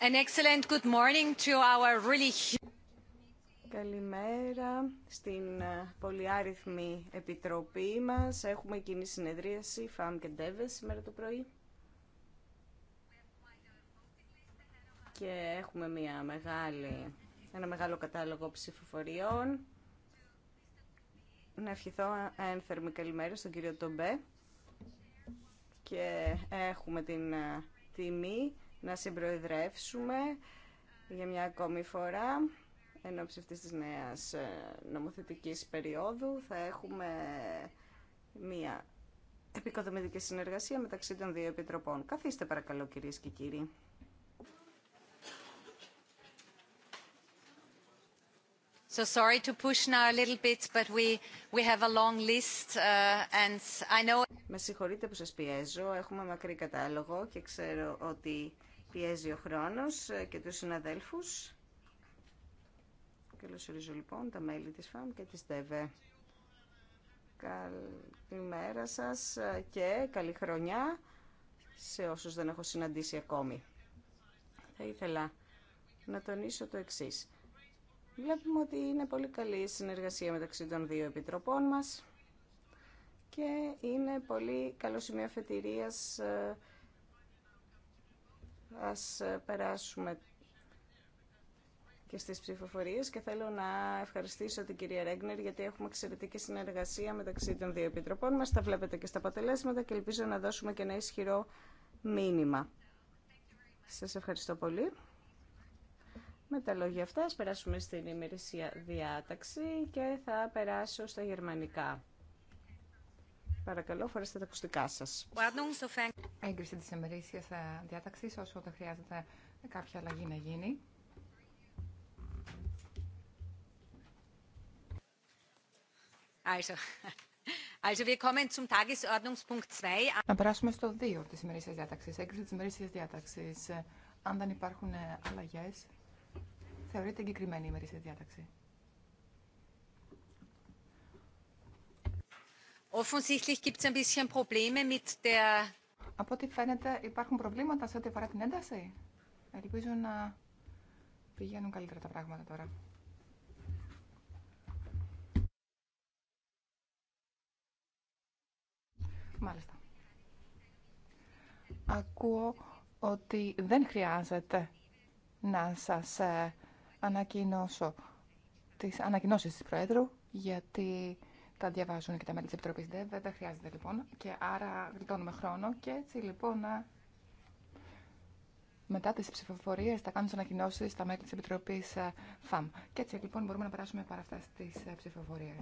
Καλημέρα στην ε, πολυάριθμη επιτροπή μας. Έχουμε κοινή συνεδρίαση ΦΑΜ και DEVE σήμερα το πρωί. Και έχουμε μια μεγάλη, ένα μεγάλο κατάλογο ψηφοφοριών. Να ευχηθώ ένθερμη καλημέρα στον κύριο Τομπέ. Και έχουμε την ε, τιμή να συμπροεδρεύσουμε για μια ακόμη φορά εν ώψη αυτής της νέας ε, νομοθετικής περίοδου θα έχουμε μια επικοδομητική συνεργασία μεταξύ των δύο επιτροπών. Καθίστε παρακαλώ κυρίες και κύριοι. So sorry to push now a little bit, but we, we have a long list uh, and I know... Με συγχωρείτε που σας πιέζω, έχουμε μακρύ κατάλογο και ξέρω ότι Πιέζει ο χρόνος ε, και τους συναδέλφους. Καλωσορίζω λοιπόν τα μέλη της ΦΑΜ και της ΤΕΒΕ. Καλημέρα σας ε, και καλή χρονιά σε όσους δεν έχω συναντήσει ακόμη. Θα ήθελα να τονίσω το εξής. Βλέπουμε ότι είναι πολύ καλή η συνεργασία μεταξύ των δύο επιτροπών μας και είναι πολύ καλό σημείο αφετηρίας ε, Ας ε, περάσουμε και στις ψηφοφορίες και θέλω να ευχαριστήσω την κυρία Ρέγνερ γιατί έχουμε εξαιρετική συνεργασία μεταξύ των δύο επιτροπών μας. Τα βλέπετε και στα αποτελέσματα και ελπίζω να δώσουμε και ένα ισχυρό μήνυμα. Σας ευχαριστώ πολύ. Με τα λόγια αυτά, ας περάσουμε στην ημερησία διάταξη και θα περάσω στα γερμανικά. Παρακαλώ, φορέστε τα ακουστικά σα. Έγκριση τη ημερήσια ε, διάταξη, όσο δεν χρειάζεται κάποια αλλαγή να γίνει. Also, Να περάσουμε στο 2 της ημερήσιας διάταξης. Έγκριση της ημερήσιας διάταξης. Ε, αν δεν υπάρχουν ε, αλλαγές, θεωρείται εγκεκριμένη η ημερήσια διάταξη. Από ό,τι φαίνεται υπάρχουν προβλήματα σε ό,τι αφορά την ένταση. Ελπίζω να πηγαίνουν καλύτερα τα πράγματα τώρα. Μάλιστα. Ακούω ότι δεν χρειάζεται να σας ε, ανακοινώσω τις ανακοινώσεις της Προέδρου, γιατί τα διαβάζουν και τα μέλη τη Επιτροπή ΔΕΒ. Δεν χρειάζεται λοιπόν. Και άρα γλιτώνουμε χρόνο. Και έτσι λοιπόν μετά τι ψηφοφορίε θα κάνουν τι ανακοινώσει στα μέλη τη Επιτροπή ε, ΦΑΜ. Και έτσι λοιπόν μπορούμε να περάσουμε παρά αυτά στι ε, ψηφοφορίε.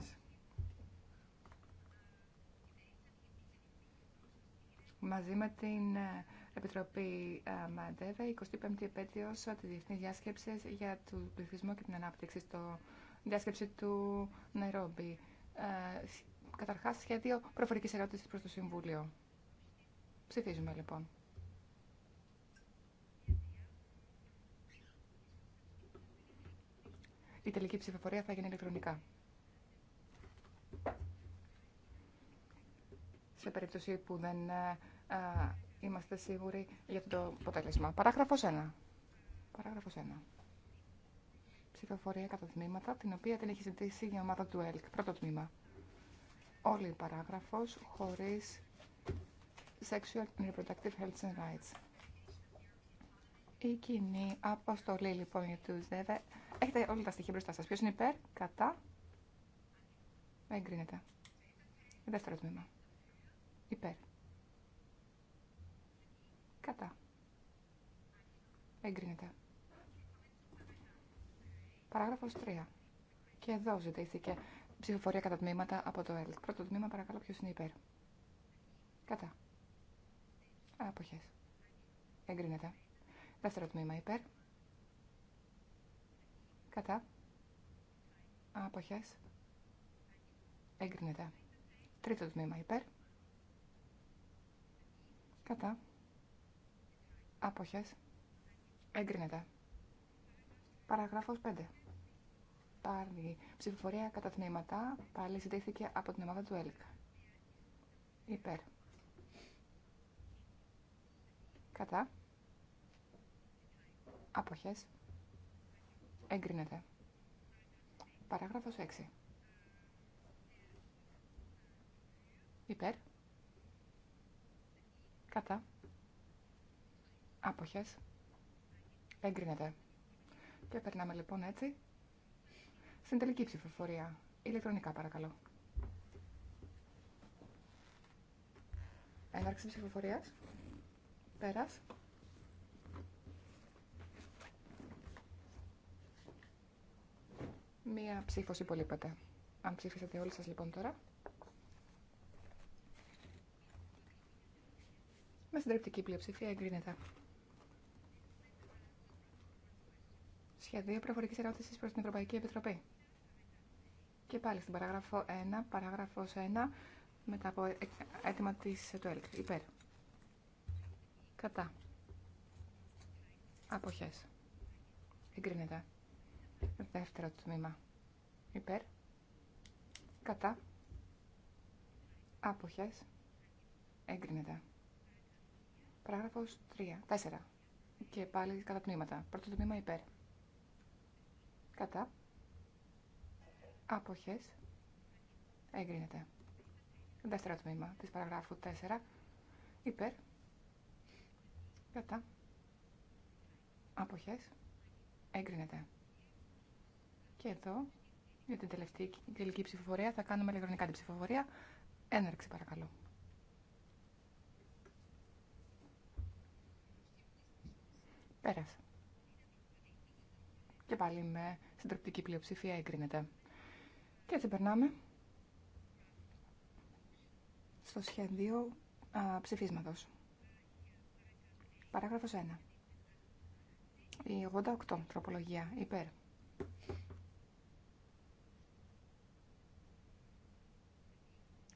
Μαζί με την ε, Επιτροπή ΜΑΔΕΒΕ, η 25η επέτειο τη Διεθνή Διάσκεψη για τον Πληθυσμό και την Ανάπτυξη στο διάσκεψη του Νερόμπι ε, καταρχάς σχέδιο προφορικής ερώτησης προς το Συμβούλιο. Ψηφίζουμε λοιπόν. Η τελική ψηφοφορία θα γίνει ηλεκτρονικά. Σε περίπτωση που δεν ε, ε, είμαστε σίγουροι για το αποτέλεσμα. Παράγραφος 1. Παράγραφος 1 ψηφοφορία κατά τμήματα, την οποία την έχει ζητήσει η ομάδα του ΕΛΚ. Πρώτο τμήμα. Όλη η παράγραφος χωρίς Sexual and Reproductive Health and Rights. Η κοινή αποστολή λοιπόν για τους ΔΕΒΕ. Έχετε όλα τα στοιχεία μπροστά σας. Ποιος είναι υπέρ, κατά. Εγκρίνεται. Δεύτερο τμήμα. Υπέρ. Κατά. Εγκρίνεται. Παράγραφος 3. Και εδώ ζητήθηκε ψηφοφορία κατά τμήματα από το ΕΛΚ. Πρώτο τμήμα, παρακαλώ, ποιο είναι υπέρ. Κατά. Άποχε. Εγκρίνεται. Δεύτερο τμήμα, υπέρ. Κατά. Αποχές. Εγκρίνεται. Τρίτο τμήμα, υπέρ. Κατά. Αποχέ. Εγκρίνεται. Παραγράφος 5 πάρει ψηφοφορία κατά τμήματα. Πάλι ζητήθηκε από την ομάδα του ΕΛΚ. Υπέρ. Κατά. Αποχές. Εγκρίνεται. Παράγραφος 6. Υπέρ. Κατά. Άποχες. Εγκρίνεται. Και περνάμε λοιπόν έτσι στην τελική ψηφοφορία. Ηλεκτρονικά παρακαλώ. Έναρξη ψηφοφορίας. Πέρας. Μία ψήφος υπολείπατε. Αν ψήφισατε όλοι σας λοιπόν τώρα. Με συντριπτική πλειοψηφία εγκρίνεται. Σχέδιο προφορική ερώτηση προ την Ευρωπαϊκή Επιτροπή. Και πάλι στην παράγραφο 1, παράγραφος 1, μετά από έτοιμα της του ΕΛΚ. Υπέρ. Κατά. Αποχές. Εγκρίνεται. Δεύτερο τμήμα. Υπέρ. Κατά. Άποχες. Εγκρίνεται. Παράγραφος 3. 4. Και πάλι κατά τμήματα. Πρώτο τμήμα υπέρ. Κατά. Άποχες. Εγκρίνεται. Δεύτερο τμήμα της παραγράφου 4. Υπέρ. Κατά. Άποχες. Εγκρίνεται. Και εδώ, για την τελευταία τελική ψηφοφορία, θα κάνουμε ηλεκτρονικά την ψηφοφορία. Έναρξη παρακαλώ. Πέρασε. Και πάλι με συντροπτική πλειοψηφία εγκρίνεται. Και έτσι περνάμε στο σχέδιο α, ψηφίσματος. Παράγραφος 1. Η 88 τροπολογία υπέρ.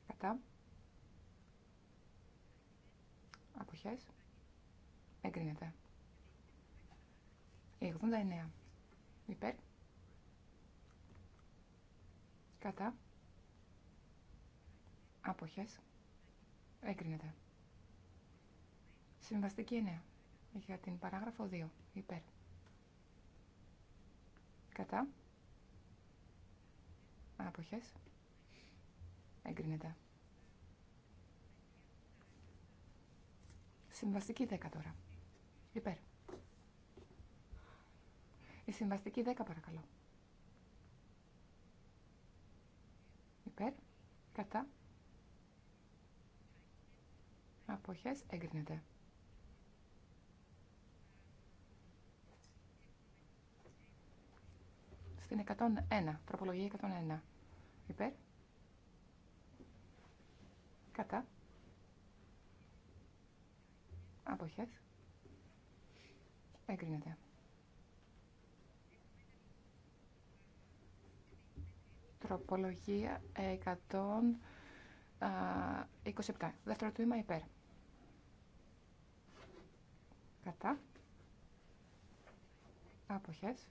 Κατά. Αποχές. Εγκρίνεται. Η 89 υπέρ. Κατά. Άποχες. Έγκρινεται. Συμβαστική 9. Για την παράγραφο 2. Υπέρ. Κατά. Άποχες. Έγκρινεται. Συμβαστική 10 τώρα. Υπέρ. Η συμβαστική 10 παρακαλώ. Υπέρ. Κατά. Αποχές εγκρίνεται. Στην 101. Τροπολογία 101. Υπέρ. Κατά. Αποχές. Εγκρίνεται. Προπολογία 127. Δεύτερο τμήμα υπέρ. Κατά. Αποχές.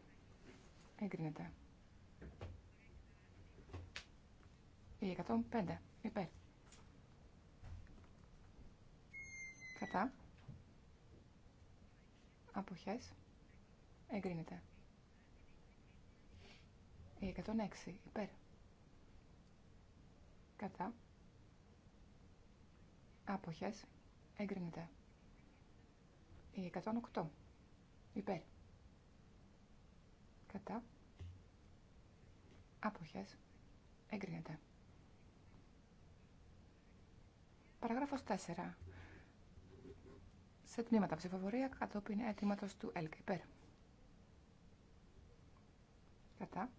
Εγκρίνεται. Η 105. Υπέρ. Κατά. Αποχές. Εγκρίνεται. Η 106. Υπέρ κατά άποχες εγκρίνεται η 108 υπέρ κατά άποχες εγκρίνεται Παραγράφος 4 σε τμήματα ψηφοφορία κατόπιν αιτήματος του ΕΛΚ υπέρ κατά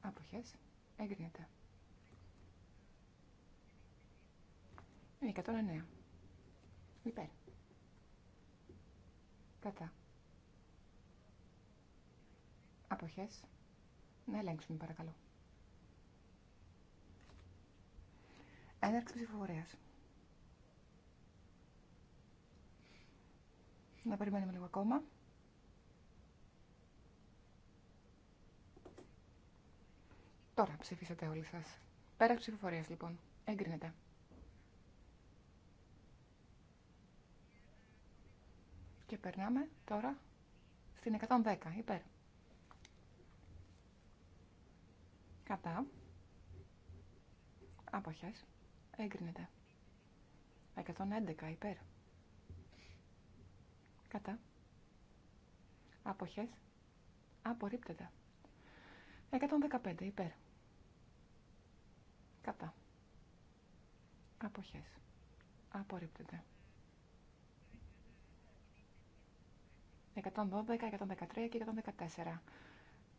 άποχες Εγκρίνεται. 109. Ε, Υπέρ. Κατά. Αποχές. Να ελέγξουμε παρακαλώ. Έναρξη ψηφοφορίας. Να περιμένουμε λίγο ακόμα. Τώρα ψήφισατε όλοι σας. Πέρα ψηφοφορίας λοιπόν. Έγκρινεται. Και περνάμε τώρα στην 110. Υπέρ. Κατά. Άποχες. Έγκρινεται. 111. Υπέρ. Κατά. Άποχες. Απορρίπτεται. 115. Υπέρ. Κατά. Αποχές. Απορρίπτεται. 112, 113 και 114.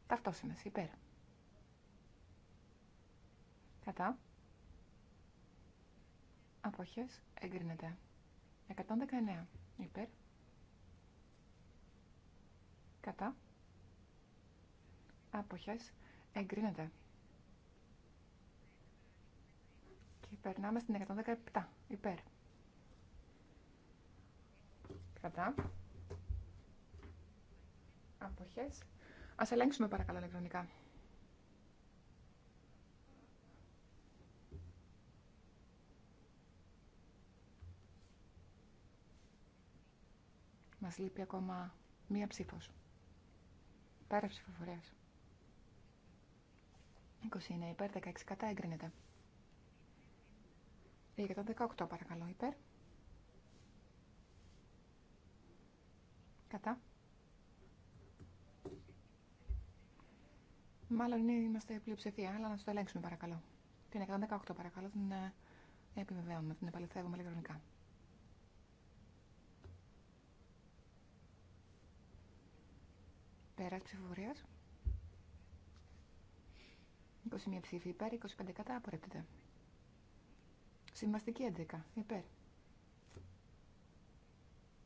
Ταυτόσημες. Υπέρ. Κατά. Αποχές. Εγκρίνεται. 119. Υπέρ. Κατά. Αποχές. Εγκρίνεται. Περνάμε στην 117. Υπέρ. Κατά. Αποχές. Ας ελέγξουμε παρακαλώ ηλεκτρονικά. Μας λείπει ακόμα μία ψήφος. Πέρα ψηφοφορίας. 20 είναι υπέρ, 16 κατά εγκρίνεται. 18 παρακαλώ υπέρ. Κατά. Μάλλον είμαστε πλειοψηφία, αλλά να το ελέγξουμε παρακαλώ. Την 118 παρακαλώ, την ε, επιβεβαιώνουμε, την επαληθεύουμε ηλεκτρονικά. Πέρα ψηφοφορίας. 21 ψήφοι υπέρ, 25 κατά, απορρίπτεται. Συμβαστική 11. Υπέρ.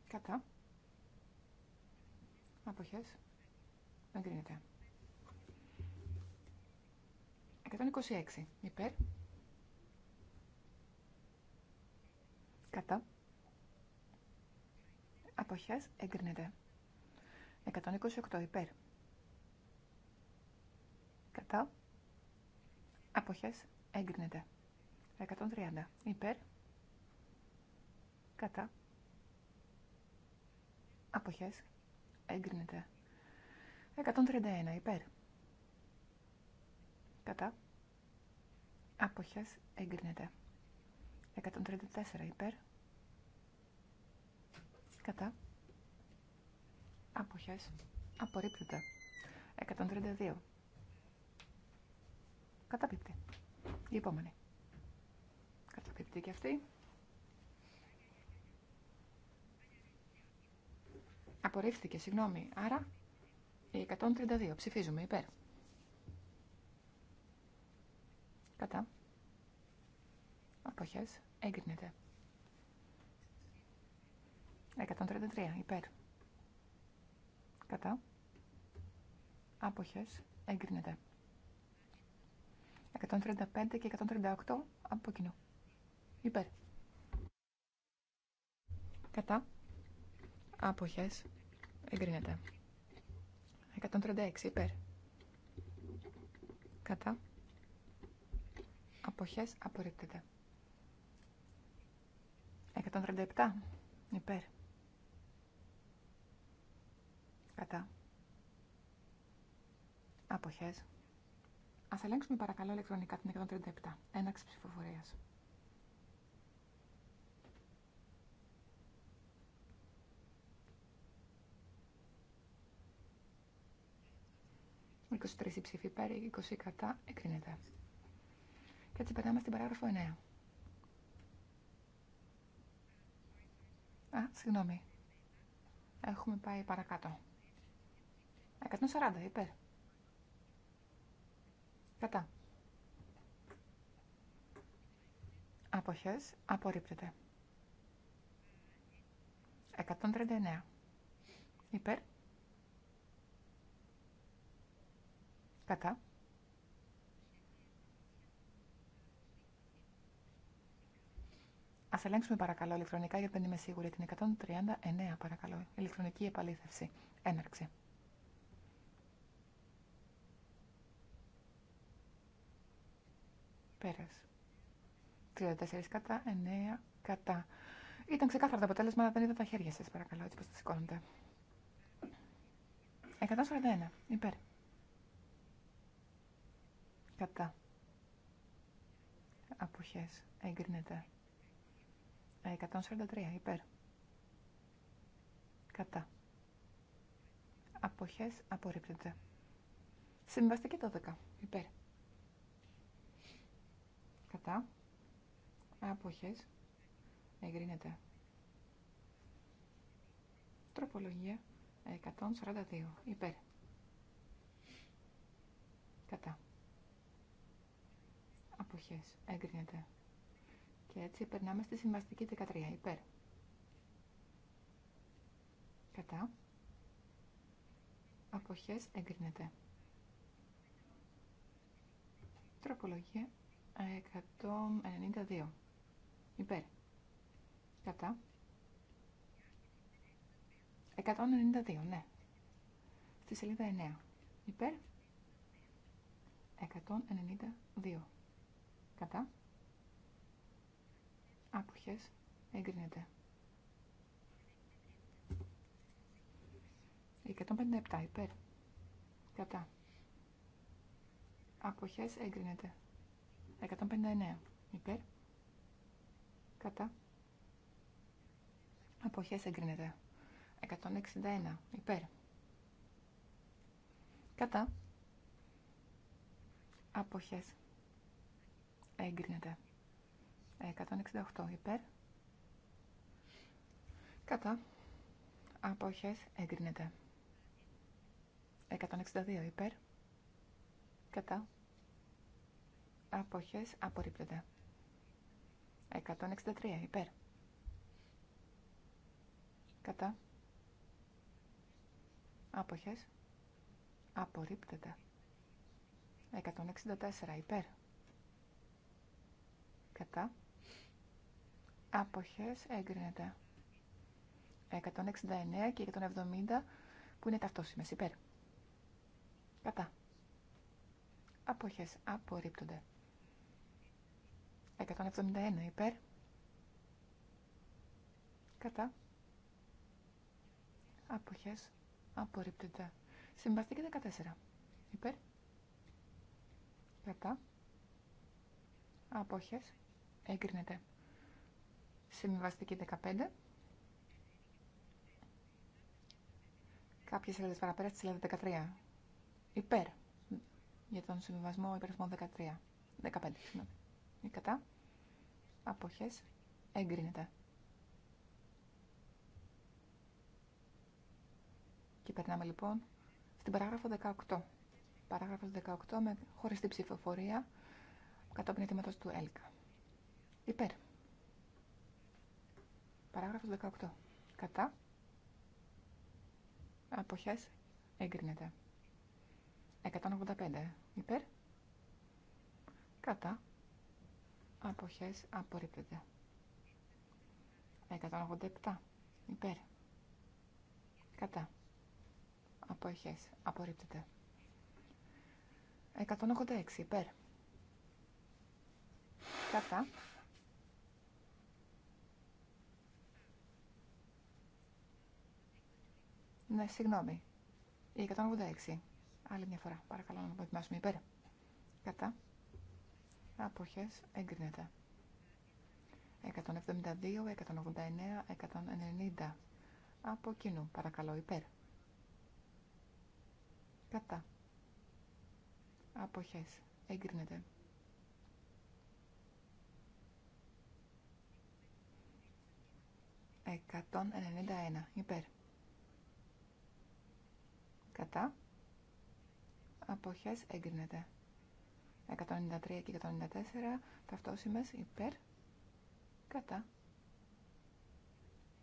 Κατά. Αποχές. Εγκρίνεται. 126. Υπέρ. Κατά. Αποχές. Εγκρίνεται. 128. Υπέρ. Κατά. Αποχές. Εγκρίνεται. 130 υπέρ. Κατά. Αποχές. Έγκρινεται. 131 υπέρ. Κατά. Αποχές. Έγκρινεται. 134 υπέρ. Κατά. Αποχές. Απορρίπτεται. 132. Καταπίπτει. Η επόμενη αυτή. Απορρίφθηκε, συγγνώμη. Άρα, η 132. Ψηφίζουμε υπέρ. Κατά. Αποχές. Έγκρινεται. 133. Υπέρ. Κατά. Άποχες. Έγκρινεται. 135 και 138 από κοινού. Υπέρ. Κατά. Άποχες. Εγκρίνεται. 136. Υπέρ. Κατά. Αποχές. Απορρίπτεται. 137. Υπέρ. Κατά. Αποχές. Ας ελέγξουμε παρακαλώ ηλεκτρονικά την 137. Έναξη ψηφοφορίας. 23 ψηφί υπέρ, 20 κατά, εκρίνεται. Και έτσι περνάμε στην παράγραφο 9. Α, συγγνώμη. Έχουμε πάει παρακάτω. 140 υπέρ. Κατά. Αποχές απορρίπτεται. 139. Υπέρ. Κατά. Ας ελέγξουμε παρακαλώ ηλεκτρονικά γιατί δεν είμαι σίγουρη. Την 139 παρακαλώ. Ηλεκτρονική επαλήθευση. Έναρξη. Πέρας. 34 κατά, 9 κατά. Ήταν ξεκάθαρο το αποτέλεσμα, αλλά δεν είδα τα χέρια σας παρακαλώ, έτσι πως τα σηκώνονται. 141. Υπέρ. Κατά. Αποχές. Εγκρίνεται. 143. Ε, Υπέρ. Κατά. Αποχές. Απορρίπτεται. Συμβαστική 12. Υπέρ. Κατά. Αποχές. Εγκρίνεται. Τροπολογία 142. Υπέρ. Κατά αποχές εγκρίνεται. Και έτσι περνάμε στη συμβαστική 13 υπέρ. Κατά. Αποχές εγκρίνεται. Τροπολογία 192. Υπέρ. Κατά. 192, ναι. Στη σελίδα 9. Υπέρ. 192. Κατά. Άποχες. Εγκρίνεται. 157 υπέρ. Κατά. Αποχές εγκρίνεται. 159 υπέρ. Κατά. Αποχές εγκρίνεται. 161 υπέρ. Κατά. Αποχές Εγκρίνεται. 168 υπέρ. Κατά. Απόχες. Εγκρίνεται. 162 υπέρ. Κατά. Απόχες. Απορρίπτεται. 163 υπέρ. Κατά. Άποχες. Απορρίπτεται. 164 υπέρ. Κατά. Αποχές εγκρίνεται. 169 και 170 που είναι ταυτόσιμες υπέρ. Κατά. Αποχές απορρίπτονται. 171 υπέρ. Κατά. Αποχές απορρίπτονται. Συμβαστική 14. Υπέρ. Κατά. Αποχές Εγκρίνεται. Συμβιβαστική 15. Κάποιες σελίδες παραπέρα στη σελίδα 13. Υπέρ. Για τον συμβιβασμό υπερθμό 13. 15, συγγνώμη. Κατά. Αποχές. Εγκρίνεται. Και περνάμε λοιπόν στην παράγραφο 18. Παράγραφος 18 με χωριστή ψηφοφορία κατόπιν αιτήματος του ΕΛΚΑ. Υπέρ. Παράγραφος 18. Κατά. Αποχές εγκρίνεται. 185. Υπέρ. Κατά. Αποχές απορρίπτεται. 187. Υπέρ. Κατά. Αποχές απορρίπτεται. 186. Υπέρ. Κατά. Ναι, συγγνώμη. Η 186. Άλλη μια φορά. Παρακαλώ να προετοιμάσουμε υπέρ. Κατά. Αποχές εγκρίνεται. 172, 189, 190. Από κοινού, παρακαλώ, υπέρ. Κατά. Αποχές. Εγκρίνεται. 191. ενενήντα ένα. Υπέρ. Κατά. Αποχές εγκρίνεται. 193 και 194 ταυτόσημες υπέρ. Κατά.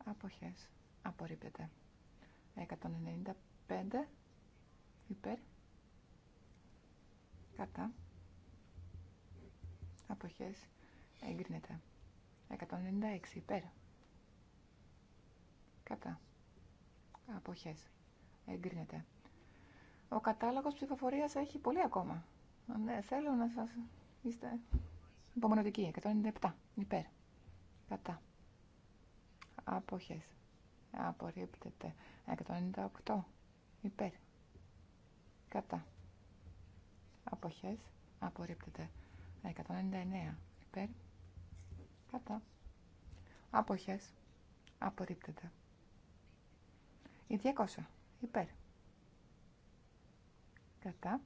Αποχές. Απορρίπτεται. 195 υπέρ. Κατά. Αποχές εγκρίνεται. 196 υπέρ. Κατά. Αποχές. Εγκρίνεται. Ο κατάλογος ψηφοφορίας έχει πολύ ακόμα. Ναι, θέλω να σας... Είστε υπομονωτικοί. 197. Υπέρ. Κατά. Αποχές. Απορρίπτεται. 198. Υπέρ. Κατά. Αποχές. Απορρίπτεται. 199. Υπέρ. Κατά. Αποχές. Απορρίπτεται. Η 200. Υπέρ κατά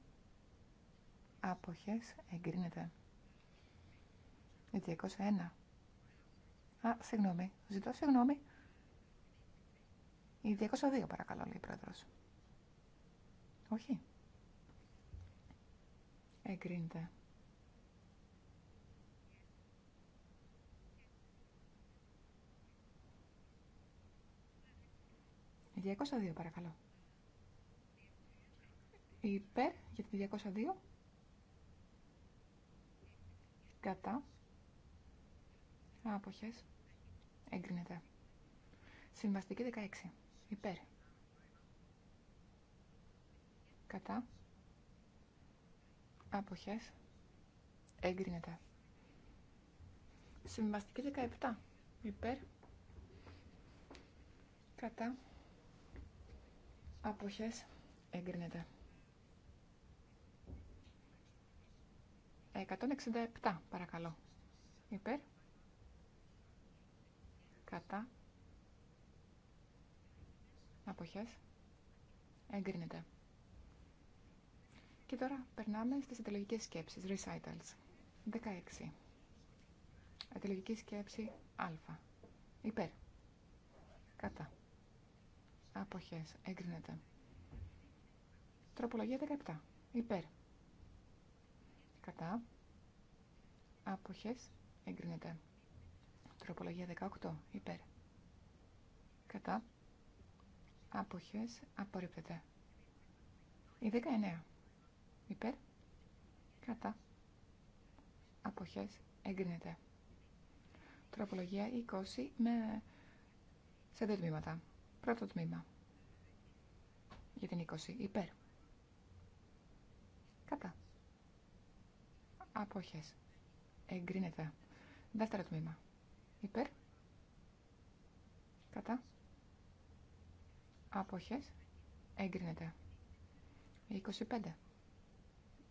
άποχες εγκρίνεται η 201 α, συγγνώμη, ζητώ συγγνώμη η 202 παρακαλώ λέει η πρόεδρος όχι εγκρίνεται η 202 παρακαλώ υπέρ για τη 202 κατά άποχες εγκρίνεται συμβαστική 16 υπέρ κατά άποχες εγκρίνεται συμβαστική 17 υπέρ κατά άποχες εγκρίνεται 167 παρακαλώ. Υπέρ. Κατά. Αποχές. Εγκρίνεται. Και τώρα περνάμε στις αντιλογικές σκέψεις. Recitals. 16. Αντιλογική σκέψη α. Υπέρ. Κατά. Αποχές. Εγκρίνεται. Τροπολογία 17. Υπέρ. Κατά. Αποχές. Εγκρίνεται. Τροπολογία 18. Υπέρ. Κατά. Αποχές. Απορρίπτεται. Η 19. Υπέρ. Κατά. Αποχές. Εγκρίνεται. Τροπολογία 20 με σε δύο τμήματα. Πρώτο τμήμα. Για την 20. Υπέρ. Κατά. Απόχες. Εγκρίνεται. Δεύτερο τμήμα. Υπέρ. Κατά. Απόχες. Εγκρίνεται. 25.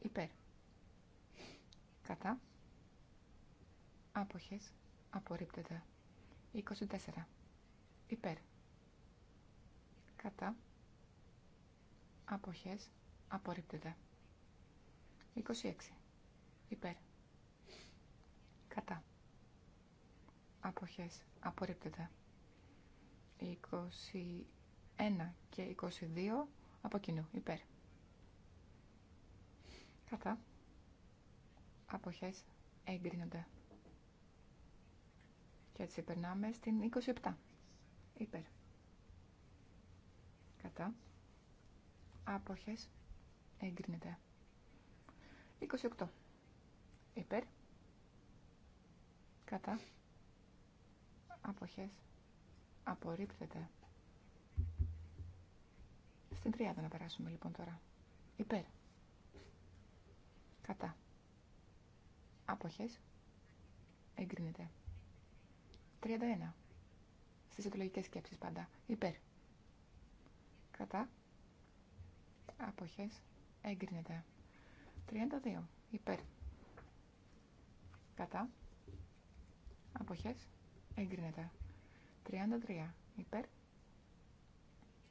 Υπέρ. Κατά. Άποχες. Απορρίπτεται. 24. Υπέρ. Κατά. Άποχες. Απορρίπτεται. 26. Υπέρ. Κατά. Αποχές. Απορρίπτεται. 21 και 22 από κοινού. Υπέρ. Κατά. Αποχές. Εγκρίνονται. Και έτσι περνάμε στην 27. Υπέρ. Κατά. Άποχες. Εγκρίνεται. 28. Υπέρ. Κατά. Αποχές. Απορρίπτεται. Στην 30 να περάσουμε λοιπόν τώρα. Υπέρ. Κατά. Αποχές. Εγκρίνεται. 31. Στις ιδεολογικές σκέψεις πάντα. Υπέρ. Κατά. Αποχές. Εγκρίνεται. 32. Υπέρ. Κατά. Αποχές. Εγκρίνεται. 33. Υπέρ.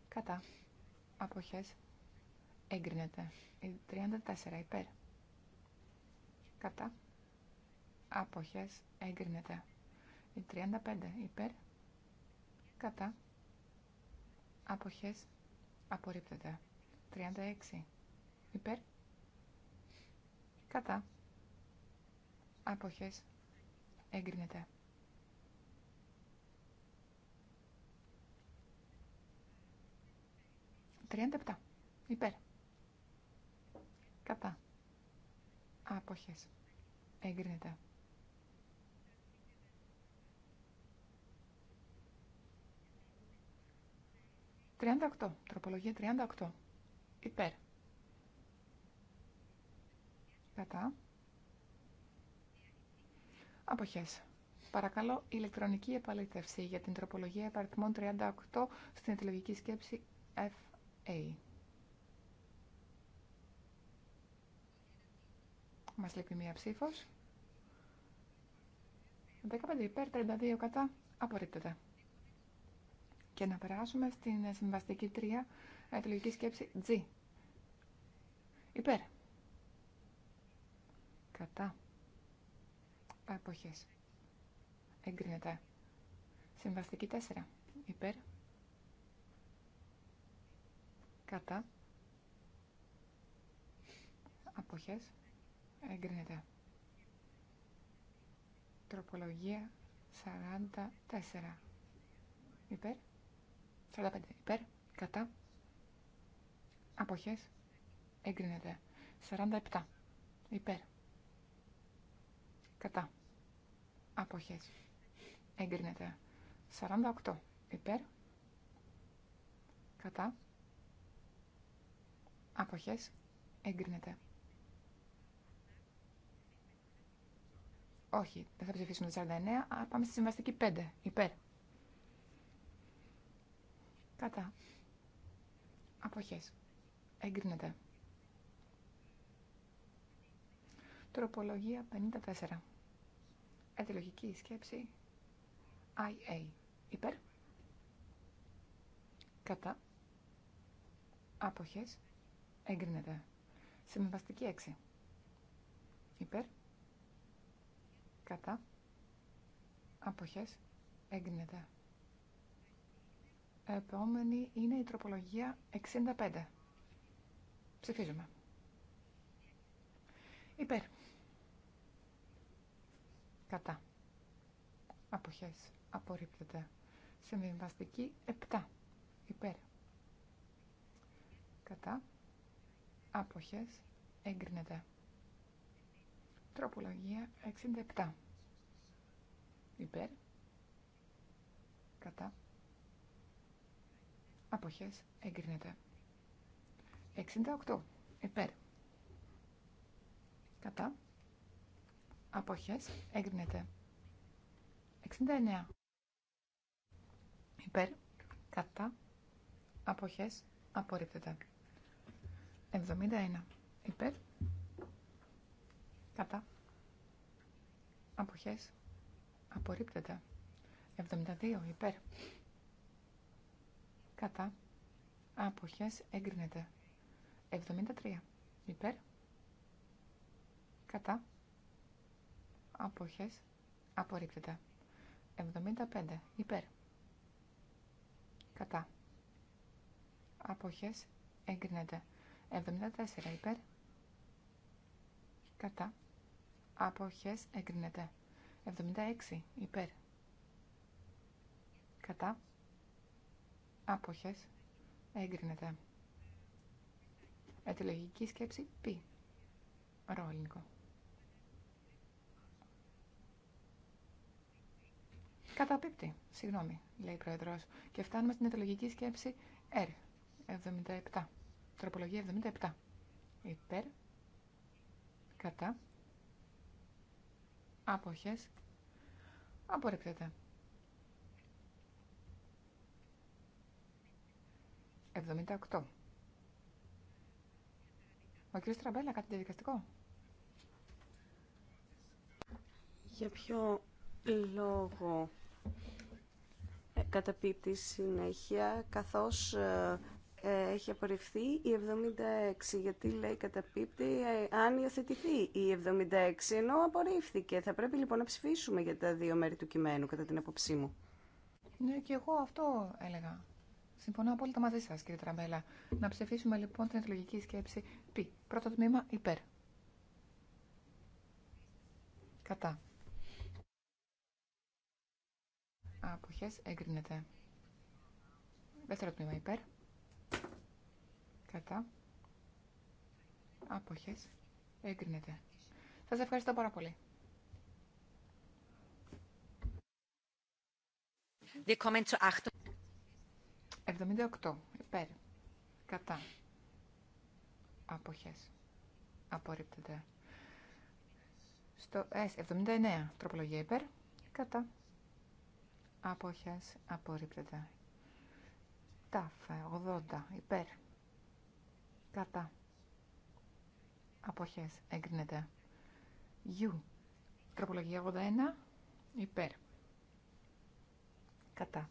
Κατά. Αποχές. Εγκρίνεται. 34. Υπέρ. Κατά. Αποχές. Εγκρίνεται. 35. Υπέρ. Κατά. Αποχές. Απορρίπτεται. 36. Υπέρ. Κατά. Αποχές. Εγκρίνεται. Τριάντα επτά. Υπέρ. Κατά. Αποχές. Εγκρίνεται. Τριάντα οκτώ. Τροπολογία τριάντα οκτώ. Υπέρ. Κατά. Αποχές. Παρακαλώ, ηλεκτρονική επαλήθευση για την τροπολογία επαριθμών 38 στην αιτιολογική σκέψη FA. Μας λείπει μία ψήφος. 15 υπέρ, 32 κατά. Απορρίπτεται. Και να περάσουμε στην συμβαστική 3, αιτιολογική σκέψη G. Υπέρ. Κατά. Αποχές. Εγκρίνεται. Συμβαστική 4. Υπέρ. Κατά. Αποχές. Εγκρίνεται. Τροπολογία 44. Υπέρ. 45. Υπέρ. Κατά. Αποχές. Εγκρίνεται. 47. Υπέρ. Κατά. Αποχές. Εγκρίνεται. 48. Υπέρ. Κατά. Αποχές. Εγκρίνεται. Όχι, δεν θα ψηφίσουμε το 49, αλλά πάμε στη συμβαστική 5. Υπέρ. Κατά. Αποχές. Εγκρίνεται. Τροπολογία 54. Αντιλογική σκέψη IA. Υπέρ. Κατά. Άποχες. Εγκρίνεται. Συμβαστική έξι. Υπέρ. Κατά. Άποχες. Εγκρίνεται. Επόμενη είναι η τροπολογία 65. Ψηφίζουμε. Υπέρ. Κατά. Αποχές. Απορρίπτεται. Συμβιβαστική 7. Υπέρ. Κατά. Αποχές. Εγκρίνεται. Τροπολογία 67. Υπέρ. Κατά. Αποχές. Εγκρίνεται. 68. Υπέρ. Κατά. Αποχές. Έγκρινεται. 69. Υπέρ. Κατά. Αποχές. Απορρίπτεται. 71. Υπέρ. Κατά. Αποχές. Απορρίπτεται. 72. Υπέρ. Κατά. Αποχές. Έγκρινεται. 73. Υπέρ. Κατά αποχές απορρίπτεται 75 υπέρ κατά αποχές εγκρίνεται 74 υπέρ κατά αποχές εγκρίνεται 76 υπέρ κατά άποχες εγκρίνεται. Ετυλογική σκέψη π. Ρόλινγκο. Καταπίπτει. Συγγνώμη, λέει η Πρόεδρο. Και φτάνουμε στην ετολογική σκέψη R. 77. Τροπολογία 77. Υπέρ. Κατά. Αποχέ. Απορρίπτεται. 78. Ο κ. Τραμπέλα, κάτι διαδικαστικό. Για ποιο λόγο καταπίπτει συνέχεια καθώς ε, ε, έχει απορριφθεί η 76 γιατί λέει καταπίπτει ε, αν υιοθετηθεί η 76 ενώ απορρίφθηκε. Θα πρέπει λοιπόν να ψηφίσουμε για τα δύο μέρη του κειμένου κατά την απόψή μου. Ναι και εγώ αυτό έλεγα. Συμφωνώ απόλυτα μαζί σας κύριε Τραμπέλα. Να ψηφίσουμε λοιπόν την εκλογική σκέψη π. Πρώτο τμήμα υπέρ. Κατά. Αποχές εγκρίνεται. Δεύτερο τμήμα υπέρ. Κατά. Αποχές εγκρίνεται. σα ευχαριστώ πάρα πολύ. 78. Υπέρ. Κατά. Αποχές. Απορρίπτεται. Στο S79. Τροπολογία υπέρ. Κατά αποχές απορρίπτεται. Τάφε 80 υπέρ κατά αποχές εγκρίνεται. Γιου τροπολογία 81 υπέρ κατά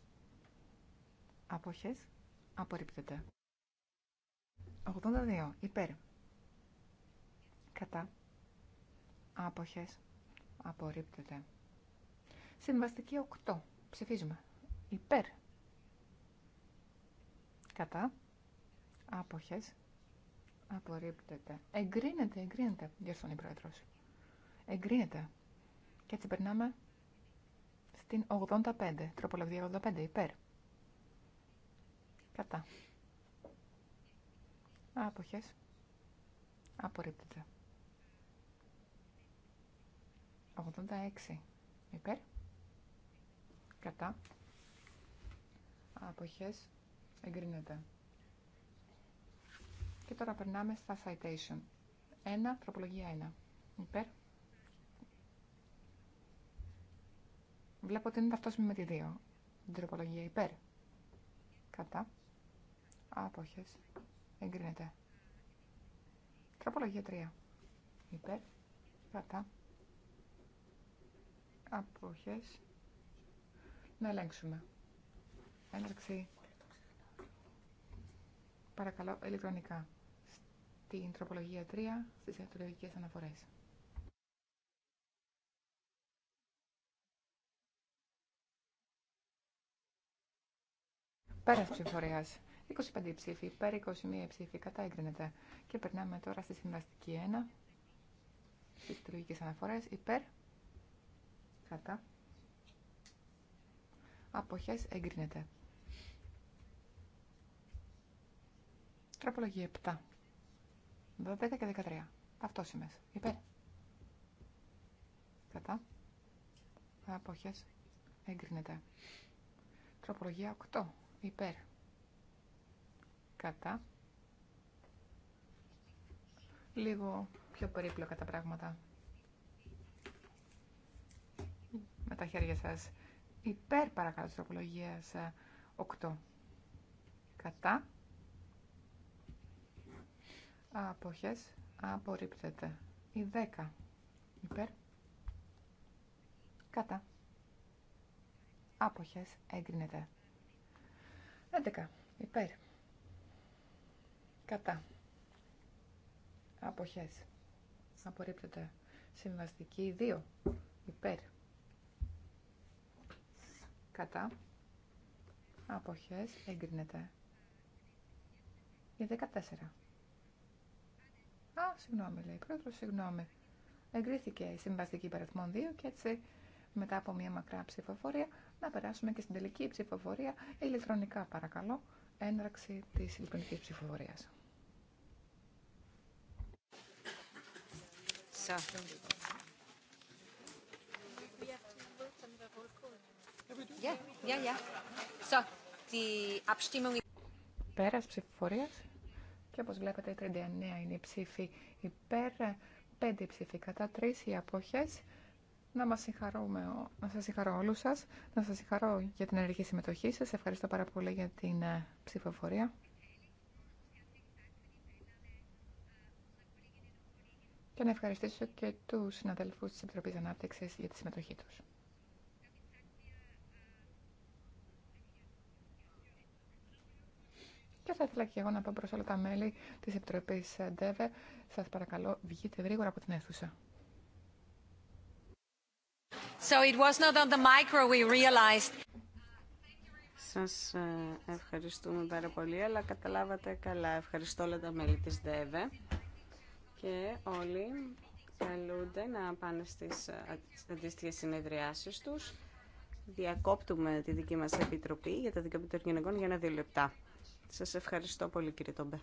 αποχές απορρίπτεται. 82 υπέρ κατά άποχες απορρίπτεται. Συμβαστική 8 Ψηφίζουμε. Υπέρ. Κατά. Άποχες. Απορρίπτεται. Εγκρίνεται, εγκρίνεται, διορθώνει η πρόεδρος. Εγκρίνεται. Και έτσι περνάμε στην 85. Τροπολογία 85. Υπέρ. Κατά. Άποχες. Απορρίπτεται. 86. Υπέρ. Κατά. Αποχές. Εγκρίνεται. Και τώρα περνάμε στα citation. 1. Τροπολογία 1. Υπέρ. Βλέπω ότι είναι ταυτόσιμη με τη 2. τροπολογία υπέρ. Κατά. Άποχες. Εγκρίνεται. Τροπολογία 3. Υπέρ. Κατά. Άποχες να ελέγξουμε. Έναρξη. Παρακαλώ, ηλεκτρονικά. Στην τροπολογία 3, στις αυτολογικές αναφορές. Πέρα ψηφορία. 25 ψήφοι υπέρ, 21 ψήφοι κατά εγκρίνεται. Και περνάμε τώρα στη συμβαστική 1. Στι λογικέ αναφορέ υπέρ, κατά, αποχές εγκρίνεται. Τροπολογία 7. 12 και 13. Ταυτόσημες. Υπέρ. Κατά. Αποχές εγκρίνεται. Τροπολογία 8. Υπέρ. Κατά. Λίγο πιο περίπλοκα τα πράγματα. Με τα χέρια σας Υπέρ παρακαλώ της 8. Ε, Κατά. Αποχές. Απορρίπτεται. Η 10. Υπέρ. Κατά. Άποχες. Έγκρινεται. 11. Υπέρ. Κατά. Αποχές. Απορρίπτεται. Συμβαστική 2. Υπέρ κατά αποχές εγκρίνεται. Η 14. Α, συγγνώμη λέει, πρόεδρος, συγγνώμη. Εγκρίθηκε η συμβαστική παραθμών 2 και έτσι μετά από μια μακρά ψηφοφορία να περάσουμε και στην τελική ψηφοφορία ηλεκτρονικά παρακαλώ έναρξη της ηλεκτρονικής ψηφοφορίας. Πέρας ψηφοφορίας και όπως βλέπετε 39 είναι οι ψήφοι υπέρ, 5 ψήφοι κατά, 3 οι αποχές. Να, μας συγχαρούμε, να σας συγχαρώ όλους σας, να σας συγχαρώ για την ενεργή συμμετοχή σας. Ευχαριστώ πάρα πολύ για την ε, ψηφοφορία. Και να ευχαριστήσω και τους συναδελφούς της Επιτροπής Ανάπτυξης για τη συμμετοχή τους. Και θα ήθελα και εγώ να πω προς όλα τα μέλη της Επιτροπής ε, ΔΕΒΕ, σας παρακαλώ βγείτε γρήγορα από την αίθουσα. So it was not on the micro we realized. Σας ε, ευχαριστούμε πάρα πολύ, αλλά καταλάβατε καλά. Ευχαριστώ όλα τα μέλη της ΔΕΒΕ και όλοι καλούνται να πάνε στις ε, αντίστοιχες συνεδριάσεις τους. Διακόπτουμε τη δική μας Επιτροπή για τα Δικαιώματα των Γυναικών για ένα δύο λεπτά. Σας ευχαριστώ πολύ κύριε Τόμπε.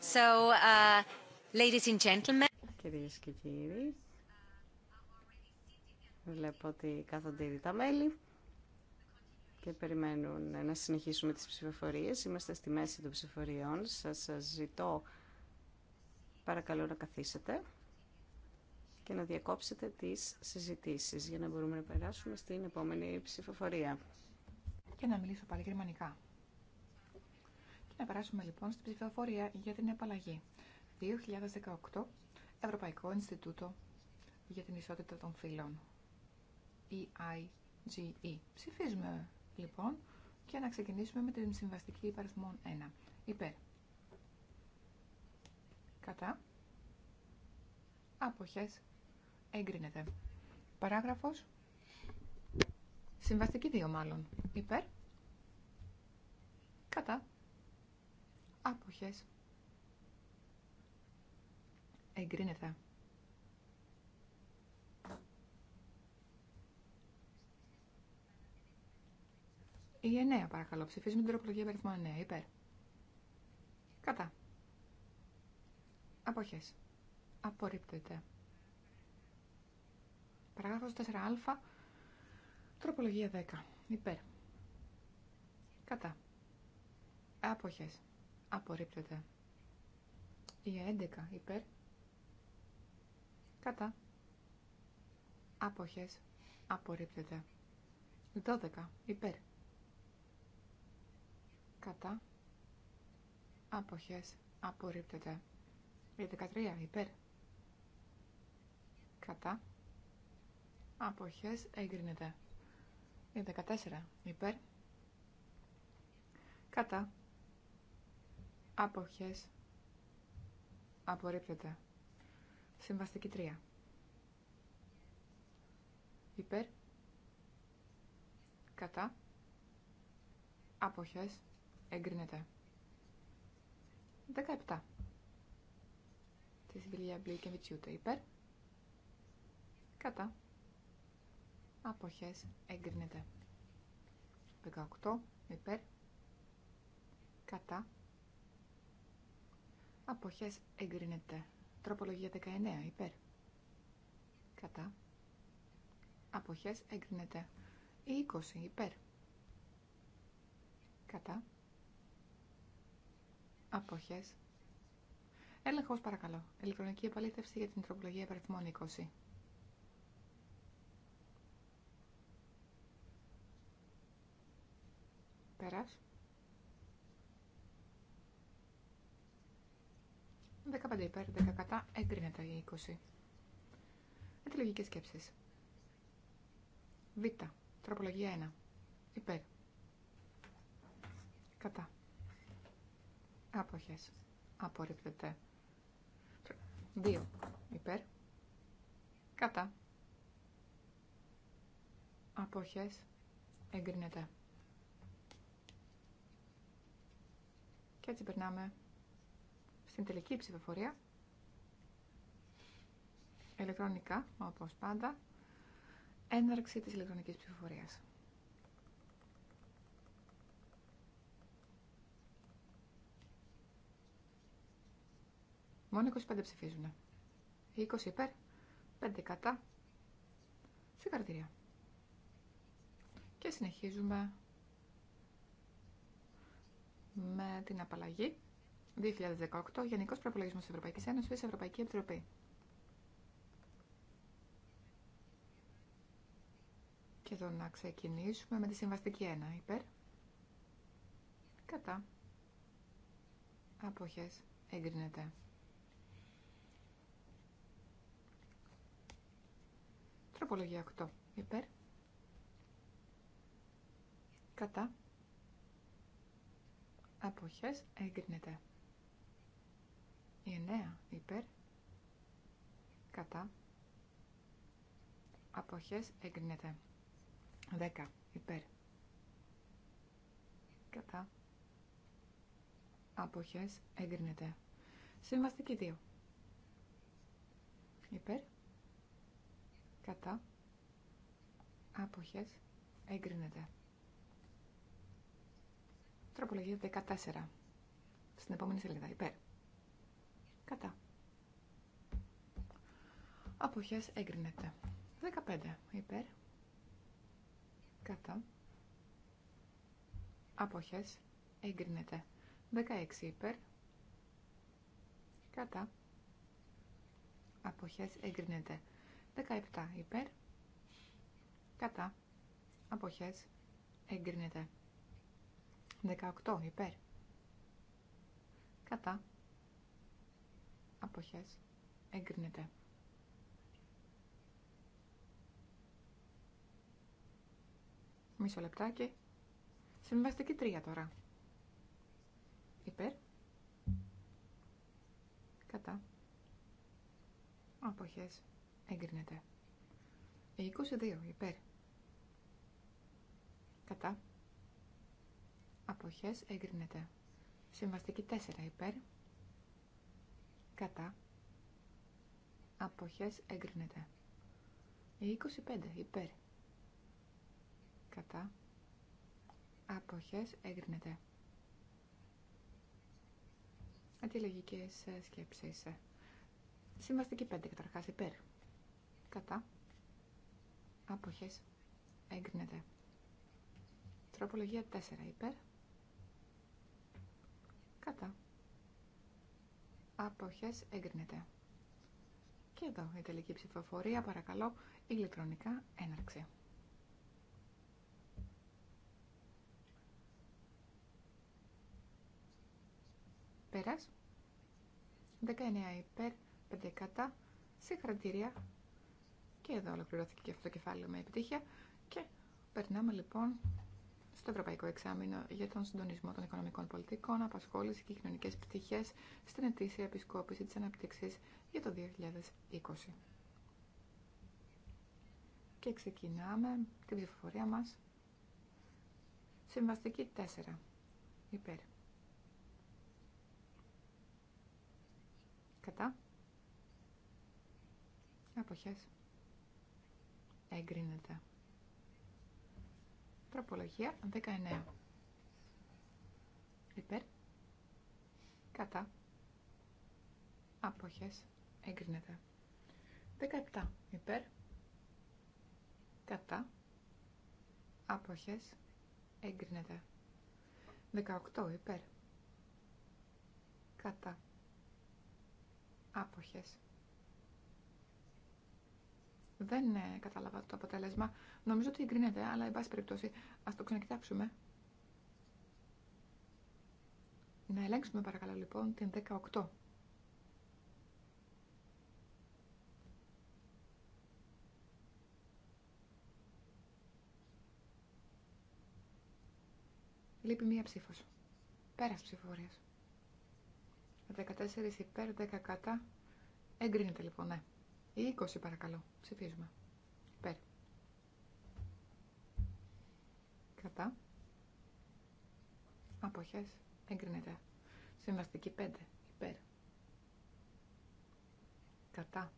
So, uh, Κυρίες και κύριοι, βλέπω ότι κάθονται ήδη τα μέλη και περιμένουν να συνεχίσουμε τις ψηφοφορίες. Είμαστε στη μέση των ψηφοφοριών. Σας, ζητώ παρακαλώ να καθίσετε και να διακόψετε τις συζητήσεις για να μπορούμε να περάσουμε στην επόμενη ψηφοφορία. Και να μιλήσω πάλι γερμανικά. Να περάσουμε λοιπόν στην ψηφοφορία για την απαλλαγή. 2018 Ευρωπαϊκό Ινστιτούτο για την Ισότητα των Φύλων. EIGE. E. Ψηφίζουμε λοιπόν και να ξεκινήσουμε με την συμβαστική υπαριθμών 1. Υπέρ. Κατά. Αποχές. Εγκρίνεται. Παράγραφος. Συμβαστική 2 μάλλον. Υπέρ. Κατά. Άποχες. Εγκρίνεται. Η 9 παρακαλώ. Ψηφίζουμε την τροπολογία αριθμό 9. Υπέρ. Κατά. Αποχές. Απορρίπτεται. Παράγραφος 4α. Τροπολογία 10. Υπέρ. Κατά. Αποχές. Απορρίπτεται. Η 11 υπέρ. Κατά. Άποχες. Απορρίπτεται. 12 υπέρ. Κατά. Άποχες. Απορρίπτεται. Η 13 υπέρ. Κατά. Αποχές εγκρίνεται. Η 14 υπέρ. Κατά. Αποχές. Απορρίπτεται. Συμβαστική 3. Υπέρ. Κατά. Αποχές. Εγκρίνεται. 17. Τη Βιλία Μπλίκεβιτσιούτε. Υπέρ. Κατά. Αποχές. Εγκρίνεται. 18. Υπέρ. Κατά. Αποχές εγκρίνεται. Τροπολογία 19. Υπέρ. Κατά. Αποχές εγκρίνεται. 20. Υπέρ. Κατά. Αποχές. Έλεγχος παρακαλώ. Ηλεκτρονική επαλήθευση για την τροπολογία υπερθμών 20. Πέρας. 15 υπέρ, 10 κατά, εγκρίνεται τα 20. λογική σκέψεις. Β. Τροπολογία 1. Υπέρ. Κατά. Άποχες. Απορρίπτεται. 2. Υπέρ. Κατά. Αποχές. Εγκρίνεται. Και έτσι περνάμε στην τελική ψηφοφορία. Ηλεκτρονικά, όπως πάντα, έναρξη της ηλεκτρονικής ψηφοφορίας. Μόνο 25 ψηφίζουν. 20 υπέρ, 5 κατά. Συγχαρητήρια. Και συνεχίζουμε με την απαλλαγή. 2018, Γενικό Προπολογισμό τη Ευρωπαϊκή Ένωση, Ευρωπαϊκή Επιτροπή. Και εδώ να ξεκινήσουμε με τη συμβαστική 1. Υπέρ. Κατά. Αποχές. Εγκρίνεται. Τροπολογία 8. Υπέρ. Κατά. Αποχές. Εγκρίνεται. Η 9 υπέρ κατά αποχές εγκρίνεται. 10 υπέρ κατά αποχές εγκρίνεται. Συμβαστική 2 υπέρ κατά άποχες εγκρίνεται. Τροπολογία 14. Στην επόμενη σελίδα. Υπέρ. Κατά. Αποχές έγκρινεται. 15 υπέρ. Κατά. Αποχές έγκρινεται. 16 υπέρ. Κατά. Αποχές έγκρινεται. 17 υπέρ. Κατά. Αποχές έγκρινεται. 18 υπέρ. Κατά αποχές εγκρίνεται. Μισό λεπτάκι. Συμβαστική τρία τώρα. Υπέρ. Κατά. Αποχές εγκρίνεται. 22 υπέρ. Κατά. Αποχές εγκρίνεται. Συμβαστική τέσσερα. υπέρ κατά αποχές εγκρίνεται 25 υπέρ κατά αποχές εγκρίνεται αντιλογικές ε, σκέψεις ε. συμβαστική 5 καταρχάς υπέρ κατά αποχές εγκρίνεται τροπολογία 4 υπέρ κατά αποχές εγκρίνεται. Και εδώ η τελική ψηφοφορία, παρακαλώ, ηλεκτρονικά έναρξη. Πέρας, 19 υπέρ, 5 κατά, συγχαρητήρια. Και εδώ ολοκληρώθηκε και αυτό το κεφάλαιο με επιτυχία. Και περνάμε λοιπόν στο Ευρωπαϊκό Εξάμεινο για τον συντονισμό των οικονομικών πολιτικών, απασχόληση και κοινωνικέ πτυχέ στην ετήσια επισκόπηση τη ανάπτυξη για το 2020. Και ξεκινάμε την ψηφοφορία μα. Συμβαστική 4. Υπέρ. Κατά. Αποχές. Εγκρίνεται. Τροπολογία 19. Υπέρ. Κατά. Αποχές. Εγκρίνεται. 17. Υπέρ. Κατά. Αποχές. Εγκρίνεται. 18. Υπέρ. Κατά. Άποχες. Δεν ε, κατάλαβα το αποτέλεσμα. Νομίζω ότι εγκρίνεται, αλλά εν πάση περιπτώσει ας το ξανακοιτάξουμε. Να ελέγξουμε παρακαλώ λοιπόν την 18. Λείπει μία ψήφος. Πέρας ψηφοφορίας. 14 υπέρ, 10 κατά. Εγκρίνεται λοιπόν, ναι. Η 20 παρακαλώ. Ψηφίζουμε. Κατά. Αποχές. Εγκρίνεται. Συμβαστική 5. Υπέρ. Κατά.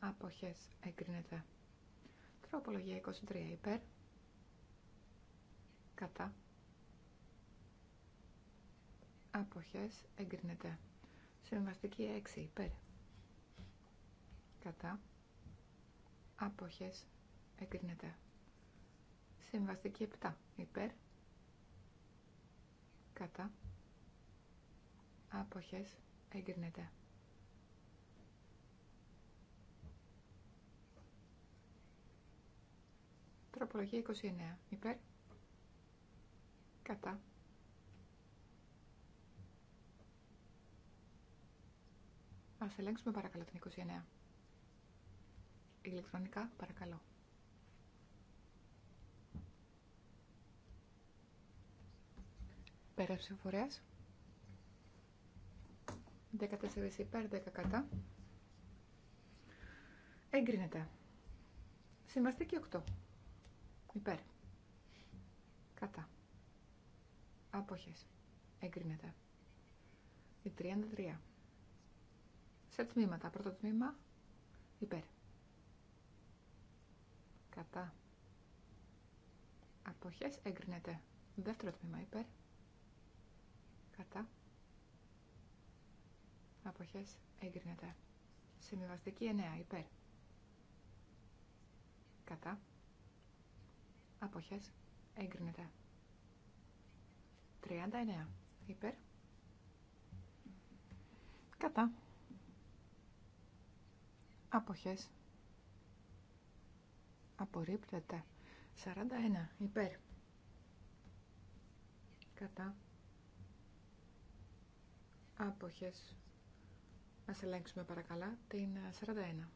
Αποχές. Εγκρίνεται. Τροπολογία 23. Υπέρ. Κατά. Αποχές. Εγκρίνεται. Συμβαστική 6. Υπέρ. Κατά. Αποχές. Εγκρίνεται. Συμβαστική 7 υπέρ. Κατά. Αποχές εγκρίνεται. Τροπολογία 29 υπέρ. Κατά. Ας ελέγξουμε παρακαλώ την 29. Ηλεκτρονικά παρακαλώ. Πέραψη φορέας, 14 υπέρ, 10 κατά. Εγκρίνεται. Συμβαστική 8. Υπέρ. Κατά. Απόχες. Εγκρίνεται. Η 33. Σε τμήματα. Πρώτο τμήμα. Υπέρ. Κατά. Αποχές. Εγκρίνεται. Δεύτερο τμήμα. Υπέρ. Κατά. Αποχές εγκρίνεται. Συμβιβαστική 9 υπέρ. Κατά. Αποχές εγκρίνεται. 39 υπέρ. Κατά. Αποχές απορρίπτεται. 41 υπέρ. Κατά. Αποχές. Ας ελέγξουμε παρακαλά την 41.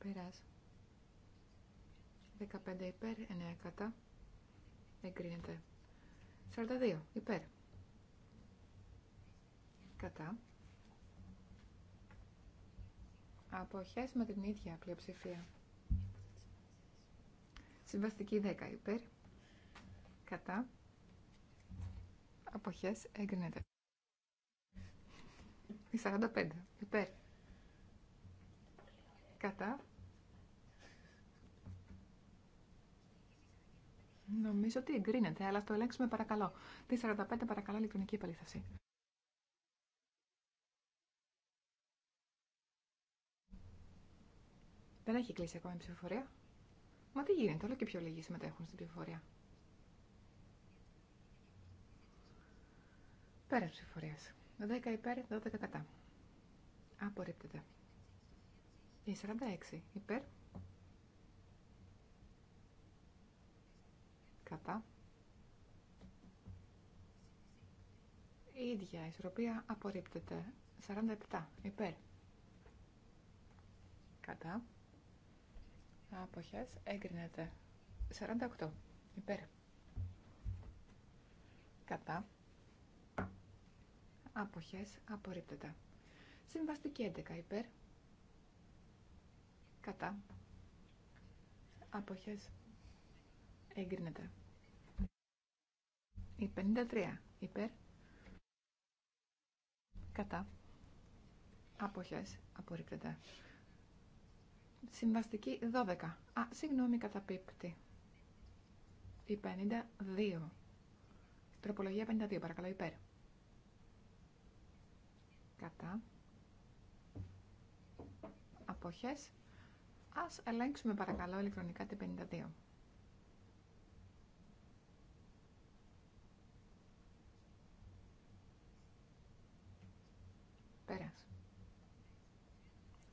Ε, Περάς. 15 υπέρ, 9 κατά. Εγκρίνεται. 42 υπέρ. Κατά. Αποχές με την ίδια πλειοψηφία. Συμβαστική 10 υπέρ. Κατά. Αποχές έγκρινεται. 45 υπέρ. Κατά. Νομίζω ότι εγκρίνεται, αλλά το ελέγξουμε παρακαλώ. Τη 45 παρακαλώ ηλεκτρονική επαλήθευση. Δεν έχει κλείσει ακόμα η ψηφοφορία. Μα τι γίνεται, όλο και πιο λίγοι συμμετέχουν στην ψηφοφορία. Πέρα ψηφοφορία. 10 υπέρ, 12 κατά. Απορρίπτεται. Η 46 υπέρ. Κατά. Η ίδια ισορροπία απορρίπτεται. 47 υπέρ. Κατά. Αποχές έγκρινεται. 48. Υπέρ. Κατά. Αποχές απορρίπτεται. Συμβαστική 11. Υπέρ. Κατά. Αποχές έγκρινεται. Η 53. Υπέρ. Κατά. Αποχές απορρίπτεται. Συμβαστική 12. Α, συγγνώμη, καταπίπτει. Η 52. Τροπολογία 52, παρακαλώ, υπέρ. Κατά. Αποχές. Ας ελέγξουμε παρακαλώ ηλεκτρονικά την 52.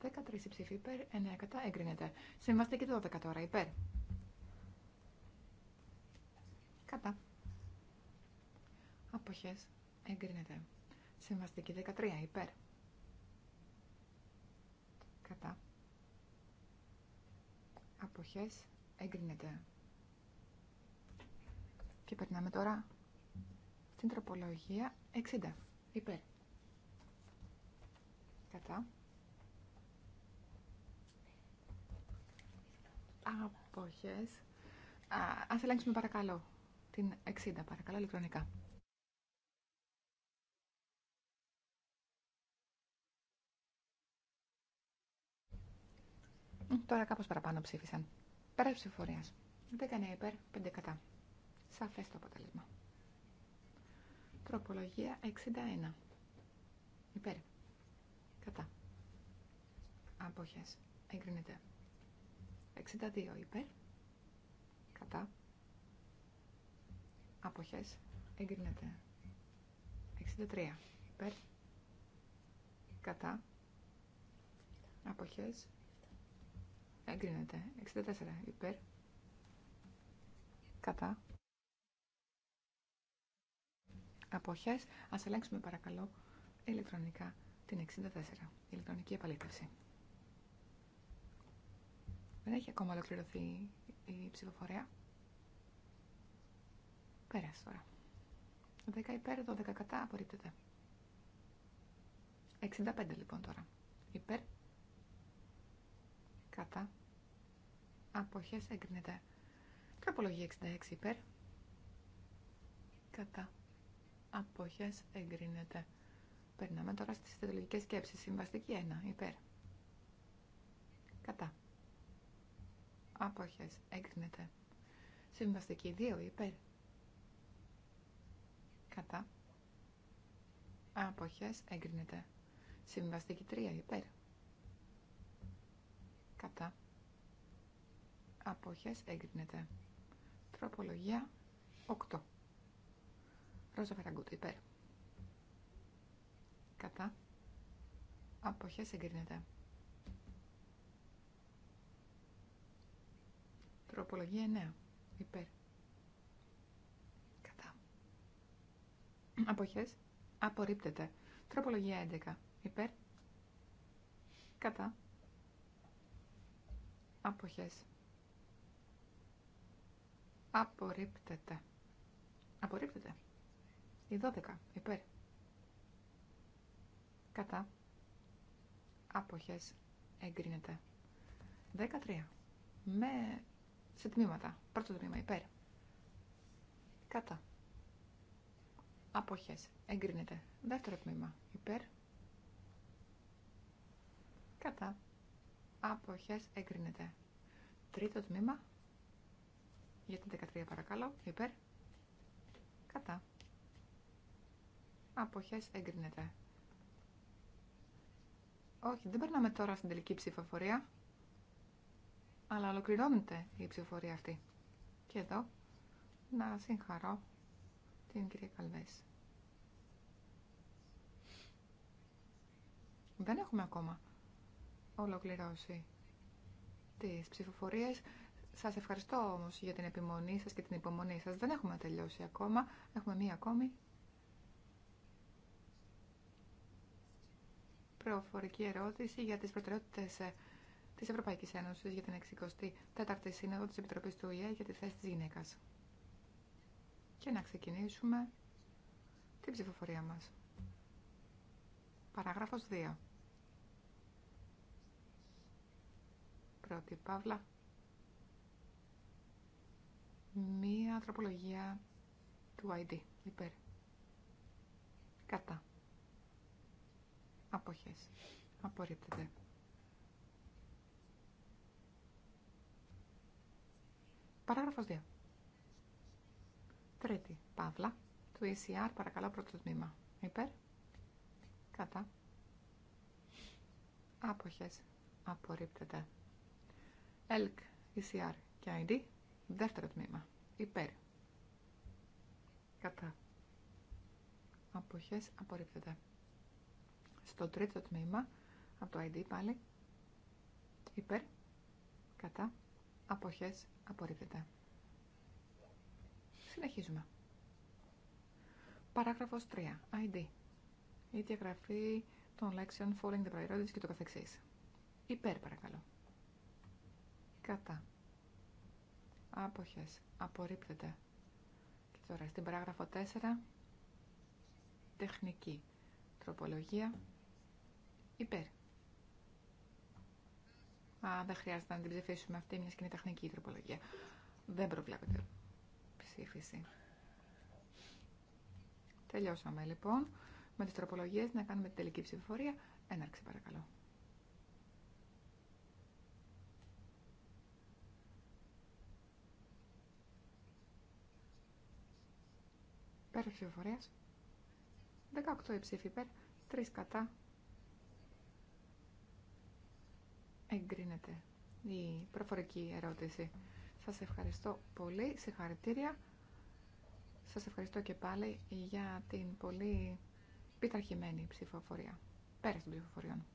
13 ψήφοι υπέρ, 9 κατά εγκρίνεται. Συμβαστική 12 τώρα υπέρ. Κατά. Αποχές εγκρίνεται. Συμβαστική 13 υπέρ. Κατά. Αποχές εγκρίνεται. Και περνάμε τώρα στην τροπολογία 60 υπέρ. Κατά. Αποχές. Α, ας ελέγξουμε παρακαλώ. Την 60 παρακαλώ ηλεκτρονικά. Τώρα κάπως παραπάνω ψήφισαν. Πέρα ψηφορία. 19 υπέρ, 5 κατά. Σαφές το αποτέλεσμα. Τροπολογία 61. Υπέρ. Κατά. Απόχες. Εγκρίνεται. 62 υπέρ. Κατά. Αποχές. Εγκρίνεται. 63 υπέρ. Κατά. Αποχές. Εγκρίνεται. 64 υπέρ. Κατά. Αποχές. Ας ελέγξουμε παρακαλώ ηλεκτρονικά την 64. Ηλεκτρονική επαλήθευση. Δεν έχει ακόμα ολοκληρωθεί η ψηφοφορία. Πέρασε τώρα. 10 υπέρ, 12 κατά, απορρίπτεται. 65 λοιπόν τώρα. Υπέρ. Κατά. Αποχές εγκρίνεται. Τροπολογία 66 υπέρ. Κατά. Αποχές εγκρίνεται. Περνάμε τώρα στις θετολογικές σκέψεις. Συμβαστική 1 υπέρ. Κατά. Άποχες. Έγκρινεται. Συμβαστική 2. Υπέρ. Κατά. Άποχες. Έγκρινεται. Συμβαστική 3. Υπέρ. Κατά. Άποχες. Έγκρινεται. Τροπολογία 8. Ρόζα Υπέρ. Κατά. Άποχες. Έγκρινεται. Τροπολογία 9. Υπέρ. Κατά. Αποχές. Απορρίπτεται. Τροπολογία 11. Υπέρ. Κατά. Αποχές. Απορρίπτεται. Απορρίπτεται. Η 12. Υπέρ. Κατά. Αποχές. Εγκρίνεται. 13. Με σε τμήματα. Πρώτο τμήμα υπέρ. Κατά. Αποχές. Εγκρίνεται. Δεύτερο τμήμα υπέρ. Κατά. Αποχές. Εγκρίνεται. Τρίτο τμήμα. Για την 13 παρακαλώ. Υπέρ. Κατά. Αποχές. Εγκρίνεται. Όχι, δεν περνάμε τώρα στην τελική ψηφοφορία αλλά ολοκληρώνεται η ψηφοφορία αυτή. Και εδώ να συγχαρώ την κυρία Καλβές. Δεν έχουμε ακόμα ολοκληρώσει τις ψηφοφορίες. Σας ευχαριστώ όμως για την επιμονή σας και την υπομονή σας. Δεν έχουμε τελειώσει ακόμα. Έχουμε μία ακόμη. Προφορική ερώτηση για τις προτεραιότητες ε, Τη Ευρωπαϊκή Ένωση για την 64η Σύνοδο τη Επιτροπή του ΟΗΕ για τη θέση τη γυναίκα. Και να ξεκινήσουμε την ψηφοφορία μας. Παράγραφος 2. Πρώτη παύλα. Μία τροπολογία του ID. Υπέρ. Κατά. Αποχές. Απορρίπτεται. Παράγραφος 2. Τρίτη. Παύλα. Του ECR παρακαλώ πρώτο τμήμα. Υπέρ. Κατά. Αποχέ, Απορρίπτεται. ΕΛΚ, ECR και ID. Δεύτερο τμήμα. Υπέρ. Κατά. Αποχές. Απορρίπτεται. Στο τρίτο τμήμα. Από το ID πάλι. Υπέρ. Κατά αποχές απορρίπτεται. Συνεχίζουμε. Παράγραφος 3. ID. Η διαγραφή των λέξεων following the priorities και το καθεξής. Υπέρ παρακαλώ. Κατά. Άποχες. Απορρίπτεται. Και τώρα στην παράγραφο 4. Τεχνική. Τροπολογία. Υπέρ. Α, δεν χρειάζεται να την ψηφίσουμε αυτή, μια σκηνή τεχνική τροπολογία. Δεν προβλέπεται ψήφιση. Τελειώσαμε λοιπόν με τις τροπολογίες να κάνουμε την τελική ψηφοφορία. Έναρξη παρακαλώ. Πέρα ψηφοφορίας. 18 ψήφοι υπέρ, 3 κατά, Εγκρίνεται η προφορική ερώτηση. Σας ευχαριστώ πολύ. Συγχαρητήρια. Σας ευχαριστώ και πάλι για την πολύ πειταρχημένη ψηφοφορία. Πέρας των ψηφοφοριών.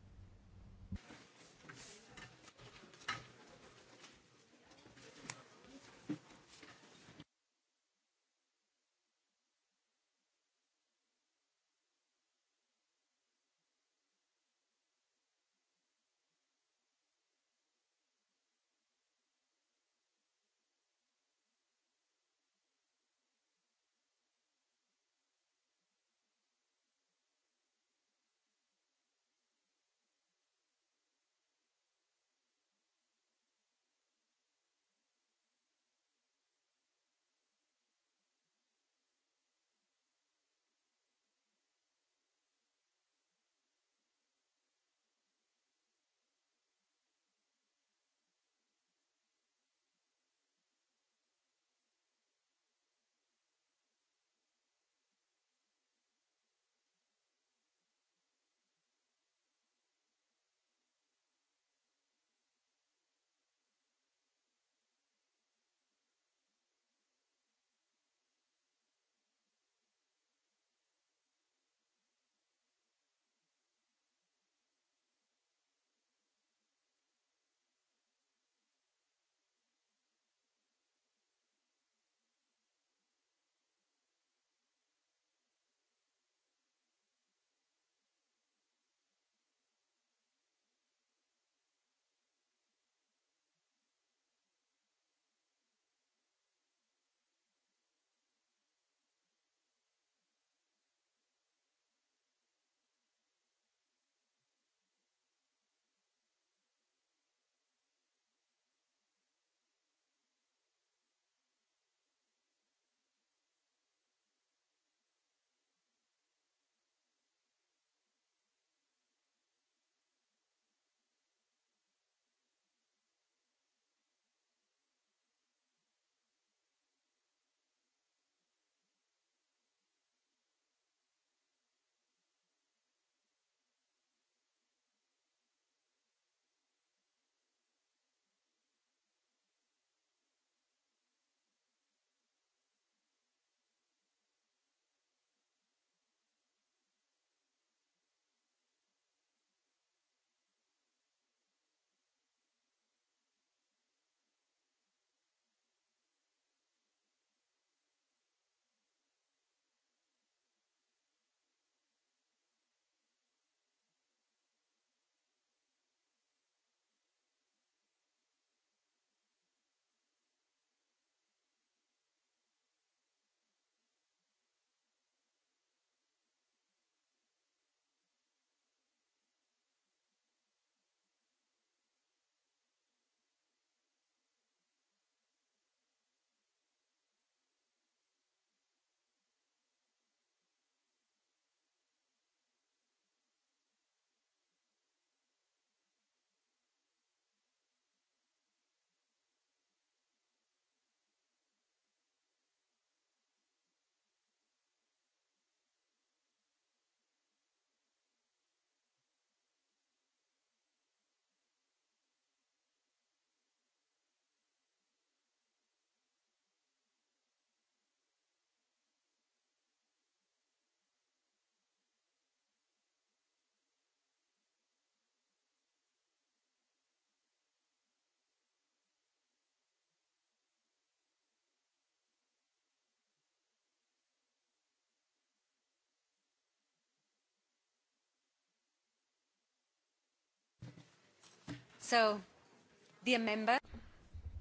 So,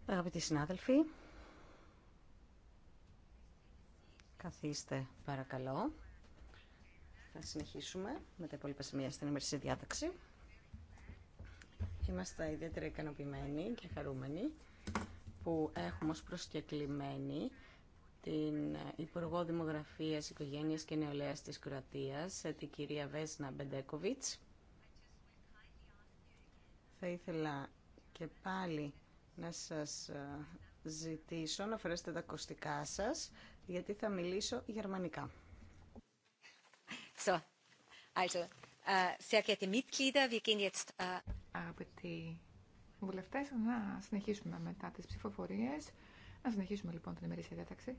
Αγαπητοί συνάδελφοι, καθίστε παρακαλώ. Θα συνεχίσουμε με τα υπόλοιπα σημεία στην ημερησία διάταξη. Είμαστε ιδιαίτερα ικανοποιημένοι και χαρούμενοι που έχουμε ως προσκεκλημένη την Υπουργό Δημογραφίας, Οικογένειας και Νεολαίας της Κροατίας, την κυρία Βέσνα Μπεντέκοβιτς θα ήθελα και πάλι να σας ε, ζητήσω να φορέσετε τα ακουστικά σας, γιατί θα μιλήσω γερμανικά. So, also, äh, sehr geehrte Mitglieder, wir gehen jetzt... Äh, Αγαπητοί βουλευτές, να συνεχίσουμε μετά τις ψηφοφορίες. Να συνεχίσουμε λοιπόν την ημερήσια διάταξη.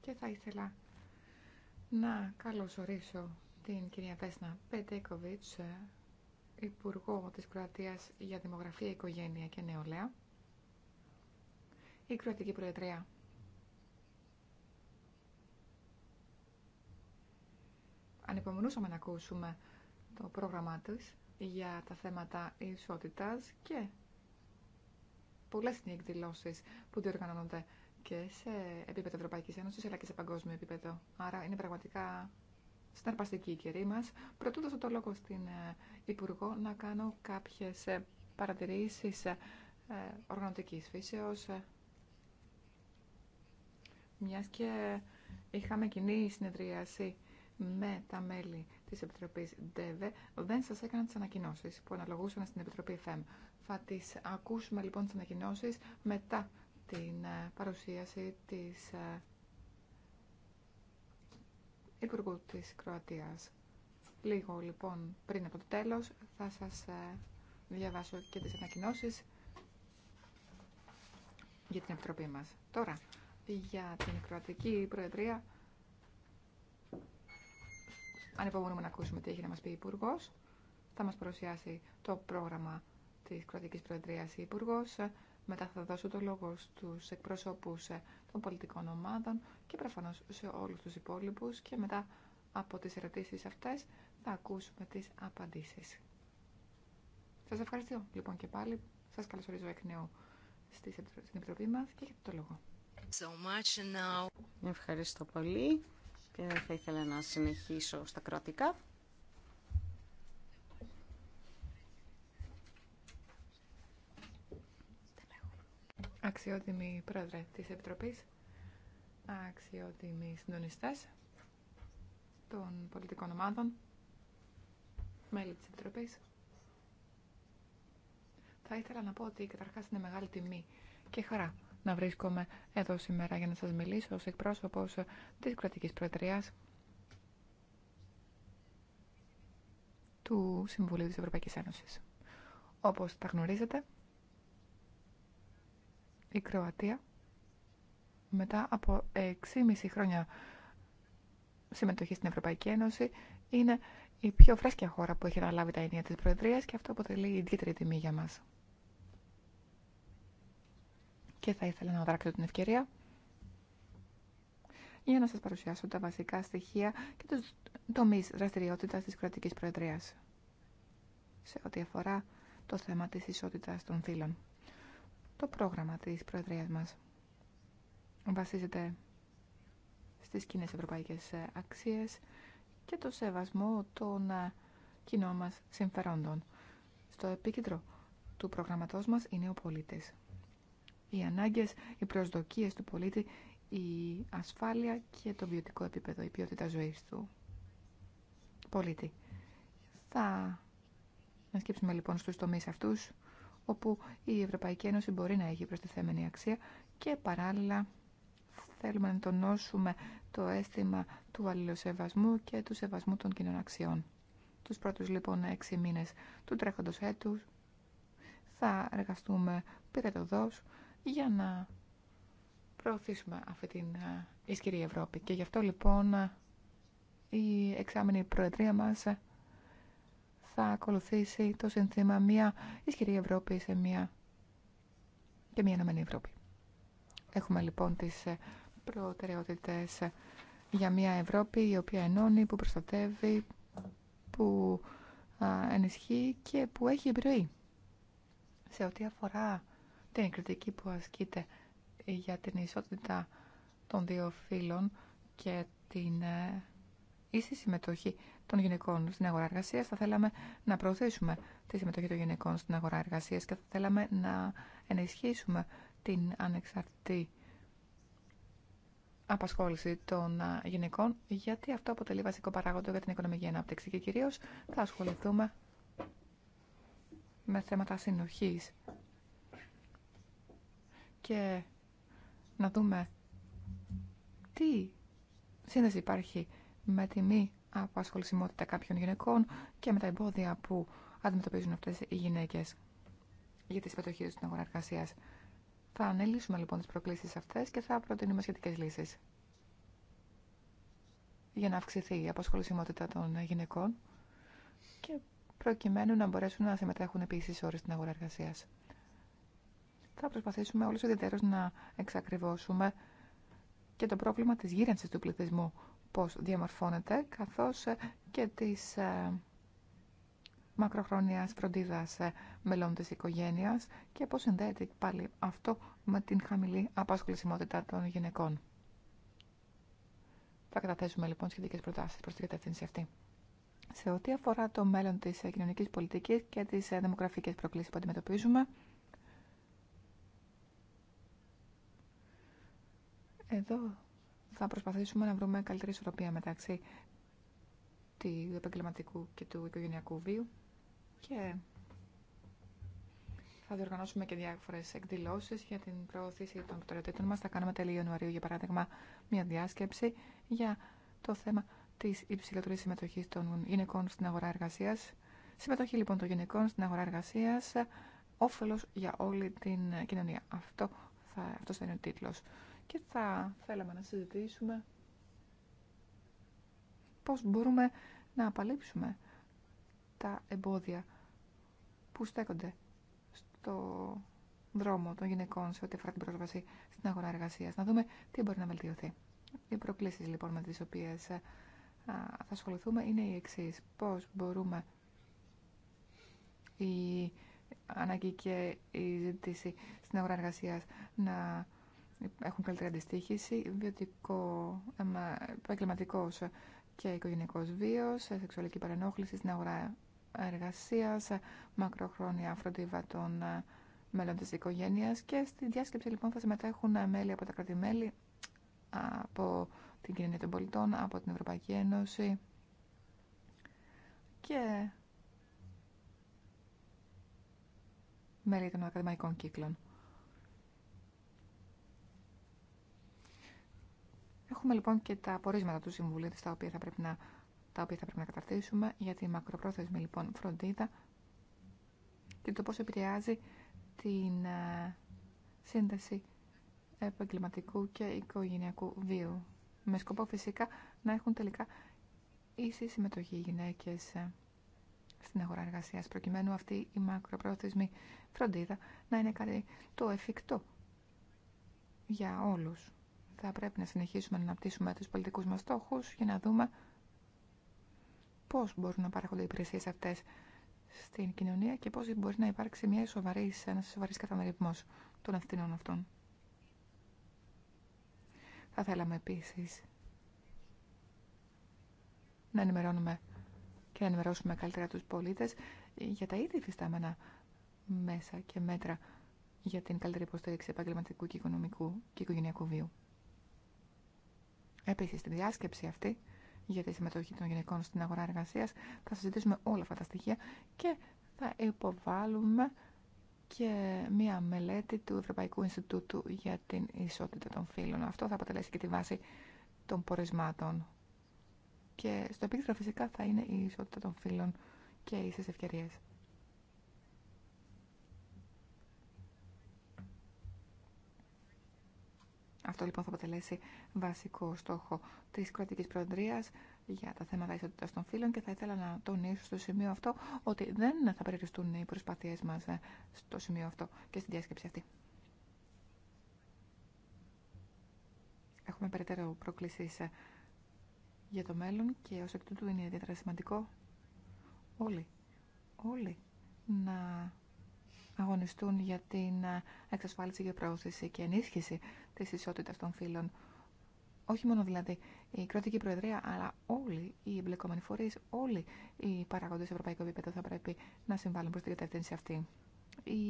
Και θα ήθελα να καλωσορίσω την κυρία Βέσνα Πεντέκοβιτς, ε, Υπουργό της Κροατίας για Δημογραφία, Οικογένεια και Νεολαία. Η Κροατική Προεδρία ανυπομονούσαμε να ακούσουμε το πρόγραμμά της για τα θέματα ισότητας και πολλές είναι οι εκδηλώσεις που διοργανώνονται και σε επίπεδο Ευρωπαϊκής Ένωσης αλλά και σε παγκόσμιο επίπεδο. Άρα είναι πραγματικά συναρπαστική η κυρία μα, Πρωτού δώσω το λόγο στην ε, Υπουργό να κάνω κάποιε παρατηρήσει ε, οργανωτικής φύσεως, ε. μιας και είχαμε κοινή συνεδρίαση με τα μέλη της επιτροπή ΔΕΒΕ, δεν σα έκανα τι ανακοινώσει που αναλογούσαν στην Επιτροπή ΦΕΜ. Θα τι ακούσουμε λοιπόν τι ανακοινώσει μετά την παρουσίαση της Υπουργού της Κροατίας. Λίγο λοιπόν πριν από το τέλος θα σας ε, διαβάσω και τις ανακοινώσεις για την Επιτροπή μας. Τώρα, για την Κροατική Προεδρία, ανυπομονούμε να ακούσουμε τι έχει να μας πει η υπουργό. Θα μας παρουσιάσει το πρόγραμμα της Κροατικής Προεδρίας η υπουργό. Μετά θα δώσω το λόγο στους εκπροσώπους ε, των πολιτικών ομάδων και προφανώς σε όλους τους υπόλοιπους και μετά από τις ερωτήσεις αυτές θα ακούσουμε τις απαντήσεις. Σας ευχαριστώ λοιπόν και πάλι. Σας καλωσορίζω εκ νέου στην Επιτροπή μας και έχετε το λόγο. So much now. Ευχαριστώ πολύ και θα ήθελα να συνεχίσω στα κρατικά. Αξιότιμη πρόεδρε της Επιτροπής, αξιότιμοι συντονιστές των πολιτικών ομάδων, μέλη της Επιτροπής. Θα ήθελα να πω ότι καταρχάς είναι μεγάλη τιμή και χαρά να βρίσκομαι εδώ σήμερα για να σας μιλήσω ως εκπρόσωπος της κρατικής προεδρίας του Συμβουλίου της Ευρωπαϊκής Ένωσης. Όπως τα γνωρίζετε, η Κροατία μετά από 6,5 χρόνια συμμετοχή στην Ευρωπαϊκή Ένωση είναι η πιο φρέσκια χώρα που έχει αναλάβει τα ενία της Προεδρίας και αυτό αποτελεί ιδιαίτερη τιμή για μας. Και θα ήθελα να δράξω την ευκαιρία για να σας παρουσιάσω τα βασικά στοιχεία και τους τομείς δραστηριότητας της κρατικής προεδρίας σε ό,τι αφορά το θέμα της ισότητας των φύλων. Το πρόγραμμα της Προεδρίας μας βασίζεται στις κοινέ ευρωπαϊκές ε, αξίες και το σεβασμό των ε, κοινών μας συμφερόντων. Στο επίκεντρο του προγραμματός μας είναι ο πολίτης. Οι ανάγκες, οι προσδοκίες του πολίτη, η ασφάλεια και το βιωτικό επίπεδο, η ποιότητα ζωής του πολίτη. Θα να σκέψουμε λοιπόν στους τομείς αυτούς όπου η Ευρωπαϊκή Ένωση μπορεί να έχει προστιθέμενη αξία και παράλληλα θέλουμε να τονώσουμε το αίσθημα του αλληλοσεβασμού και του σεβασμού των κοινών αξιών. Τους πρώτους λοιπόν έξι μήνες του τρέχοντος έτους θα εργαστούμε πυρετοδός για να προωθήσουμε αυτή την ισχυρή Ευρώπη. Και γι' αυτό λοιπόν η εξάμενη προεδρία μας θα ακολουθήσει το συνθήμα μια ισχυρή Ευρώπη σε μια και μια ενωμένη Ευρώπη. Έχουμε λοιπόν τις ε, προτεραιότητες ε, για μια Ευρώπη η οποία ενώνει, που προστατεύει, που ενισχύει και που έχει επιρροή. Σε ό,τι αφορά την κριτική που ασκείται για την ισότητα των δύο φύλων και την ε, ίση συμμετοχή των γυναικών στην αγορά εργασία. Θα θέλαμε να προωθήσουμε τη συμμετοχή των γυναικών στην αγορά εργασία και θα θέλαμε να ενισχύσουμε την ανεξαρτή απασχόληση των γυναικών, γιατί αυτό αποτελεί βασικό παράγοντα για την οικονομική ανάπτυξη και κυρίω θα ασχοληθούμε με θέματα συνοχή. και να δούμε τι σύνδεση υπάρχει με τη μη ασχολησιμότητα κάποιων γυναικών και με τα εμπόδια που αντιμετωπίζουν αυτέ οι γυναίκε για τη συμμετοχή του στην αγορά εργασία. Θα ανελύσουμε λοιπόν τι προκλήσει αυτέ και θα προτείνουμε σχετικέ λύσει. για να αυξηθεί η απασχολησιμότητα των γυναικών και προκειμένου να μπορέσουν να συμμετέχουν επίση όρες στην αγορά εργασία. Θα προσπαθήσουμε όλους ιδιαίτερω να εξακριβώσουμε και το πρόβλημα τη γύρανση του πληθυσμού πώς διαμορφώνεται, καθώς ε, και της ε, μακροχρόνιας φροντίδας ε, μελών της οικογένειας και πώς συνδέεται πάλι αυτό με την χαμηλή απασχολησιμότητα των γυναικών. Θα καταθέσουμε λοιπόν σχετικές προτάσεις προς την κατεύθυνση αυτή. Σε ό,τι αφορά το μέλλον της κοινωνικής πολιτικής και της δημογραφικές προκλήσεις που αντιμετωπίζουμε, εδώ θα προσπαθήσουμε να βρούμε καλύτερη ισορροπία μεταξύ του επαγγελματικού και του οικογενειακού βίου και θα διοργανώσουμε και διάφορε εκδηλώσει για την προώθηση των προτεραιοτήτων μα. Θα κάνουμε τέλη Ιανουαρίου, για παράδειγμα, μια διάσκεψη για το θέμα τη υψηλότερη συμμετοχή των γυναικών στην αγορά εργασία. Συμμετοχή λοιπόν των γυναικών στην αγορά εργασία, όφελο για όλη την κοινωνία. Αυτό θα, αυτός θα είναι ο τίτλο και θα θέλαμε να συζητήσουμε πώς μπορούμε να απαλείψουμε τα εμπόδια που στέκονται στο δρόμο των γυναικών σε ό,τι αφορά την πρόσβαση στην αγορά εργασίας. Να δούμε τι μπορεί να βελτιωθεί. Οι προκλήσεις λοιπόν με τις οποίες ε, θα ασχοληθούμε είναι οι εξή. Πώς μπορούμε η ανάγκη και η ζήτηση στην αγορά εργασίας να έχουν καλύτερη αντιστοίχηση, βιωτικό, επαγγελματικό και οικογενειακό βίο, σεξουαλική παρενόχληση στην αγορά εργασία, μακροχρόνια φροντίδα των ε, μέλων τη οικογένεια και στη διάσκεψη λοιπόν θα συμμετέχουν ε, μέλη από τα κράτη-μέλη, από την κοινωνία των πολιτών, από την Ευρωπαϊκή Ένωση και μέλη των ακαδημαϊκών κύκλων. Έχουμε λοιπόν και τα απορίσματα του Συμβουλίου, τα οποία θα πρέπει να, τα οποία θα πρέπει να καταρτήσουμε για τη μακροπρόθεσμη λοιπόν φροντίδα και το πώς επηρεάζει την ε, σύνδεση επαγγελματικού και οικογενειακού βίου. Με σκοπό φυσικά να έχουν τελικά ίση συμμετοχή οι γυναίκες ε, στην αγορά εργασία. προκειμένου αυτή η μακροπρόθεσμη φροντίδα να είναι κάτι το εφικτό για όλους θα πρέπει να συνεχίσουμε να αναπτύσσουμε τους πολιτικούς μας στόχους για να δούμε πώς μπορούν να παρέχονται οι υπηρεσίες αυτές στην κοινωνία και πώς μπορεί να υπάρξει μια σοβαρή, ένας σοβαρής καταμερισμός των ευθυνών αυτών. Θα θέλαμε επίσης να ενημερώνουμε και να ενημερώσουμε καλύτερα τους πολίτες για τα ήδη φυστάμενα μέσα και μέτρα για την καλύτερη υποστήριξη επαγγελματικού και οικονομικού και οικογενειακού βίου. Επίση, στη διάσκεψη αυτή για τη συμμετοχή των γυναικών στην αγορά εργασία θα συζητήσουμε όλα αυτά τα στοιχεία και θα υποβάλουμε και μία μελέτη του Ευρωπαϊκού Ινστιτούτου για την Ισότητα των Φύλων. Αυτό θα αποτελέσει και τη βάση των πορισμάτων. Και στο επίκεντρο φυσικά θα είναι η ισότητα των φύλων και ίσες ευκαιρίες. Αυτό λοιπόν θα αποτελέσει βασικό στόχο τη κρατική προεδρία για τα θέματα ισότητα των φύλων και θα ήθελα να τονίσω στο σημείο αυτό ότι δεν θα περιοριστούν οι προσπάθειέ μα ε, στο σημείο αυτό και στη διάσκεψη αυτή. Έχουμε περαιτέρω προκλήσει ε, για το μέλλον και ως εκ τούτου είναι ιδιαίτερα σημαντικό όλοι, όλοι να αγωνιστούν για την ε, εξασφάλιση και προώθηση και ενίσχυση τη ισότητα των φύλων. Όχι μόνο δηλαδή η κρατική προεδρία, αλλά όλοι οι εμπλεκόμενοι φορεί, όλοι οι παραγόντες σε ευρωπαϊκό επίπεδο θα πρέπει να συμβάλλουν προ την κατεύθυνση αυτή. Η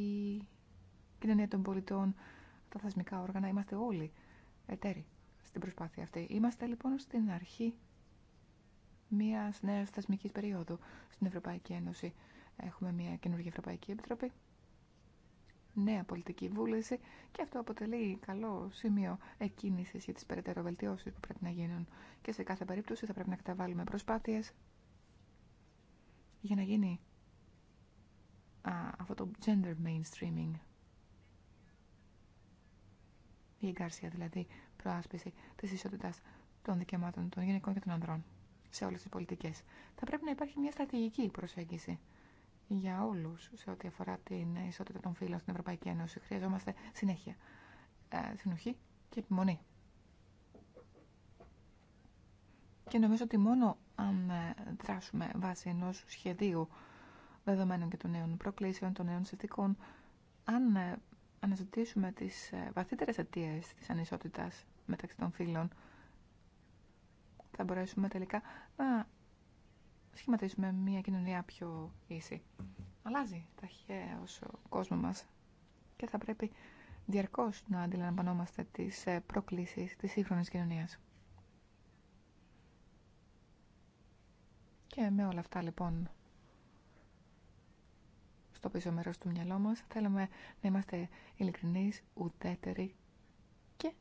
κοινωνία των πολιτών, τα θεσμικά όργανα, είμαστε όλοι εταίροι στην προσπάθεια αυτή. Είμαστε λοιπόν στην αρχή μια νέα θεσμική περίοδου στην Ευρωπαϊκή Ένωση. Έχουμε μια καινούργια Ευρωπαϊκή Επιτροπή νέα πολιτική βούληση και αυτό αποτελεί καλό σημείο εκκίνησης για τις περαιτέρω βελτιώσεις που πρέπει να γίνουν. Και σε κάθε περίπτωση θα πρέπει να καταβάλουμε προσπάθειες για να γίνει α, αυτό το gender mainstreaming. Η εγκάρσια δηλαδή προάσπιση τη ισότητα των δικαιωμάτων των γυναικών και των ανδρών σε όλες τις πολιτικές. Θα πρέπει να υπάρχει μια στρατηγική προσέγγιση για όλου σε ό,τι αφορά την ισότητα των φύλων στην Ευρωπαϊκή Ένωση. Χρειαζόμαστε συνέχεια, ε, συνοχή και επιμονή. Και νομίζω ότι μόνο αν ε, δράσουμε βάσει ενό σχεδίου δεδομένων και των νέων προκλήσεων, των νέων συνθήκων, αν ε, αναζητήσουμε τι ε, βαθύτερε αιτίε τη ανισότητα μεταξύ των φύλων, θα μπορέσουμε τελικά να σχηματίσουμε μια κοινωνία πιο ίση. Αλλάζει ταχαίως ο κόσμο μας και θα πρέπει διαρκώς να αντιλαμβανόμαστε τις ε, προκλήσεις της σύγχρονης κοινωνίας. Και με όλα αυτά λοιπόν στο πίσω μέρος του μυαλό μας θέλουμε να είμαστε ειλικρινείς, ουδέτεροι και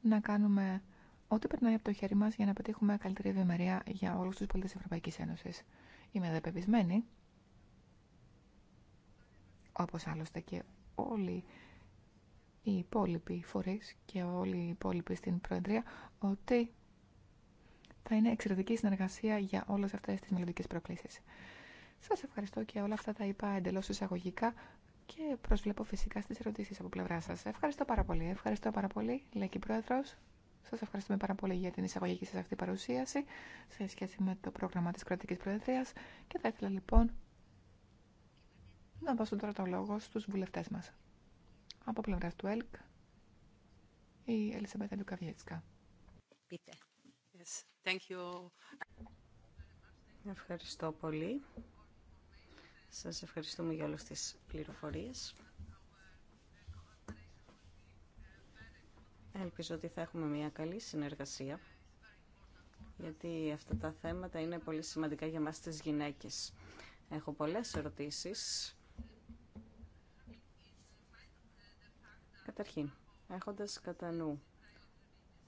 να κάνουμε ό,τι περνάει από το χέρι μα για να πετύχουμε καλύτερη ευημερία για όλου του πολίτε τη Ευρωπαϊκή Ένωση. Είμαι δεπεπισμένη, όπω άλλωστε και όλοι οι υπόλοιποι φορεί και όλοι οι υπόλοιποι στην Προεδρία, ότι θα είναι εξαιρετική συνεργασία για όλε αυτέ τι μελλοντικέ προκλήσει. Σα ευχαριστώ και όλα αυτά τα είπα εντελώ εισαγωγικά και προσβλέπω φυσικά στις ερωτήσεις από πλευρά σα. Ευχαριστώ πάρα πολύ. Ευχαριστώ πάρα πολύ, λέει σας ευχαριστούμε πάρα πολύ για την εισαγωγική σας αυτή παρουσίαση σε σχέση με το πρόγραμμα της κρατικής προεδρίας και θα ήθελα λοιπόν να δώσω τώρα το λόγο στους βουλευτές μας. Από πλευρά του ΕΛΚ, η Ελισαμπέτα Λουκαβιέτσκα. Πείτε. Yes. Thank you. Ευχαριστώ πολύ. Σας ευχαριστούμε για όλες τις πληροφορίες. Ελπίζω ότι θα έχουμε μια καλή συνεργασία, γιατί αυτά τα θέματα είναι πολύ σημαντικά για μας τις γυναίκες. Έχω πολλές ερωτήσεις. Καταρχήν, έχοντας κατά νου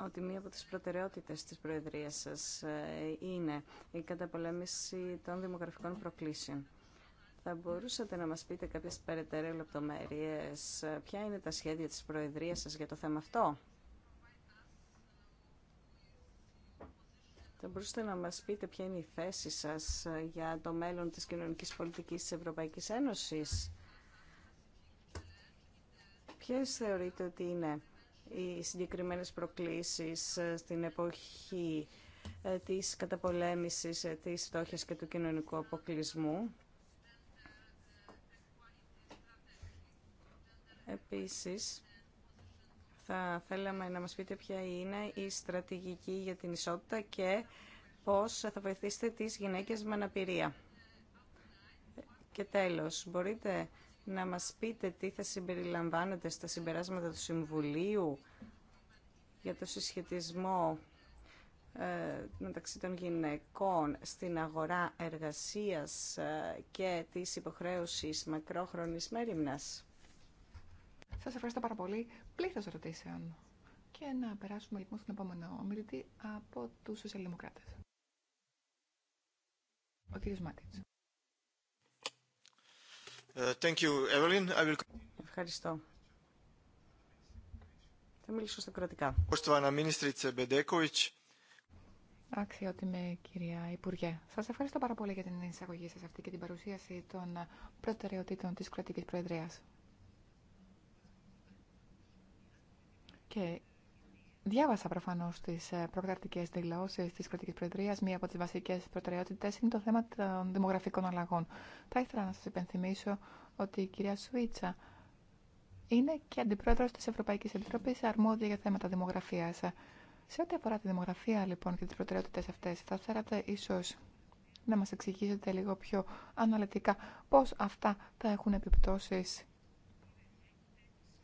ότι μία από τις προτεραιότητες της Προεδρίας σας ε, είναι η καταπολέμηση των δημογραφικών προκλήσεων. Θα μπορούσατε να μας πείτε κάποιες περαιτέρω λεπτομέρειες. Ποια είναι τα σχέδια της Προεδρίας σας για το θέμα αυτό. Θα μπορούσατε να μας πείτε ποια είναι η θέση σας ε, για το μέλλον της κοινωνικής πολιτικής της Ευρωπαϊκής Ένωσης. Ποιες θεωρείτε ότι είναι οι συγκεκριμένες προκλήσεις ε, στην εποχή ε, της καταπολέμησης της φτώχειας και του κοινωνικού αποκλεισμού. Επίσης, θα θέλαμε να μας πείτε ποια είναι η στρατηγική για την ισότητα και πώς θα βοηθήσετε τις γυναίκες με αναπηρία. Και τέλος, μπορείτε να μας πείτε τι θα συμπεριλαμβάνετε στα συμπεράσματα του Συμβουλίου για το συσχετισμό ε, μεταξύ των γυναικών στην αγορά εργασίας ε, και της υποχρέωσης μακρόχρονης μέρημνας. Σας ευχαριστώ πάρα πολύ. Πλήθος ερωτήσεων. Και να περάσουμε λοιπόν στον επόμενο ομιλητή από τους σοσιαλδημοκράτες. Ο κύριος Μάτιτς. Ε, thank you, Evelyn. I will... Ευχαριστώ. Θα μιλήσω στα κρατικά. Αξιότιμη κυρία Υπουργέ, σα ευχαριστώ πάρα πολύ για την εισαγωγή σα αυτή και την παρουσίαση των προτεραιοτήτων τη κρατική προεδρία. Και διάβασα προφανώ τι ε, προκαταρτικέ δηλώσει τη κρατική προεδρία. Μία από τι βασικέ προτεραιότητε είναι το θέμα των δημογραφικών αλλαγών. Θα ήθελα να σα υπενθυμίσω ότι η κυρία Σουίτσα είναι και αντιπρόεδρο τη Ευρωπαϊκή Επιτροπή αρμόδια για θέματα δημογραφία. Σε ό,τι αφορά τη δημογραφία λοιπόν και τι προτεραιότητε αυτέ, θα θέλατε ίσω να μας εξηγήσετε λίγο πιο αναλυτικά πώς αυτά θα έχουν επιπτώσεις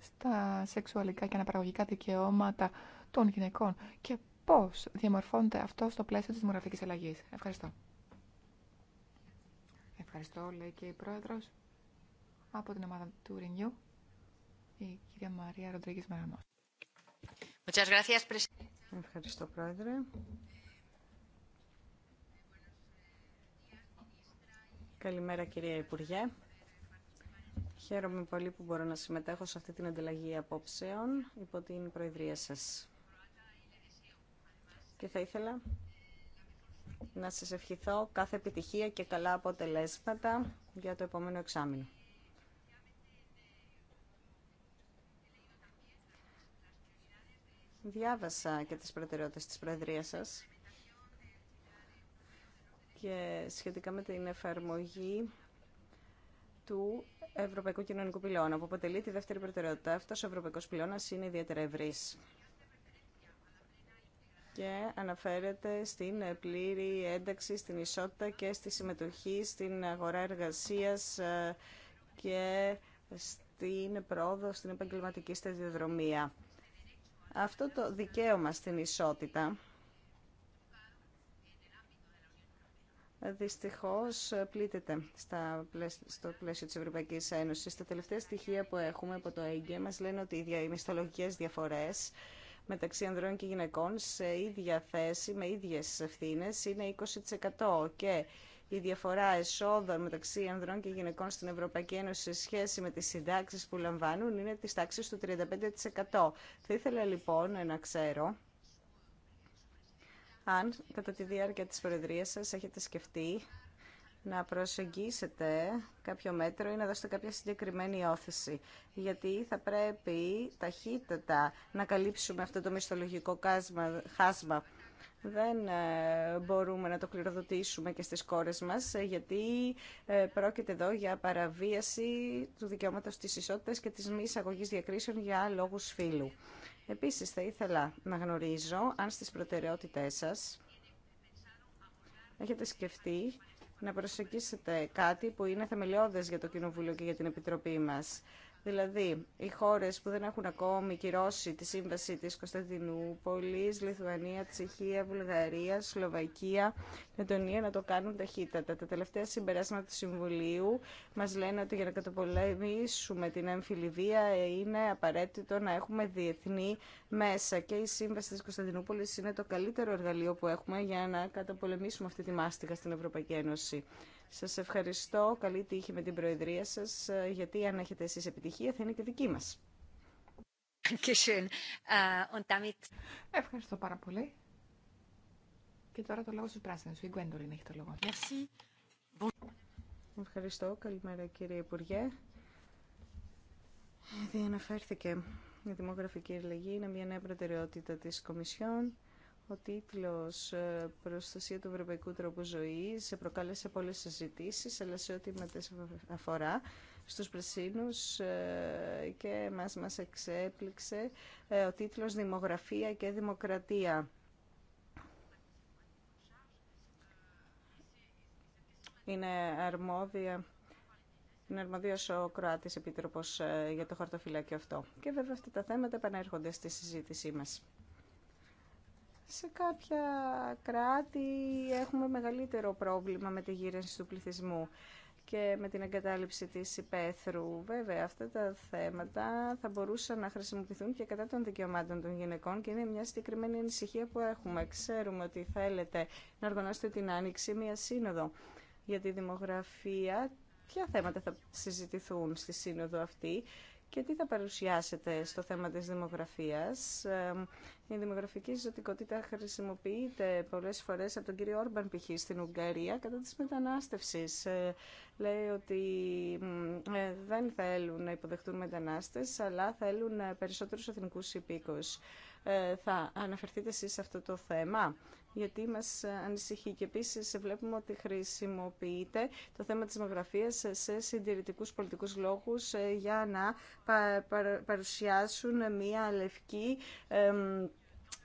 στα σεξουαλικά και αναπαραγωγικά δικαιώματα των γυναικών και πώς διαμορφώνεται αυτό στο πλαίσιο της δημογραφικής αλλαγής. Ευχαριστώ. Ευχαριστώ, λέει και η Πρόεδρος από την ομάδα του Ρινιού, η κυρία Μαρία Ροντρίγκης Μαραμό. Ευχαριστώ, Πρόεδρε. Καλημέρα, κυρία Υπουργέ. Χαίρομαι πολύ που μπορώ να συμμετέχω σε αυτή την ανταλλαγή απόψεων υπό την Προεδρία σας. Και θα ήθελα να σας ευχηθώ κάθε επιτυχία και καλά αποτελέσματα για το επόμενο εξάμεινο. Διάβασα και τις προτεραιότητες της Προεδρίας σας και σχετικά με την εφαρμογή του Ευρωπαϊκού Κοινωνικού Πυλώνα, που αποτελεί τη δεύτερη προτεραιότητα. αυτό ο ευρωπαϊκό Πυλώνας είναι ιδιαίτερα ευρύ. και αναφέρεται στην πλήρη ένταξη, στην ισότητα και στη συμμετοχή στην αγορά εργασία ε, και στην πρόοδο στην επαγγελματική σταδιοδρομία. Αυτό το δικαίωμα στην ισότητα δυστυχώς πλήττεται στα στο πλαίσιο της Ευρωπαϊκής Ένωσης. Τα τελευταία στοιχεία που έχουμε από το ΕΓΚΕ μας λένε ότι οι μισθολογικές διαφορές μεταξύ ανδρών και γυναικών σε ίδια θέση, με ίδιες ευθύνε είναι 20% και η διαφορά εσόδων μεταξύ ανδρών και γυναικών στην Ευρωπαϊκή Ένωση σε σχέση με τις συντάξεις που λαμβάνουν είναι της τάξης του 35%. Θα ήθελα λοιπόν να ξέρω αν κατά τη διάρκεια της Προεδρίας σας έχετε σκεφτεί να προσεγγίσετε κάποιο μέτρο ή να δώσετε κάποια συγκεκριμένη όθηση. Γιατί θα πρέπει ταχύτατα να καλύψουμε αυτό το μισθολογικό χάσμα. Δεν ε, μπορούμε να το κληροδοτήσουμε και στις κόρες μας, ε, γιατί ε, πρόκειται εδώ για παραβίαση του δικαιώματος της ισότητας και της μη εισαγωγής διακρίσεων για λόγους φύλου. Επίσης θα ήθελα να γνωρίζω αν στις προτεραιότητές σας έχετε σκεφτεί να προσεγγίσετε κάτι που είναι θεμελιώδες για το Κοινοβούλιο και για την Επιτροπή μας. Δηλαδή, οι χώρε που δεν έχουν ακόμη κυρώσει τη σύμβαση τη Κωνσταντινούπολη, Λιθουανία, Τσεχία, Βουλγαρία, Σλοβακία, Λετωνία, να το κάνουν ταχύτατα. Τα τελευταία συμπεράσματα του Συμβουλίου μα λένε ότι για να καταπολεμήσουμε την έμφυλη είναι απαραίτητο να έχουμε διεθνή μέσα και η σύμβαση τη Κωνσταντινούπολη είναι το καλύτερο εργαλείο που έχουμε για να καταπολεμήσουμε αυτή τη μάστιγα στην Ευρωπαϊκή Ένωση. Σας ευχαριστώ. Καλή τύχη με την Προεδρία σας, γιατί αν έχετε εσείς επιτυχία θα είναι και δική μας. Äh, ευχαριστώ πάρα πολύ. Και τώρα το λόγο στους πράσινους. Η Γκουέντολιν έχει το λόγο. Ευχαριστώ. Καλημέρα κύριε Υπουργέ. Διαναφέρθηκε η δημογραφική αλλαγή είναι μια νέα προτεραιότητα της Κομισιόν ο τίτλος ε, «Προστασία του Ευρωπαϊκού Τρόπου Ζωής» προκάλεσε πολλές συζητήσει, αλλά σε ό,τι με αφορά στους Πρεσίνου ε, και μας, μας εξέπληξε ε, ο τίτλος «Δημογραφία και Δημοκρατία». Είναι αρμόδια είναι αρμοδίο ο Κροάτη Επίτροπο για το χαρτοφυλάκιο αυτό. Και βέβαια αυτά τα θέματα επανέρχονται στη συζήτησή μα. Σε κάποια κράτη έχουμε μεγαλύτερο πρόβλημα με τη γύριανση του πληθυσμού και με την εγκατάλειψη της υπαίθρου. Βέβαια, αυτά τα θέματα θα μπορούσαν να χρησιμοποιηθούν και κατά των δικαιωμάτων των γυναικών και είναι μια συγκεκριμένη ανησυχία που έχουμε. Ξέρουμε ότι θέλετε να οργανώσετε την Άνοιξη μια σύνοδο για τη δημογραφία. Ποια θέματα θα συζητηθούν στη σύνοδο αυτή και τι θα παρουσιάσετε στο θέμα της δημογραφίας. Ε, η δημογραφική ζωτικότητα χρησιμοποιείται πολλές φορές από τον κύριο Όρμπαν π.χ. στην Ουγγαρία κατά της μετανάστευσης. Ε, λέει ότι ε, δεν θέλουν να υποδεχτούν μετανάστες, αλλά θέλουν περισσότερους εθνικούς υπήκους. Θα αναφερθείτε εσείς σε αυτό το θέμα γιατί μας ανησυχεί και επίσης βλέπουμε ότι χρησιμοποιείται το θέμα της δημογραφίας σε συντηρητικούς πολιτικούς λόγους ε, για να παρουσιάσουν μία λευκή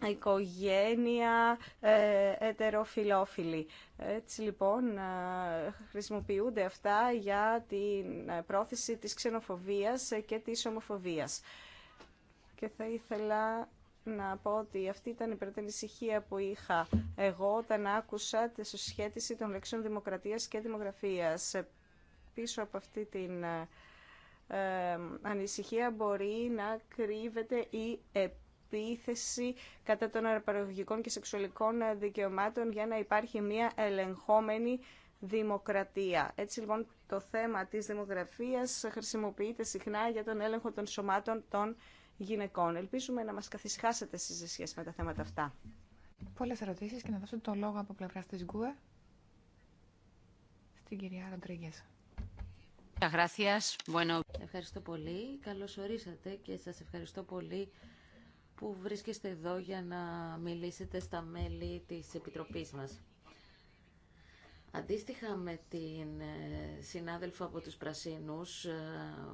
οικογένεια ε, ετεροφιλόφιλη. Έτσι λοιπόν ε, χρησιμοποιούνται αυτά για την πρόθεση της ξενοφοβίας και της ομοφοβίας. Και θα ήθελα να πω ότι αυτή ήταν η πρώτη ανησυχία που είχα εγώ όταν άκουσα τη συσχέτιση των λέξεων δημοκρατίας και δημογραφίας. Πίσω από αυτή την ε, ανησυχία μπορεί να κρύβεται η επίθεση κατά των αρπαρογικών και σεξουαλικών δικαιωμάτων για να υπάρχει μια ελεγχόμενη δημοκρατία. Έτσι λοιπόν το θέμα της δημογραφίας χρησιμοποιείται συχνά για τον έλεγχο των σωμάτων των γυναικών. Ελπίζουμε να μας καθισχάσετε στις σχέση με τα θέματα αυτά. Πολλές ερωτήσει και να δώσω το λόγο από πλευρά της ΓΚΟΕ στην κυρία Ροντρίγκε. Ευχαριστώ πολύ. Καλώς ορίσατε και σας ευχαριστώ πολύ που βρίσκεστε εδώ για να μιλήσετε στα μέλη της Επιτροπής μας. Αντίστοιχα με την ε, συνάδελφο από τους Πρασίνους, ε,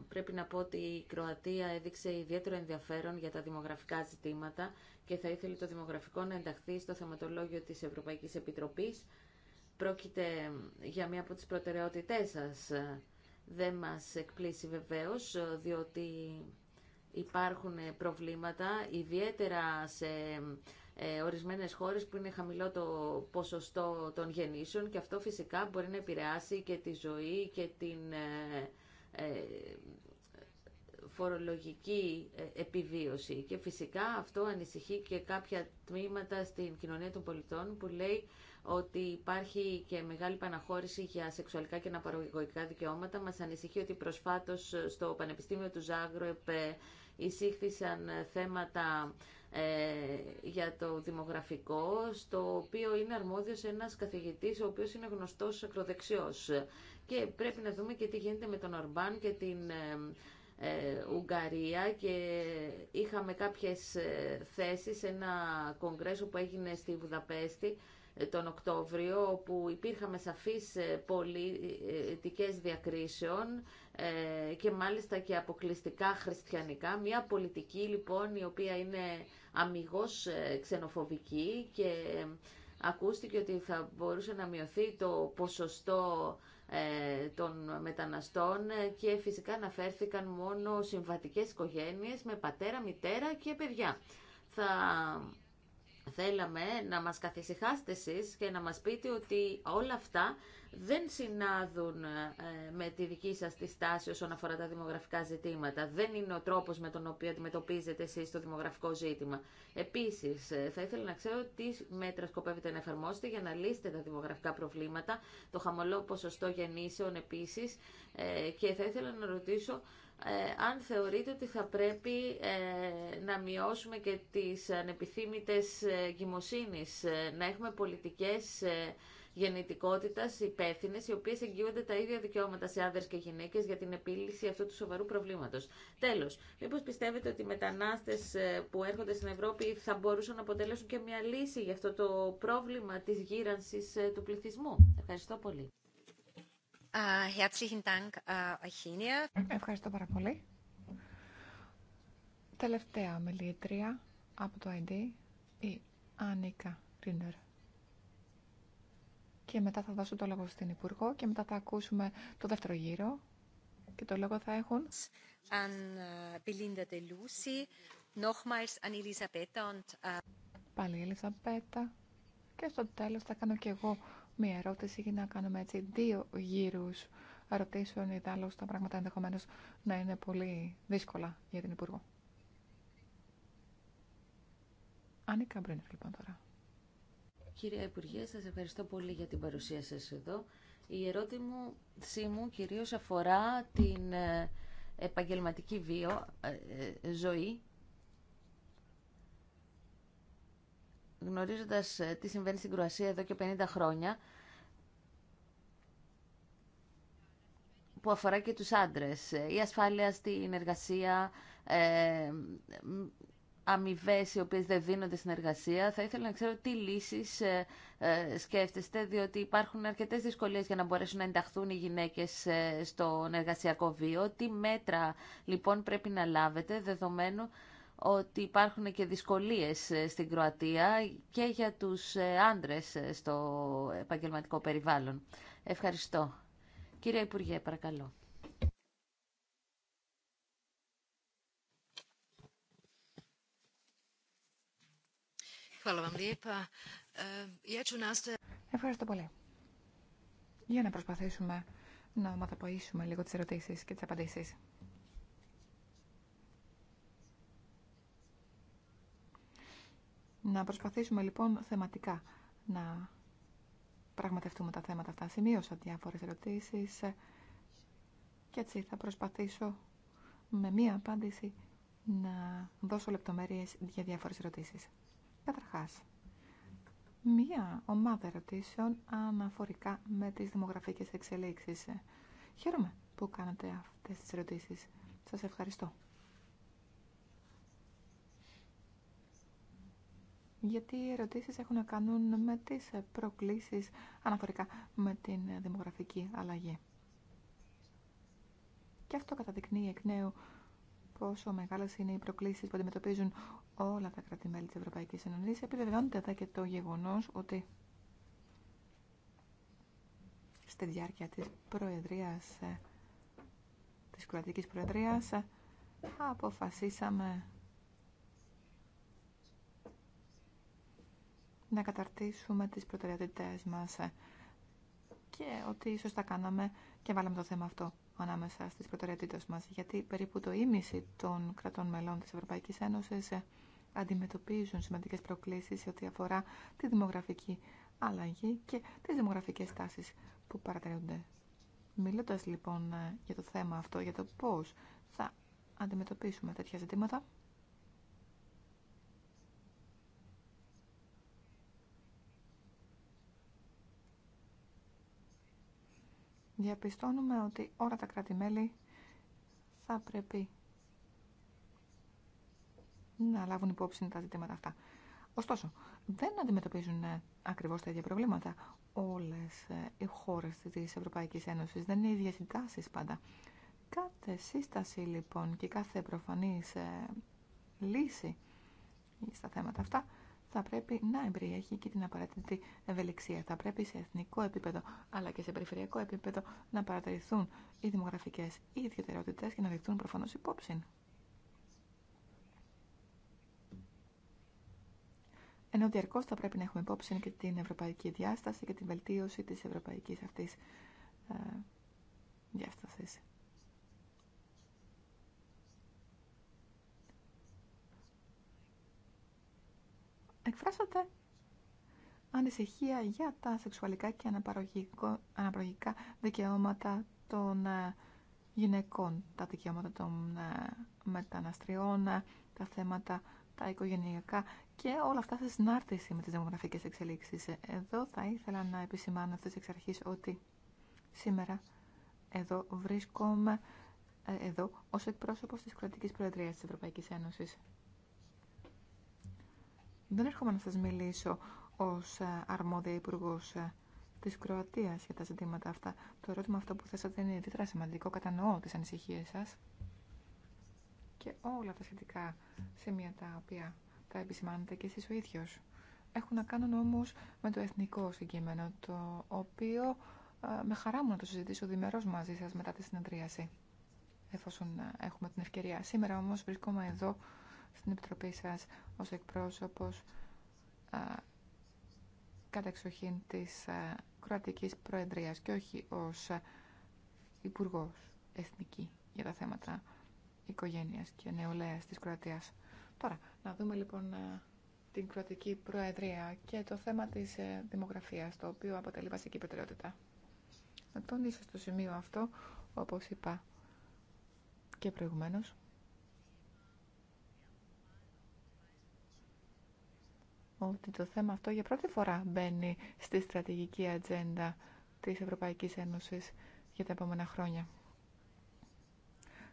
πρέπει να πω ότι η Κροατία έδειξε ιδιαίτερο ενδιαφέρον για τα δημογραφικά ζητήματα και θα ήθελε το δημογραφικό να ενταχθεί στο θεματολόγιο της Ευρωπαϊκής Επιτροπής. Πρόκειται για μία από τις προτεραιότητές σας. Δεν μας εκπλήσει βεβαίως, ε, διότι υπάρχουν προβλήματα, ιδιαίτερα σε ε, ορισμένες χώρες που είναι χαμηλό το ποσοστό των γεννήσεων και αυτό φυσικά μπορεί να επηρεάσει και τη ζωή και την ε, ε, φορολογική επιβίωση. Και φυσικά αυτό ανησυχεί και κάποια τμήματα στην κοινωνία των πολιτών που λέει ότι υπάρχει και μεγάλη παναχώρηση για σεξουαλικά και αναπαραγωγικά δικαιώματα. Μας ανησυχεί ότι προσφάτως στο Πανεπιστήμιο του Ζάγκρο εισήχθησαν θέματα ε, για το δημογραφικό, στο οποίο είναι αρμόδιος ένας καθηγητής, ο οποίος είναι γνωστός ακροδεξιός. Και πρέπει να δούμε και τι γίνεται με τον Ορμπάν και την ε, ε, Ουγγαρία και είχαμε κάποιες θέσεις σε ένα κογκρέσο που έγινε στη Βουδαπέστη τον Οκτώβριο, όπου υπήρχαμε σαφείς πολιτικές διακρίσεων και μάλιστα και αποκλειστικά χριστιανικά. Μια πολιτική λοιπόν η οποία είναι αμυγός ε, ξενοφοβική και ακούστηκε ότι θα μπορούσε να μειωθεί το ποσοστό ε, των μεταναστών και φυσικά αναφέρθηκαν μόνο συμβατικές οικογένειες με πατέρα, μητέρα και παιδιά. Θα θέλαμε να μας καθησυχάσετε εσείς και να μας πείτε ότι όλα αυτά δεν συνάδουν ε, με τη δική σας τη στάση όσον αφορά τα δημογραφικά ζητήματα. Δεν είναι ο τρόπος με τον οποίο αντιμετωπίζετε εσείς το δημογραφικό ζήτημα. Επίσης, ε, θα ήθελα να ξέρω τι μέτρα σκοπεύετε να εφαρμόσετε για να λύσετε τα δημογραφικά προβλήματα, το χαμολό ποσοστό γεννήσεων επίσης ε, και θα ήθελα να ρωτήσω αν θεωρείτε ότι θα πρέπει να μειώσουμε και τις ανεπιθύμητες ε, να έχουμε πολιτικές γεννητικότητα υπεύθυνε, οι οποίε εγγύονται τα ίδια δικαιώματα σε άνδρες και γυναίκε για την επίλυση αυτού του σοβαρού προβλήματο. Τέλο, μήπω πιστεύετε ότι οι μετανάστε ε, που έρχονται στην Ευρώπη θα μπορούσαν να αποτελέσουν και μια λύση για αυτό το πρόβλημα τη γύρανση ε, του πληθυσμού. Ευχαριστώ πολύ. Ευχαριστώ πάρα πολύ. Τελευταία μελήτρια από το ID, η Άνικα Ρίνερ και μετά θα δώσω το λόγο στην Υπουργό και μετά θα ακούσουμε το δεύτερο γύρο και το λόγο θα έχουν ε, ε, πάλι η Ελισαπέτα και στο τέλος θα κάνω και εγώ μία ερώτηση για να κάνουμε έτσι δύο γύρους ερωτήσεων ιδάλλως τα πράγματα ενδεχομένω να είναι πολύ δύσκολα για την Υπουργό. Άνικα Μπρίνερ λοιπόν τώρα. Κυρία Υπουργέ, σας ευχαριστώ πολύ για την παρουσία σας εδώ. Η ερώτηση μου κυρίως αφορά την ε, επαγγελματική βίο, ε, ε, ζωή. Γνωρίζοντας τι συμβαίνει στην Κροασία εδώ και 50 χρόνια, που αφορά και τους άντρες, η ασφάλεια στην εργασία, αμοιβέ οι οποίε δεν δίνονται στην εργασία. Θα ήθελα να ξέρω τι λύσεις ε, ε, σκέφτεστε, διότι υπάρχουν αρκετέ δυσκολίε για να μπορέσουν να ενταχθούν οι γυναίκες ε, στον εργασιακό βίο. Τι μέτρα λοιπόν πρέπει να λάβετε, δεδομένου ότι υπάρχουν και δυσκολίες στην Κροατία και για τους άντρες στο επαγγελματικό περιβάλλον. Ευχαριστώ. Κύριε Υπουργέ, παρακαλώ. E, Ευχαριστώ πολύ. Για να προσπαθήσουμε να μαθαποίησουμε λίγο τις ερωτήσεις και τις απαντήσεις. Να προσπαθήσουμε λοιπόν θεματικά να πραγματευτούμε τα θέματα αυτά. Σημείωσα διάφορες ερωτήσεις και έτσι θα προσπαθήσω με μία απάντηση να δώσω λεπτομέρειες για διάφορες ερωτήσεις. Καταρχάς, μία ομάδα ερωτήσεων αναφορικά με τις δημογραφικές εξελίξεις. Χαίρομαι που κάνατε αυτές τις ερωτήσεις. Σας ευχαριστώ. γιατί οι ερωτήσεις έχουν να κάνουν με τις προκλήσεις αναφορικά με την δημογραφική αλλαγή. Και αυτό καταδεικνύει εκ νέου πόσο μεγάλε είναι οι προκλήσει που αντιμετωπίζουν όλα τα κράτη-μέλη τη Ευρωπαϊκή Ένωση, επιβεβαιώνεται εδώ και το γεγονό ότι στη διάρκεια της προεδρίας ε, της Κροατική προεδρίας ε, αποφασίσαμε να καταρτήσουμε τις προτεραιότητές μας ε, και ότι ίσως τα κάναμε και βάλαμε το θέμα αυτό ανάμεσα στις προτεραιότητες μας, γιατί περίπου το ίμιση των κρατών μελών της Ευρωπαϊκής Ένωσης ε, αντιμετωπίζουν σημαντικές προκλήσεις σε ό,τι αφορά τη δημογραφική αλλαγή και τις δημογραφικές τάσεις που παρατηρούνται. Μιλώντας λοιπόν ε, για το θέμα αυτό, για το πώς θα αντιμετωπίσουμε τέτοια ζητήματα, διαπιστώνουμε ότι όλα τα κράτη-μέλη θα πρέπει να λάβουν υπόψη τα ζητήματα αυτά. Ωστόσο, δεν αντιμετωπίζουν ε, ακριβώς τα ίδια προβλήματα όλες ε, οι χώρες της Ευρωπαϊκής Ένωσης. Δεν είναι οι ίδιες οι τάσεις πάντα. Κάθε σύσταση λοιπόν και κάθε προφανής ε, λύση στα θέματα αυτά θα πρέπει να εμπεριέχει και την απαραίτητη ευελιξία. Θα πρέπει σε εθνικό επίπεδο αλλά και σε περιφερειακό επίπεδο να παρατηρηθούν οι δημογραφικέ ιδιαιτερότητε και να δεχτούν προφανώ υπόψη. Ενώ διαρκώ θα πρέπει να έχουμε υπόψη και την ευρωπαϊκή διάσταση και την βελτίωση τη ευρωπαϊκή αυτή ε, διάσταση. εκφράσατε ανησυχία για τα σεξουαλικά και αναπαραγωγικά δικαιώματα των ε, γυναικών, τα δικαιώματα των ε, μεταναστριών, ε, τα θέματα τα οικογενειακά και όλα αυτά σε συνάρτηση με τις δημογραφικές εξελίξεις. Εδώ θα ήθελα να επισημάνω αυτές εξ αρχής ότι σήμερα εδώ βρίσκομαι εδώ ως εκπρόσωπος της κρατικής προεδρίας της Ευρωπαϊκής Ένωσης. Δεν έρχομαι να σας μιλήσω ως ε, αρμόδια υπουργό ε, της Κροατίας για τα ζητήματα αυτά. Το ερώτημα αυτό που θέσατε είναι ιδιαίτερα σημαντικό. Κατανοώ τις ανησυχίες σας και όλα τα σχετικά σημεία τα οποία τα επισημάνετε και εσείς ο ίδιος. Έχουν να κάνουν όμως με το εθνικό συγκείμενο, το οποίο ε, με χαρά μου να το συζητήσω διμερός μαζί σας μετά τη συνεδρίαση, εφόσον έχουμε την ευκαιρία. Σήμερα όμως βρισκόμαι εδώ στην Επιτροπή σας ως εκπρόσωπος εξοχήν της Κροατικής Προεδρίας και όχι ως Υπουργός Εθνική για τα θέματα οικογένειας και νεολαίας της Κροατίας. Τώρα, να δούμε λοιπόν την Κροατική Προεδρία και το θέμα της ε, δημογραφίας, το οποίο αποτελεί βασική προτεραιότητα. Να τονίσω στο σημείο αυτό, όπως είπα και προηγουμένως, ότι το θέμα αυτό για πρώτη φορά μπαίνει στη στρατηγική ατζέντα της Ευρωπαϊκής Ένωσης για τα επόμενα χρόνια.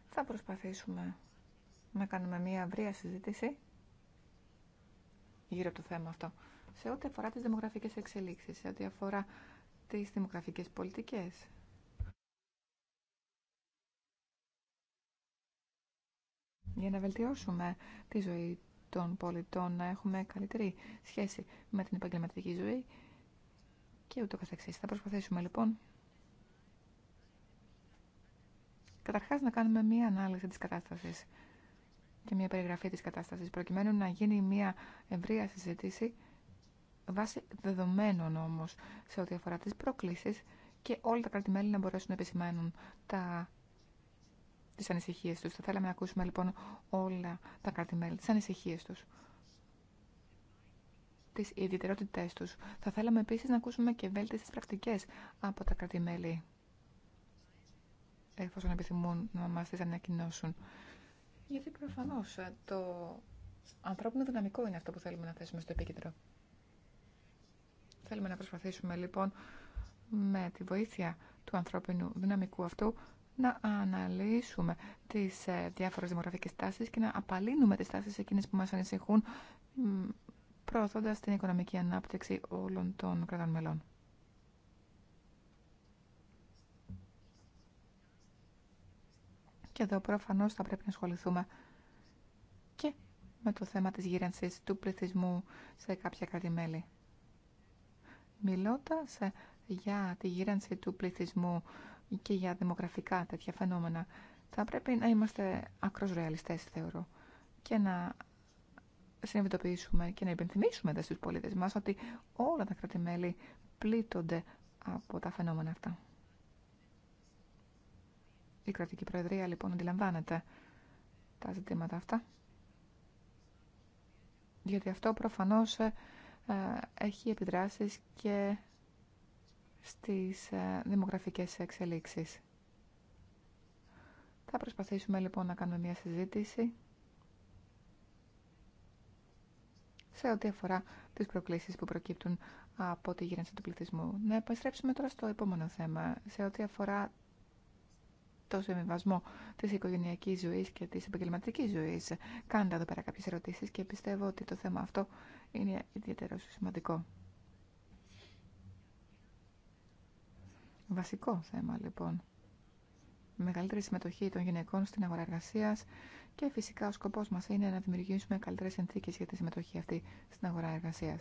Θα προσπαθήσουμε να κάνουμε μια αυρία συζήτηση γύρω από το θέμα αυτό. Σε ό,τι αφορά τις δημογραφικές εξελίξεις, σε ό,τι αφορά τις δημογραφικές πολιτικές. Για να βελτιώσουμε τη ζωή των πολιτών να έχουμε καλύτερη σχέση με την επαγγελματική ζωή και ούτω καθεξής. Θα προσπαθήσουμε λοιπόν καταρχάς να κάνουμε μία ανάλυση της κατάστασης και μία περιγραφή της κατάστασης προκειμένου να γίνει μία ευρεία συζήτηση βάσει δεδομένων όμως σε ό,τι αφορά τις προκλήσεις και όλα τα κρατη να μπορέσουν να επισημαίνουν τα τις ανησυχίες τους. Θα θέλαμε να ακούσουμε λοιπόν όλα τα κράτη-μέλη, τις ανησυχίες τους, τις ιδιαιτερότητές τους. Θα θέλαμε επίσης να ακούσουμε και βέλτιστες πρακτικές από τα κρατη εφόσον επιθυμούν να μας τις ανακοινώσουν. Γιατί προφανώς το ανθρώπινο δυναμικό είναι αυτό που θέλουμε να θέσουμε στο επίκεντρο. Θέλουμε να προσπαθήσουμε λοιπόν με τη βοήθεια του ανθρώπινου δυναμικού αυτού να αναλύσουμε τις ε, διάφορες δημογραφικές τάσεις και να απαλύνουμε τις τάσεις εκείνες που μας ανησυχούν προωθώντας την οικονομική ανάπτυξη όλων των κρατών μελών. Και εδώ προφανώς θα πρέπει να ασχοληθούμε και με το θέμα της γύρανσης του πληθυσμού σε κάποια κράτη-μέλη. Μιλώντας ε, για τη γύρανση του πληθυσμού και για δημογραφικά τέτοια φαινόμενα. Θα πρέπει να είμαστε άκρος θεωρώ, και να συνειδητοποιήσουμε και να υπενθυμίσουμε στους πολίτες μας ότι όλα τα κρατημέλη πλήττονται από τα φαινόμενα αυτά. Η κρατική προεδρία λοιπόν αντιλαμβάνεται τα ζητήματα αυτά. Γιατί αυτό προφανώς ε, ε, έχει επιδράσεις και στις ε, δημογραφικές εξελίξεις. Θα προσπαθήσουμε λοιπόν να κάνουμε μια συζήτηση σε ό,τι αφορά τις προκλήσεις που προκύπτουν από τη γύρανση του πληθυσμού. Να επιστρέψουμε τώρα στο επόμενο θέμα, σε ό,τι αφορά το συμβιβασμό της οικογενειακής ζωής και της επαγγελματικής ζωής. Κάντε εδώ πέρα κάποιες ερωτήσεις και πιστεύω ότι το θέμα αυτό είναι ιδιαίτερο σημαντικό. Βασικό θέμα λοιπόν. Μεγαλύτερη συμμετοχή των γυναικών στην αγορά εργασία και φυσικά ο σκοπό μα είναι να δημιουργήσουμε καλύτερε συνθήκε για τη συμμετοχή αυτή στην αγορά εργασία.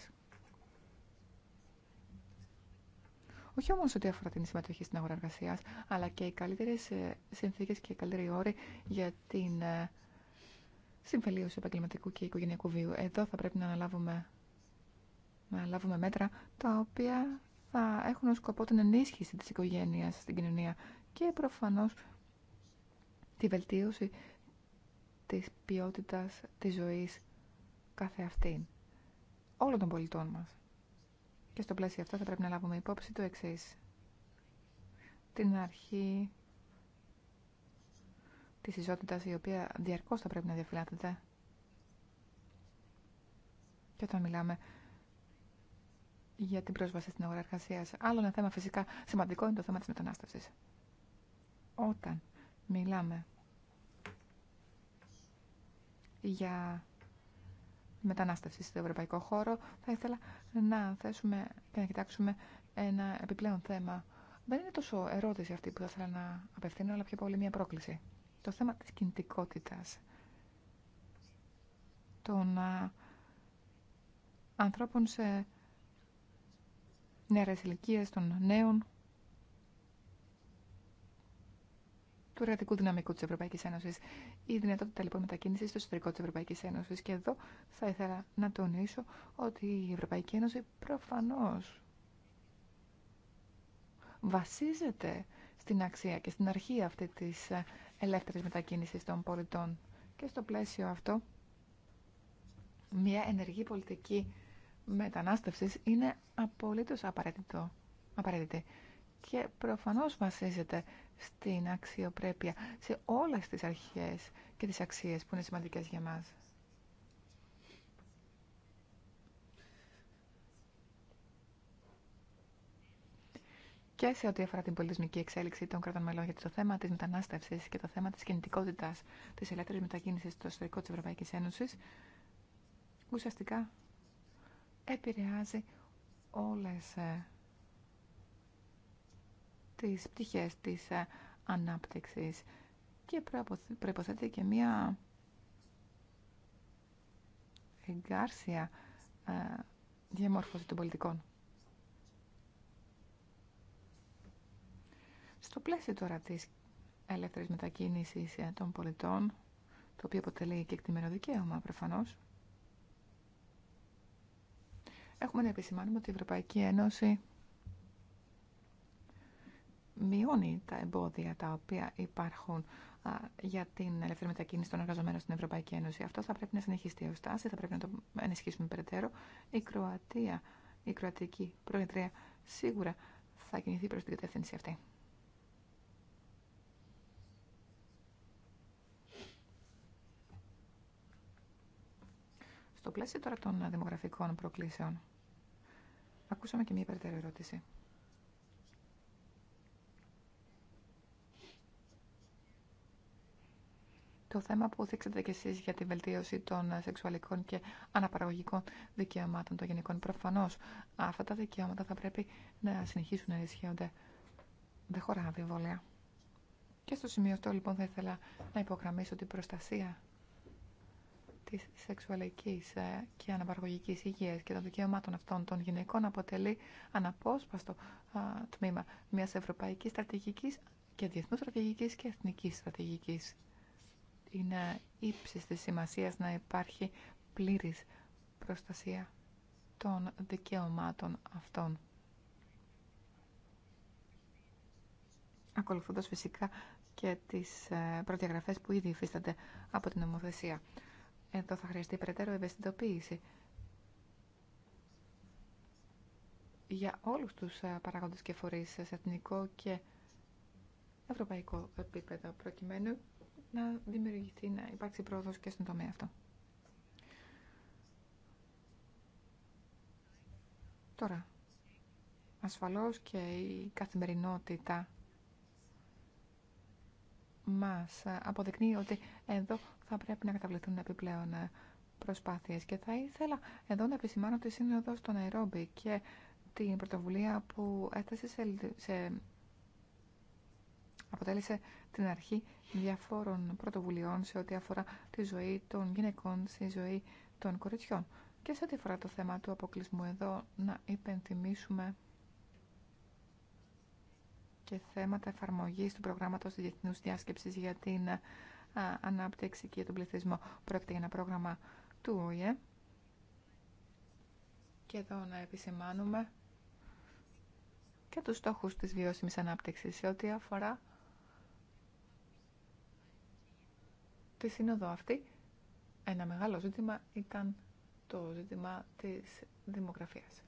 Όχι όμω ό,τι αφορά την συμμετοχή στην αγορά εργασία, αλλά και οι καλύτερε συνθήκε και οι καλύτεροι όροι για την ε, συμφελίωση επαγγελματικού και οικογενειακού βίου. Εδώ θα πρέπει να αναλάβουμε, να αναλάβουμε μέτρα τα οποία θα έχουν ως σκοπό την ενίσχυση της οικογένειας στην κοινωνία και προφανώς τη βελτίωση της ποιότητας της ζωής κάθε αυτήν όλων των πολιτών μας. Και στο πλαίσιο αυτό θα πρέπει να λάβουμε υπόψη το εξή. Την αρχή της ισότητας η οποία διαρκώς θα πρέπει να διαφυλάτεται. Και όταν μιλάμε για την πρόσβαση στην αγορά εργασία. Άλλο ένα θέμα φυσικά σημαντικό είναι το θέμα τη μετανάστευση. Όταν μιλάμε για μετανάστευση στο ευρωπαϊκό χώρο, θα ήθελα να θέσουμε και να κοιτάξουμε ένα επιπλέον θέμα. Δεν είναι τόσο ερώτηση αυτή που θα ήθελα να απευθύνω, αλλά πιο πολύ μια πρόκληση. Το θέμα της κινητικότητας. Των ανθρώπων σε Νέα ηλικίε των νέων, του εργατικού δυναμικού της Ευρωπαϊκής Ένωσης. Η δυνατότητα λοιπόν μετακίνησης στο εσωτερικό της Ευρωπαϊκής Ένωσης. Και εδώ θα ήθελα να τονίσω ότι η Ευρωπαϊκή Ένωση προφανώς βασίζεται στην αξία και στην αρχή αυτή της ε, ελεύθερης μετακίνησης των πολιτών. Και στο πλαίσιο αυτό, μια ενεργή πολιτική μετανάστευσης είναι απολύτως απαραίτητο, απαραίτητη και προφανώς βασίζεται στην αξιοπρέπεια, σε όλες τις αρχές και τις αξίες που είναι σημαντικές για μας. Και σε ό,τι αφορά την πολιτισμική εξέλιξη των κρατών μελών, για το θέμα τη μετανάστευση και το θέμα τη κινητικότητα τη ελεύθερη μετακίνηση στο εσωτερικό τη Ευρωπαϊκή Ένωση ουσιαστικά επηρεάζει όλες ε, τις πτυχές της ε, ανάπτυξης και προϋποθέτει και μία εγκάρσια ε, διαμόρφωση των πολιτικών. Στο πλαίσιο τώρα της ελεύθερης μετακίνησης των πολιτών, το οποίο αποτελεί και εκτιμένο δικαίωμα προφανώς, έχουμε να επισημάνουμε ότι η Ευρωπαϊκή Ένωση μειώνει τα εμπόδια τα οποία υπάρχουν για την ελεύθερη μετακίνηση των εργαζομένων στην Ευρωπαϊκή Ένωση. Αυτό θα πρέπει να συνεχιστεί ω τάση, θα πρέπει να το ενισχύσουμε περαιτέρω. Η Κροατία, η Κροατική Προεδρία σίγουρα θα κινηθεί προς την κατεύθυνση αυτή. Στο πλαίσιο τώρα των δημογραφικών προκλήσεων, Ακούσαμε και μία υπερτερή ερώτηση. Το θέμα που δείξατε κι εσείς για τη βελτίωση των σεξουαλικών και αναπαραγωγικών δικαιωμάτων των γενικών. Προφανώς αυτά τα δικαιώματα θα πρέπει να συνεχίσουν να ισχύονται. Δεν χωρά αμφιβολία. Και στο σημείο αυτό λοιπόν θα ήθελα να υπογραμμίσω την προστασία της σεξουαλικής ε, και αναπαραγωγικής υγείας και των δικαιωμάτων αυτών των γυναικών αποτελεί αναπόσπαστο τμήμα μιας ευρωπαϊκής στρατηγικής και διεθνούς στρατηγικής και εθνικής στρατηγικής. Είναι ύψης της σημασίας να υπάρχει πλήρης προστασία των δικαιωμάτων αυτών. Ακολουθώντας φυσικά και τις ε, προδιαγραφές που ήδη υφίστανται από την νομοθεσία. Εδώ θα χρειαστεί περαιτέρω ευαισθητοποίηση για όλους τους ε, παραγόντες και φορείς ε, σε εθνικό και ευρωπαϊκό επίπεδο προκειμένου να δημιουργηθεί, να υπάρξει πρόοδος και στον τομέα αυτό. Τώρα, ασφαλώς και η καθημερινότητα μας αποδεικνύει ότι εδώ θα πρέπει να καταβληθούν επιπλέον προσπάθειες. Και θα ήθελα εδώ να επισημάνω τη σύνοδο στο Ναϊρόμπι και την πρωτοβουλία που έθεσε σε, αποτέλεσε την αρχή διαφόρων πρωτοβουλειών σε ό,τι αφορά τη ζωή των γυναικών, στη ζωή των κοριτσιών. Και σε ό,τι αφορά το θέμα του αποκλεισμού εδώ, να υπενθυμίσουμε και θέματα εφαρμογής του προγράμματος τη Διεθνούς διάσκεψη για την Ανάπτυξη και τον Πληθυσμό. Πρόκειται για ένα πρόγραμμα του ΟΗΕ. Και εδώ να επισημάνουμε και τους στόχους της βιώσιμη ανάπτυξης σε ό,τι αφορά τη σύνοδο αυτή. Ένα μεγάλο ζήτημα ήταν το ζήτημα της δημογραφίας.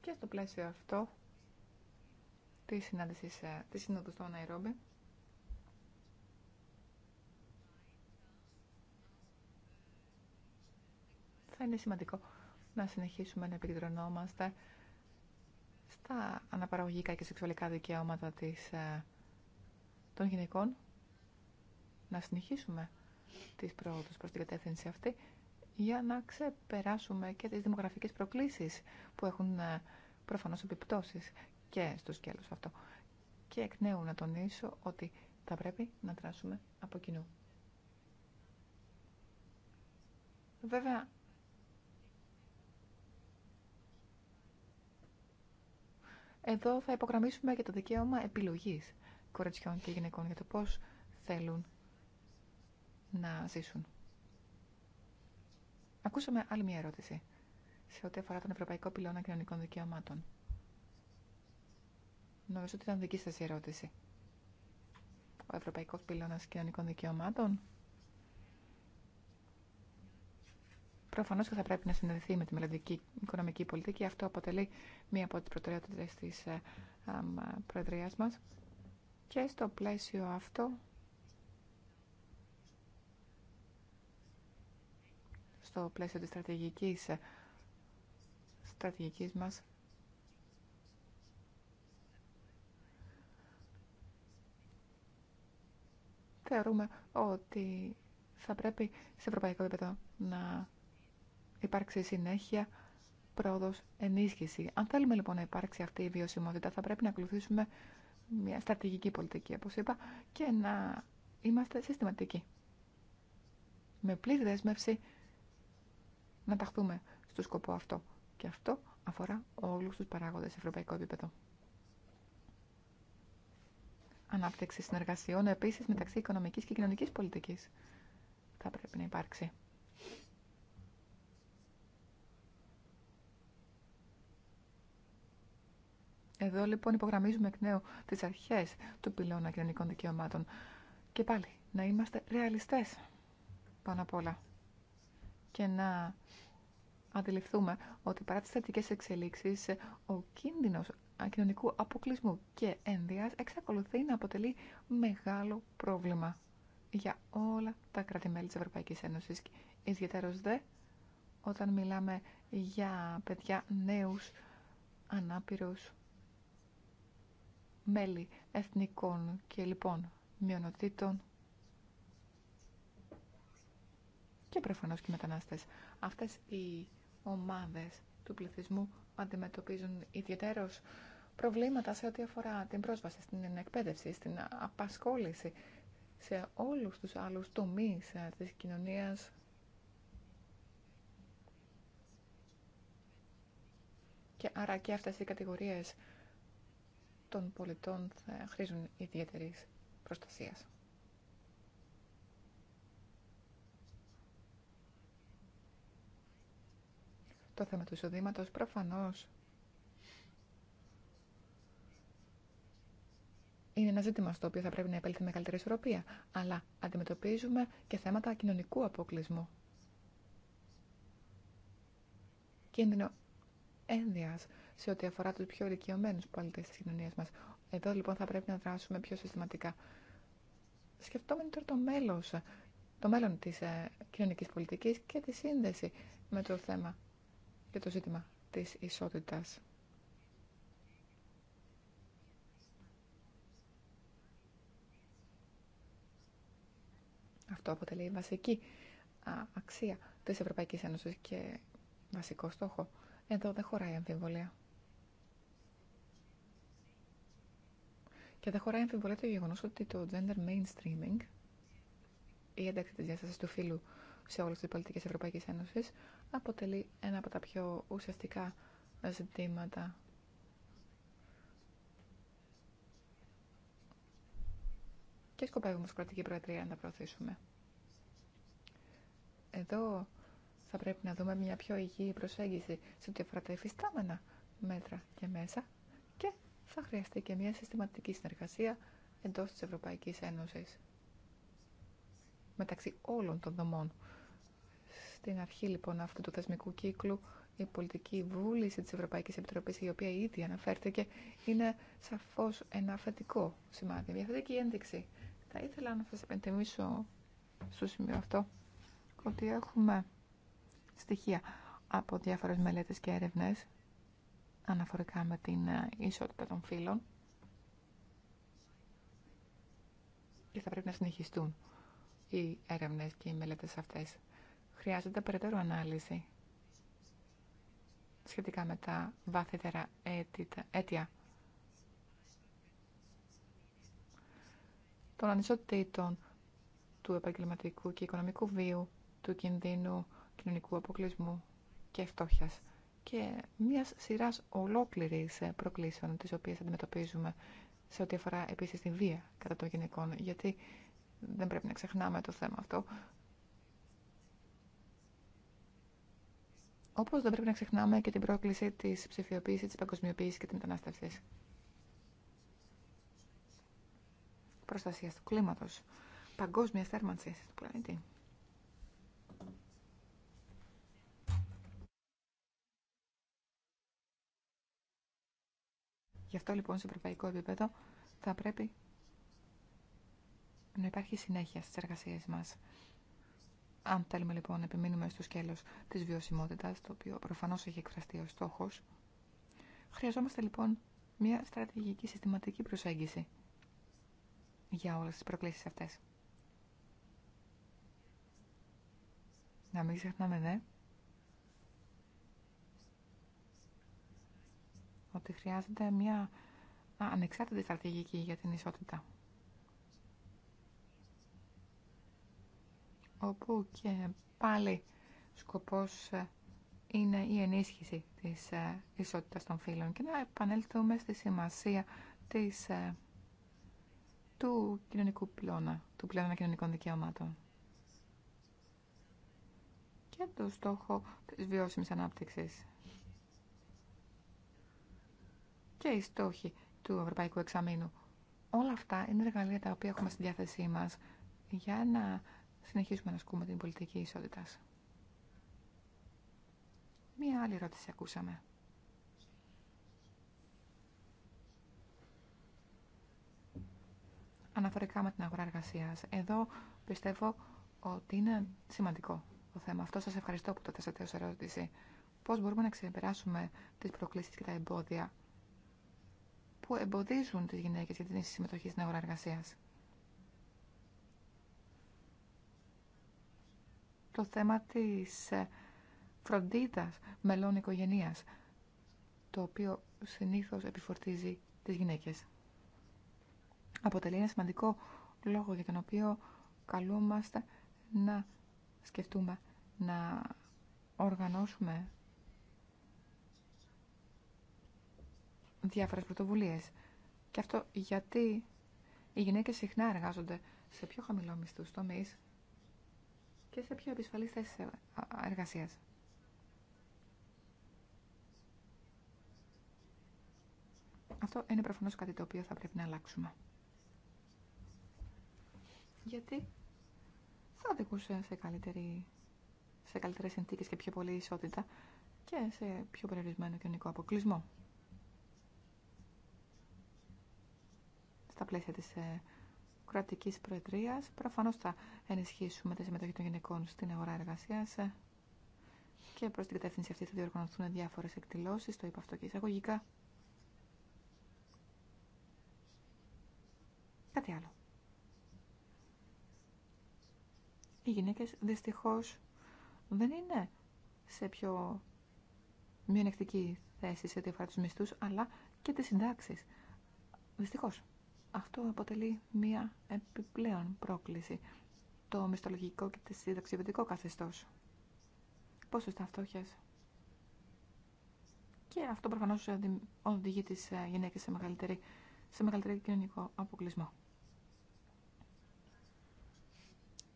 Και στο πλαίσιο αυτό της Συνόδου στο Ναϊρόμπι. Θα είναι σημαντικό να συνεχίσουμε να επικεντρωνόμαστε στα αναπαραγωγικά και σεξουαλικά δικαιώματα της, ε, των γυναικών, να συνεχίσουμε τις πρόοδους προς την κατεύθυνση αυτή, για να ξεπεράσουμε και τις δημογραφικές προκλήσεις που έχουν ε, προφανώς επιπτώσεις και στο σκέλος αυτό. Και εκ νέου να τονίσω ότι θα πρέπει να τράσουμε από κοινού. Βέβαια, εδώ θα υπογραμμίσουμε και το δικαίωμα επιλογής κοριτσιών και γυναικών για το πώς θέλουν να ζήσουν. Ακούσαμε άλλη μια ερώτηση σε ό,τι αφορά τον Ευρωπαϊκό Πυλώνα Κοινωνικών Δικαιωμάτων. Νομίζω ότι ήταν δική σας η ερώτηση. Ο Ευρωπαϊκός Πυλώνας Κοινωνικών Δικαιωμάτων. Προφανώ και θα πρέπει να συνδεθεί με τη μελλοντική οικονομική πολιτική. Αυτό αποτελεί μία από τι προτεραιότητε τη ε, Προεδρία μα. Και στο πλαίσιο αυτό, στο πλαίσιο τη στρατηγική ε, στρατηγικής μας, θεωρούμε ότι θα πρέπει σε ευρωπαϊκό επίπεδο να υπάρξει συνέχεια πρόοδο ενίσχυση. Αν θέλουμε λοιπόν να υπάρξει αυτή η βιωσιμότητα, θα πρέπει να ακολουθήσουμε μια στρατηγική πολιτική, όπω είπα, και να είμαστε συστηματικοί. Με πλήρη δέσμευση να ταχθούμε στο σκοπό αυτό. Και αυτό αφορά όλους τους παράγοντες σε ευρωπαϊκό επίπεδο ανάπτυξη συνεργασιών επίσης μεταξύ οικονομικής και κοινωνική πολιτικής θα πρέπει να υπάρξει. Εδώ λοιπόν υπογραμμίζουμε εκ νέου τις αρχές του πυλώνα κοινωνικών δικαιωμάτων. Και πάλι, να είμαστε ρεαλιστές πάνω απ' όλα. Και να αντιληφθούμε ότι παρά τις θετικέ εξελίξεις, ο κίνδυνος κοινωνικού αποκλεισμού και ένδιας εξακολουθεί να αποτελεί μεγάλο πρόβλημα για όλα τα κράτη-μέλη της Ευρωπαϊκής Ένωσης. Ιδιαίτερος δε όταν μιλάμε για παιδιά νέους, ανάπηρους, μέλη εθνικών και λοιπόν μειονοτήτων και προφανώς και μετανάστες. Αυτές οι ομάδες του πληθυσμού αντιμετωπίζουν ιδιαίτερω προβλήματα σε ό,τι αφορά την πρόσβαση στην εκπαίδευση, στην απασχόληση, σε όλους τους άλλους τομείς ε, της κοινωνίας. Και άρα και αυτές οι κατηγορίες των πολιτών θα χρήζουν ιδιαίτερης προστασίας. το θέμα του εισοδήματο προφανώς είναι ένα ζήτημα στο οποίο θα πρέπει να επέλθει μεγαλύτερη ισορροπία, αλλά αντιμετωπίζουμε και θέματα κοινωνικού αποκλεισμού. Κίνδυνο ένδυα σε ό,τι αφορά του πιο ηλικιωμένου πολιτές τη κοινωνία μας. Εδώ λοιπόν θα πρέπει να δράσουμε πιο συστηματικά. Σκεφτόμενοι τώρα το μέλλον το μέλλον της ε, κοινωνικής πολιτικής και τη σύνδεση με το θέμα για το ζήτημα της ισότητας. Αυτό αποτελεί βασική αξία της Ευρωπαϊκής Ένωσης και βασικό στόχο. Εδώ δεν χωράει αμφιβολία. Και δεν χωράει αμφιβολία το γεγονός ότι το gender mainstreaming, η ένταξη της διάστασης του φύλου σε όλες τις πολιτικές Ευρωπαϊκής Ένωσης, αποτελεί ένα από τα πιο ουσιαστικά ζητήματα. Και σκοπεύουμε στην κρατική προεδρία να τα προωθήσουμε. Εδώ θα πρέπει να δούμε μια πιο υγιή προσέγγιση σε ό,τι αφορά τα υφιστάμενα μέτρα και μέσα και θα χρειαστεί και μια συστηματική συνεργασία εντός της Ευρωπαϊκής Ένωσης μεταξύ όλων των δομών στην αρχή λοιπόν αυτού του θεσμικού κύκλου η πολιτική βούληση της Ευρωπαϊκής Επιτροπής, η οποία ήδη αναφέρθηκε, είναι σαφώς ένα θετικό σημάδι, μια θετική ένδειξη. Θα ήθελα να σας επενθυμίσω στο σημείο αυτό ότι έχουμε στοιχεία από διάφορες μελέτες και έρευνες αναφορικά με την ε, ισότητα των φύλων και θα πρέπει να συνεχιστούν οι έρευνες και οι μελέτες αυτές χρειάζεται περαιτέρω ανάλυση σχετικά με τα βαθύτερα αίτια των ανισοτήτων του επαγγελματικού και οικονομικού βίου, του κινδύνου κοινωνικού αποκλεισμού και φτώχειας και μια σειράς ολόκληρης προκλήσεων τις οποίες αντιμετωπίζουμε σε ό,τι αφορά επίσης τη βία κατά των γυναικών γιατί δεν πρέπει να ξεχνάμε το θέμα αυτό Όπως δεν πρέπει να ξεχνάμε και την πρόκληση της ψηφιοποίησης, της παγκοσμιοποίησης και της μετανάστευσης. Προστασία του κλίματος, παγκόσμια θέρμανση του πλανήτη. Γι' αυτό λοιπόν σε ευρωπαϊκό επίπεδο θα πρέπει να υπάρχει συνέχεια στις εργασίες μας. Αν θέλουμε λοιπόν να επιμείνουμε στο σκέλος της βιωσιμότητας, το οποίο προφανώς έχει εκφραστεί ως στόχος, χρειαζόμαστε λοιπόν μια στρατηγική συστηματική προσέγγιση για όλες τις προκλήσεις αυτές. Να μην ξεχνάμε, ναι, ότι χρειάζεται μια ανεξάρτητη στρατηγική για την ισότητα. όπου και πάλι σκοπός ε, είναι η ενίσχυση της ε, ισότητας των φύλων και να επανέλθουμε στη σημασία της, ε, του κοινωνικού πλώνα, του πλώνα κοινωνικών δικαιωμάτων και το στόχο της βιώσιμης ανάπτυξης. Και οι στόχοι του Ευρωπαϊκού Εξαμήνου. Όλα αυτά είναι εργαλεία τα οποία έχουμε στη διάθεσή μας για να συνεχίσουμε να ασκούμε την πολιτική ισότητα. Μία άλλη ερώτηση ακούσαμε. Αναφορικά με την αγορά εργασία. Εδώ πιστεύω ότι είναι σημαντικό το θέμα αυτό. σα ευχαριστώ που το θέσατε ως ερώτηση. Πώς μπορούμε να ξεπεράσουμε τις προκλήσεις και τα εμπόδια που εμποδίζουν τι γυναίκε για την συμμετοχή στην αγορά εργασίας. το θέμα της ε, φροντίδας μελών οικογενείας, το οποίο συνήθως επιφορτίζει τις γυναίκες. Αποτελεί ένα σημαντικό λόγο για τον οποίο καλούμαστε να σκεφτούμε, να οργανώσουμε διάφορες πρωτοβουλίες. Και αυτό γιατί οι γυναίκες συχνά εργάζονται σε πιο μισθούς τομείς και σε πιο επισφαλείς θέσεις εργασίας. Αυτό είναι προφανώς κάτι το οποίο θα πρέπει να αλλάξουμε. Γιατί θα οδηγούσε σε, καλύτερη, σε καλύτερες συνθήκες και πιο πολύ ισότητα και σε πιο περιορισμένο κοινωνικό αποκλεισμό. Στα πλαίσια της ε, Κρατική προεδρία. προφανώ θα ενισχύσουμε τη συμμετοχή των γυναικών στην αγορά εργασία. και προς την κατεύθυνση αυτή θα διοργανωθούν διάφορες εκδηλώσει, το είπα αυτό και εισαγωγικά. Κάτι άλλο. Οι γυναίκες δυστυχώς δεν είναι σε πιο μειονεκτική θέση σε ό,τι αφορά του μισθού, αλλά και τι συντάξει Δυστυχώ αυτό αποτελεί μία επιπλέον πρόκληση. Το μισθολογικό και το συνταξιβετικό καθεστώς. Πόσο στα φτώχεια. Και αυτό προφανώ οδηγεί τι ε, γυναίκε σε μεγαλύτερη, σε μεγαλύτερη κοινωνικό αποκλεισμό.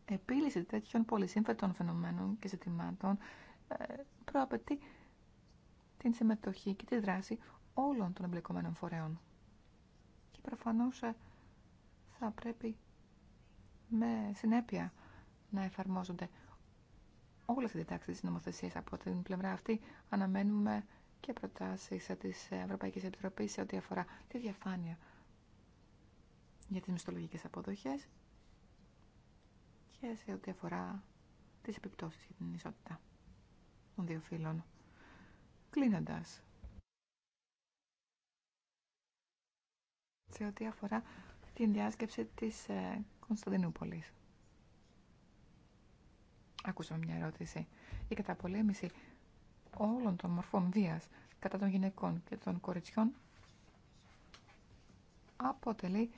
Επίλυση τέτοιων πολυσύμφετων φαινομένων και ζητημάτων ε, προαπαιτεί την συμμετοχή και τη δράση όλων των εμπλεκομένων φορέων προφανώς ε, θα πρέπει με συνέπεια να εφαρμόζονται όλες οι διτάξει τη νομοθεσία από την πλευρά αυτή. Αναμένουμε και προτάσει τη Ευρωπαϊκή Επιτροπή σε ό,τι αφορά τη διαφάνεια για τις μισθολογικέ αποδοχές και σε ό,τι αφορά τις επιπτώσεις για την ισότητα των δύο φύλων. Κλείνοντας, σε ό,τι αφορά την διάσκεψη της ε, Κωνσταντινούπολης. Ακούσαμε μια ερώτηση. Η καταπολέμηση όλων των μορφών βίας κατά των γυναικών και των κοριτσιών αποτελεί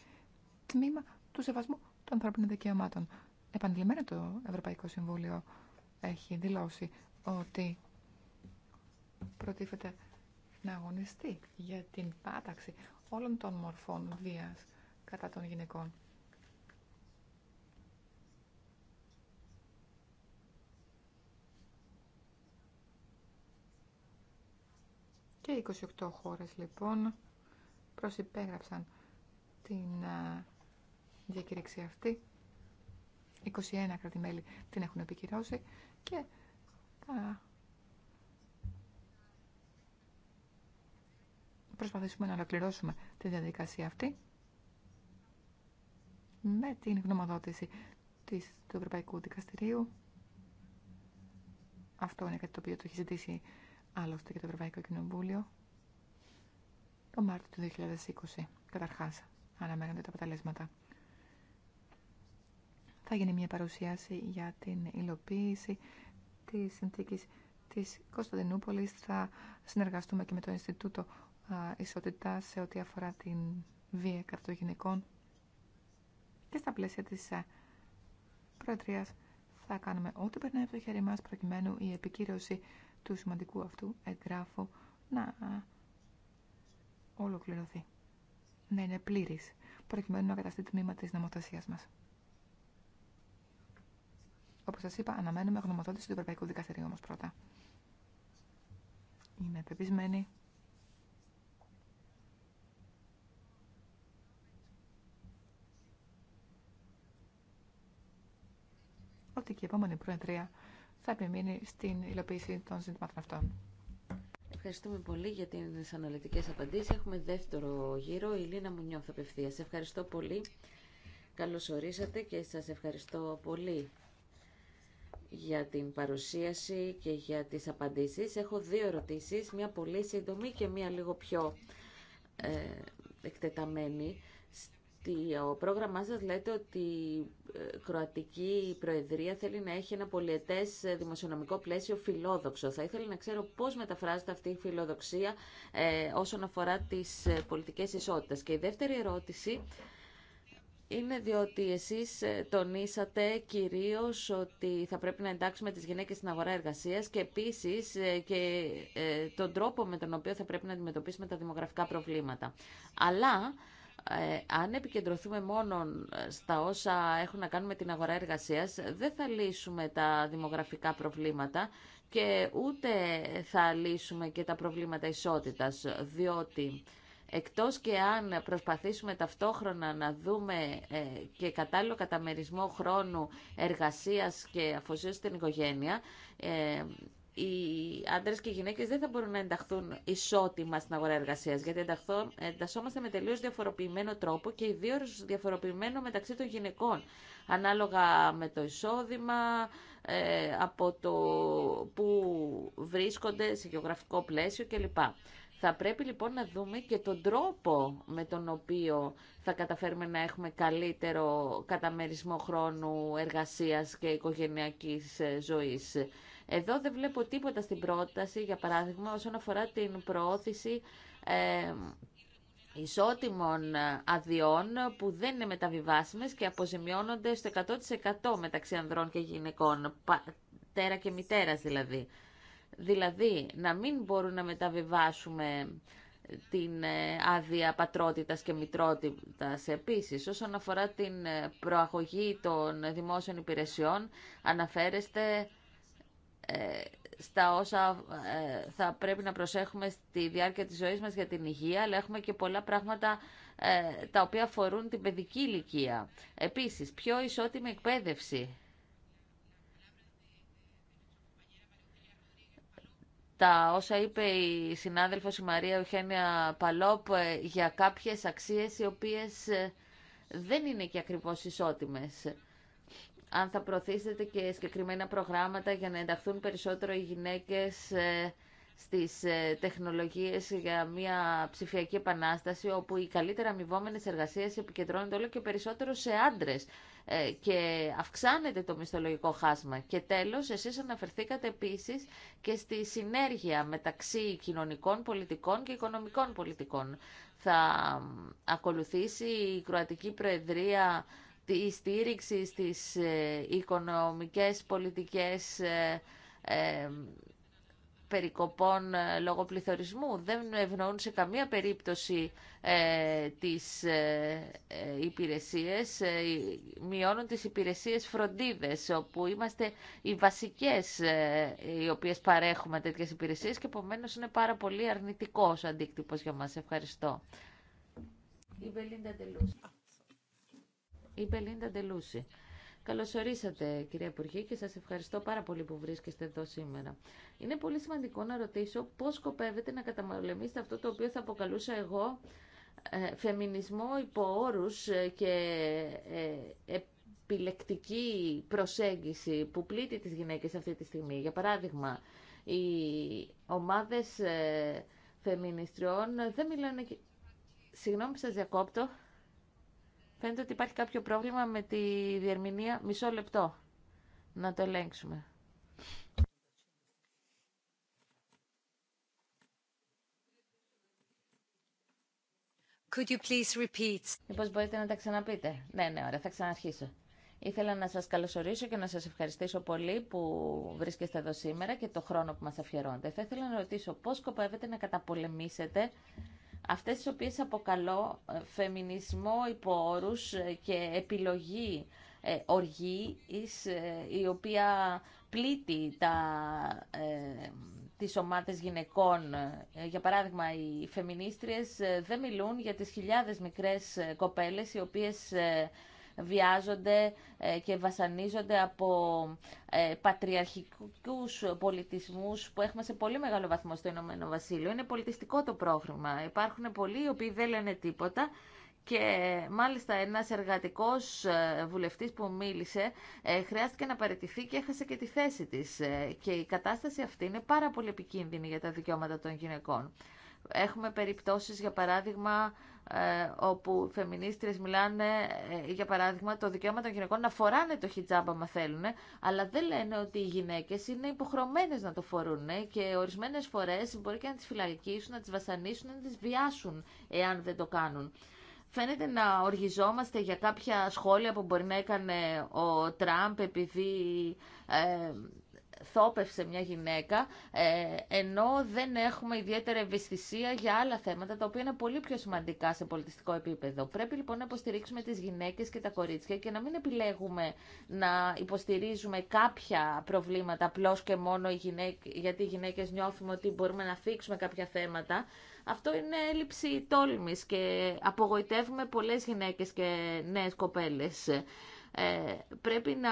τμήμα του σεβασμού των ανθρώπινων δικαιωμάτων. Επανειλημμένα το Ευρωπαϊκό Συμβούλιο έχει δηλώσει ότι προτίθεται να αγωνιστεί για την πάταξη όλων των μορφών βίας κατά των γυναικών. Και 28 χώρες λοιπόν προσυπέγραψαν την ε, διακήρυξη αυτή. 21 μέλη την έχουν επικυρώσει και τα ε, προσπαθήσουμε να ολοκληρώσουμε τη διαδικασία αυτή με την γνωμοδότηση της, του Ευρωπαϊκού Δικαστηρίου. Αυτό είναι κάτι το οποίο το έχει ζητήσει άλλωστε και το Ευρωπαϊκό Κοινοβούλιο το Μάρτιο του 2020. Καταρχάς, αναμένονται τα αποτελέσματα. Θα γίνει μια παρουσίαση για την υλοποίηση της συνθήκης της Κωνσταντινούπολης. Θα συνεργαστούμε και με το Ινστιτούτο ισότητα σε ό,τι αφορά την βία καρτογενικών και στα πλαίσια της Προεδρίας θα κάνουμε ό,τι περνάει από το χέρι μας προκειμένου η επικύρωση του σημαντικού αυτού εγγράφου να ολοκληρωθεί, να είναι πλήρης, προκειμένου να καταστεί τμήμα της νομοθεσίας μας. Όπως σας είπα, αναμένουμε γνωμοδότηση του Ευρωπαϊκού Δικαστηρίου όμως πρώτα. Είμαι πεπισμένη ότι και η επόμενη Προεδρία θα επιμείνει στην υλοποίηση των ζητημάτων αυτών. Ευχαριστούμε πολύ για τι αναλυτικέ απαντήσει. Έχουμε δεύτερο γύρο. Η Λίνα νιώθω απευθεία. Ευχαριστώ πολύ. Καλώς ορίσατε και σας ευχαριστώ πολύ για την παρουσίαση και για τις απαντήσεις. Έχω δύο ερωτήσεις, μία πολύ σύντομη και μία λίγο πιο ε, εκτεταμένη ο πρόγραμμά σας λέτε ότι η ε, Κροατική Προεδρία θέλει να έχει ένα πολιετές ε, δημοσιονομικό πλαίσιο φιλόδοξο. Θα ήθελα να ξέρω πώς μεταφράζεται αυτή η φιλοδοξία ε, όσον αφορά τις πολιτικές ισότητε. Και η δεύτερη ερώτηση είναι διότι εσείς τονίσατε κυρίως ότι θα πρέπει να εντάξουμε τις γυναίκες στην αγορά εργασίας και επίσης και τον τρόπο με τον οποίο θα πρέπει να αντιμετωπίσουμε τα δημογραφικά προβλήματα. Αλλά ε, αν επικεντρωθούμε μόνο ε, στα όσα έχουν να κάνουν με την αγορά εργασίας, δεν θα λύσουμε τα δημογραφικά προβλήματα και ούτε θα λύσουμε και τα προβλήματα ισότητας, διότι εκτός και αν προσπαθήσουμε ταυτόχρονα να δούμε ε, και κατάλληλο καταμερισμό χρόνου εργασίας και αφοσίωση στην οικογένεια, οι άντρε και οι γυναίκε δεν θα μπορούν να ενταχθούν ισότιμα στην αγορά εργασία, γιατί ενταχθώ, εντασσόμαστε με τελείω διαφοροποιημένο τρόπο και ιδίω διαφοροποιημένο μεταξύ των γυναικών, ανάλογα με το εισόδημα, ε, από το που βρίσκονται σε γεωγραφικό πλαίσιο κλπ. Θα πρέπει λοιπόν να δούμε και τον τρόπο με τον οποίο θα καταφέρουμε να έχουμε καλύτερο καταμερισμό χρόνου εργασίας και οικογενειακής ε, ζωής. Εδώ δεν βλέπω τίποτα στην πρόταση, για παράδειγμα, όσον αφορά την προώθηση ε, ισότιμων αδειών που δεν είναι μεταβιβάσιμες και αποζημιώνονται στο 100% μεταξύ ανδρών και γυναικών, πατέρα και μητέρας δηλαδή. Δηλαδή, να μην μπορούν να μεταβιβάσουμε την ε, άδεια πατρότητας και μητρότητας. Επίσης, όσον αφορά την ε, προαγωγή των δημόσιων υπηρεσιών, αναφέρεστε ε, στα όσα ε, θα πρέπει να προσέχουμε στη διάρκεια της ζωής μας για την υγεία, αλλά έχουμε και πολλά πράγματα ε, τα οποία αφορούν την παιδική ηλικία. Επίσης, πιο ισότιμη εκπαίδευση. Τα όσα είπε η συνάδελφος η Μαρία Οχένια Παλόπ για κάποιες αξίες οι οποίες δεν είναι και ακριβώς ισότιμες αν θα προωθήσετε και συγκεκριμένα προγράμματα για να ενταχθούν περισσότερο οι γυναίκες ε, στις ε, τεχνολογίες για μια ψηφιακή επανάσταση όπου οι καλύτερα αμοιβόμενε εργασίες επικεντρώνονται όλο και περισσότερο σε άντρες ε, και αυξάνεται το μισθολογικό χάσμα. Και τέλος, εσείς αναφερθήκατε επίσης και στη συνέργεια μεταξύ κοινωνικών πολιτικών και οικονομικών πολιτικών. Θα ακολουθήσει η Κροατική Προεδρία τη στήριξη στις ε, οικονομικές πολιτικές ε, ε, περικοπών λόγω πληθωρισμού. Δεν ευνοούν σε καμία περίπτωση ε, τις υπηρεσίες. μειώνουν τις υπηρεσίες φροντίδες, όπου είμαστε οι βασικές οι οποίες παρέχουμε τέτοιες υπηρεσίες και επομένω είναι πάρα πολύ αρνητικός ο αντίκτυπος για μας. Ευχαριστώ. Η η Μπελίντα Ντελούση. Καλωσορίσατε κυρία Υπουργή και σας ευχαριστώ πάρα πολύ που βρίσκεστε εδώ σήμερα. Είναι πολύ σημαντικό να ρωτήσω πώς σκοπεύετε να καταμαλωμήσετε αυτό το οποίο θα αποκαλούσα εγώ ε, φεμινισμό υπό όρους ε, και ε, επιλεκτική προσέγγιση που πλήττει τις γυναίκες αυτή τη στιγμή. Για παράδειγμα, οι ομάδες ε, φεμινιστριών δεν μιλάνε... Συγγνώμη που σας διακόπτω. Φαίνεται ότι υπάρχει κάποιο πρόβλημα με τη διερμηνία. Μισό λεπτό να το ελέγξουμε. Could you please repeat? μπορείτε να τα ξαναπείτε. Ναι, ναι, ωραία, θα ξαναρχίσω. Ήθελα να σας καλωσορίσω και να σας ευχαριστήσω πολύ που βρίσκεστε εδώ σήμερα και το χρόνο που μας αφιερώνετε. Θα ήθελα να ρωτήσω πώς σκοπεύετε να καταπολεμήσετε αυτές τις οποίες αποκαλώ ε, φεμινισμό υπό ε, και επιλογή ε, οργή, η οποία πλήττει τα, τις ομάδες γυναικών. Για παράδειγμα, οι φεμινίστριες δεν μιλούν για τις χιλιάδες μικρές κοπέλες οι οποίες βιάζονται ε, και βασανίζονται από ε, πατριαρχικούς πολιτισμούς που έχουμε σε πολύ μεγάλο βαθμό στο Ηνωμένο Βασίλειο. Είναι πολιτιστικό το πρόγραμμα. Υπάρχουν πολλοί οι οποίοι δεν λένε τίποτα και μάλιστα ένας εργατικός ε, βουλευτής που μίλησε χρειάστηκε να παραιτηθεί και έχασε και τη θέση της. Και η κατάσταση αυτή είναι πάρα πολύ επικίνδυνη για τα δικαιώματα των γυναικών. Έχουμε περιπτώσεις, για παράδειγμα, ε, όπου φεμινίστρες μιλάνε, ε, για παράδειγμα, το δικαίωμα των γυναικών να φοράνε το χιτζάμπ άμα θέλουν, αλλά δεν λένε ότι οι γυναίκες είναι υποχρεωμένες να το φορούν και ορισμένες φορές μπορεί και να τις φυλακίσουν, να τις βασανίσουν, να τις βιάσουν εάν δεν το κάνουν. Φαίνεται να οργιζόμαστε για κάποια σχόλια που μπορεί να έκανε ο Τραμπ επειδή ε, θόπευσε μια γυναίκα, ε, ενώ δεν έχουμε ιδιαίτερη ευαισθησία για άλλα θέματα, τα οποία είναι πολύ πιο σημαντικά σε πολιτιστικό επίπεδο. Πρέπει λοιπόν να υποστηρίξουμε τις γυναίκες και τα κορίτσια και να μην επιλέγουμε να υποστηρίζουμε κάποια προβλήματα απλώ και μόνο οι γυναίκες, γιατί οι γυναίκες νιώθουμε ότι μπορούμε να θίξουμε κάποια θέματα. Αυτό είναι έλλειψη τόλμης και απογοητεύουμε πολλές γυναίκες και νέες κοπέλες. Ε, πρέπει να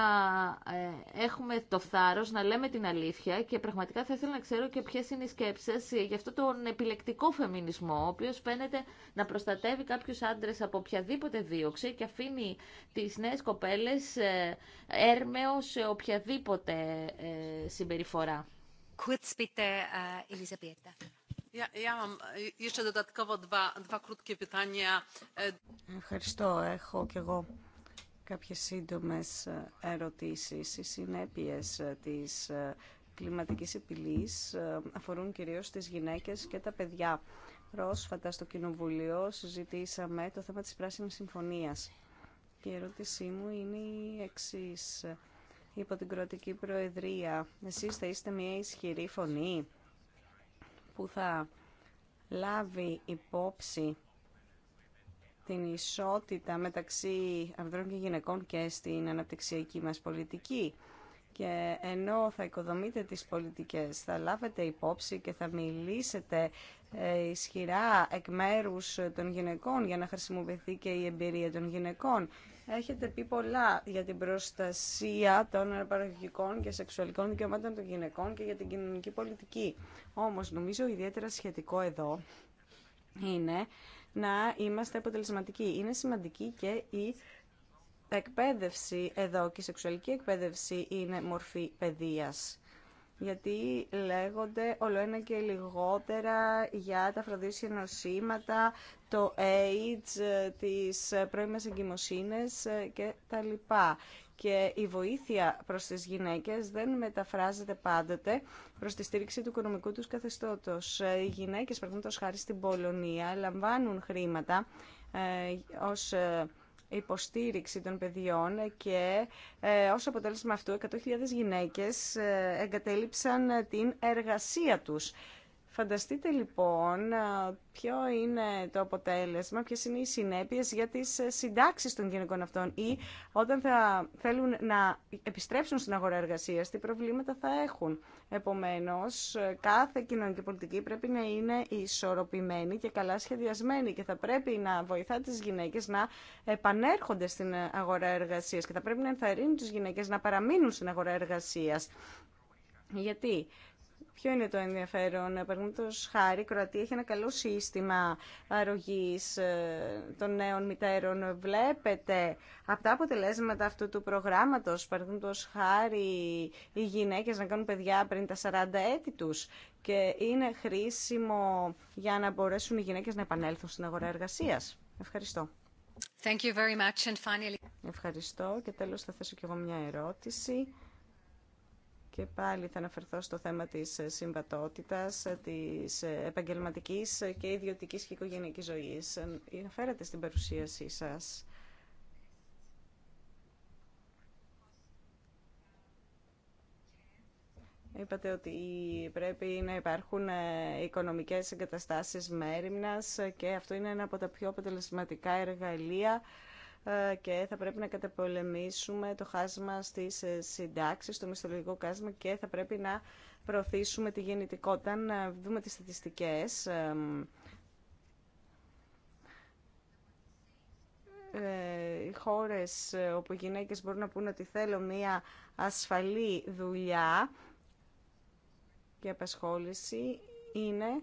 ε, έχουμε το θάρρος να λέμε την αλήθεια και πραγματικά θα ήθελα να ξέρω και ποιες είναι οι σκέψεις σας για αυτό τον επιλεκτικό φεμινισμό, ο οποίος φαίνεται να προστατεύει κάποιους άντρες από οποιαδήποτε δίωξη και αφήνει τις νέες κοπέλες ε, έρμεο σε οποιαδήποτε ε, συμπεριφορά. Ευχαριστώ. Έχω και εγώ Κάποιες σύντομες ε, ερωτήσεις. Οι συνέπειες ε, της ε, κλιματικής επιλής αφορούν κυρίως τις γυναίκες και τα παιδιά. Πρόσφατα στο Κοινοβουλίο συζητήσαμε το θέμα της Πράσινης Συμφωνίας. Και η ερώτησή μου είναι η εξής. Υπό την Κροατική Προεδρία, εσείς θα είστε μια ισχυρή φωνή που θα λάβει υπόψη την ισότητα μεταξύ ανδρών και γυναικών και στην αναπτυξιακή μας πολιτική. Και ενώ θα οικοδομείτε τις πολιτικές, θα λάβετε υπόψη και θα μιλήσετε ε, ισχυρά εκ μέρους των γυναικών για να χρησιμοποιηθεί και η εμπειρία των γυναικών. Έχετε πει πολλά για την προστασία των αναπαραγωγικών και σεξουαλικών δικαιωμάτων των γυναικών και για την κοινωνική πολιτική. Όμως νομίζω ιδιαίτερα σχετικό εδώ είναι να είμαστε αποτελεσματικοί. Είναι σημαντική και η εκπαίδευση εδώ και η σεξουαλική εκπαίδευση είναι μορφή παιδείας. Γιατί λέγονται όλο ένα και λιγότερα για τα φροντίσια νοσήματα, το AIDS, τις πρώιμες εγκυμοσύνες ε, και τα λοιπά και η βοήθεια προς τις γυναίκες δεν μεταφράζεται πάντοτε προς τη στήριξη του οικονομικού τους καθεστώτος. Οι γυναίκες, παραδείγματος χάρη στην Πολωνία, λαμβάνουν χρήματα ε, ως ε, υποστήριξη των παιδιών και ε, ως αποτέλεσμα αυτού 100.000 γυναίκες ε, εγκατέλειψαν την εργασία τους Φανταστείτε λοιπόν ποιο είναι το αποτέλεσμα, ποιε είναι οι συνέπειες για τις ε, συντάξεις των γυναικών αυτών ή όταν θα θέλουν να επιστρέψουν στην αγορά εργασίας, τι προβλήματα θα έχουν. Επομένως, ε, κάθε κοινωνική πολιτική πρέπει να είναι ισορροπημένη και καλά σχεδιασμένη και θα πρέπει να βοηθά τις γυναίκες να επανέρχονται στην αγορά εργασίας και θα πρέπει να ενθαρρύνουν τις γυναίκες να παραμείνουν στην αγορά εργασίας. Γιατί Ποιο είναι το ενδιαφέρον, παραδείγματο χάρη, η Κροατία έχει ένα καλό σύστημα αρρωγή ε, των νέων μητέρων. Βλέπετε από τα αποτελέσματα αυτού του προγράμματος, παραδείγματο χάρη, οι γυναίκες να κάνουν παιδιά πριν τα 40 έτη τους και είναι χρήσιμο για να μπορέσουν οι γυναίκες να επανέλθουν στην αγορά εργασία. Ευχαριστώ. Thank you very much and finally... Ευχαριστώ και τέλος θα θέσω και εγώ μια ερώτηση. Και πάλι θα αναφερθώ στο θέμα της συμβατότητας, της επαγγελματικής και ιδιωτικής και οικογενειακής ζωής. Αναφέρατε στην παρουσίασή σας. Είπατε ότι πρέπει να υπάρχουν ε, οικονομικές εγκαταστάσεις μέρημνας και αυτό είναι ένα από τα πιο αποτελεσματικά εργαλεία ε, και θα πρέπει να καταπολεμήσουμε το χάσμα στις ε, συντάξεις, το μισθολογικό χάσμα και θα πρέπει να προωθήσουμε τη γεννητικότητα. Να δούμε τις στατιστικές. Ε, οι χώρες όπου οι γυναίκες μπορούν να πούνε ότι θέλω μία ασφαλή δουλειά και απασχόληση είναι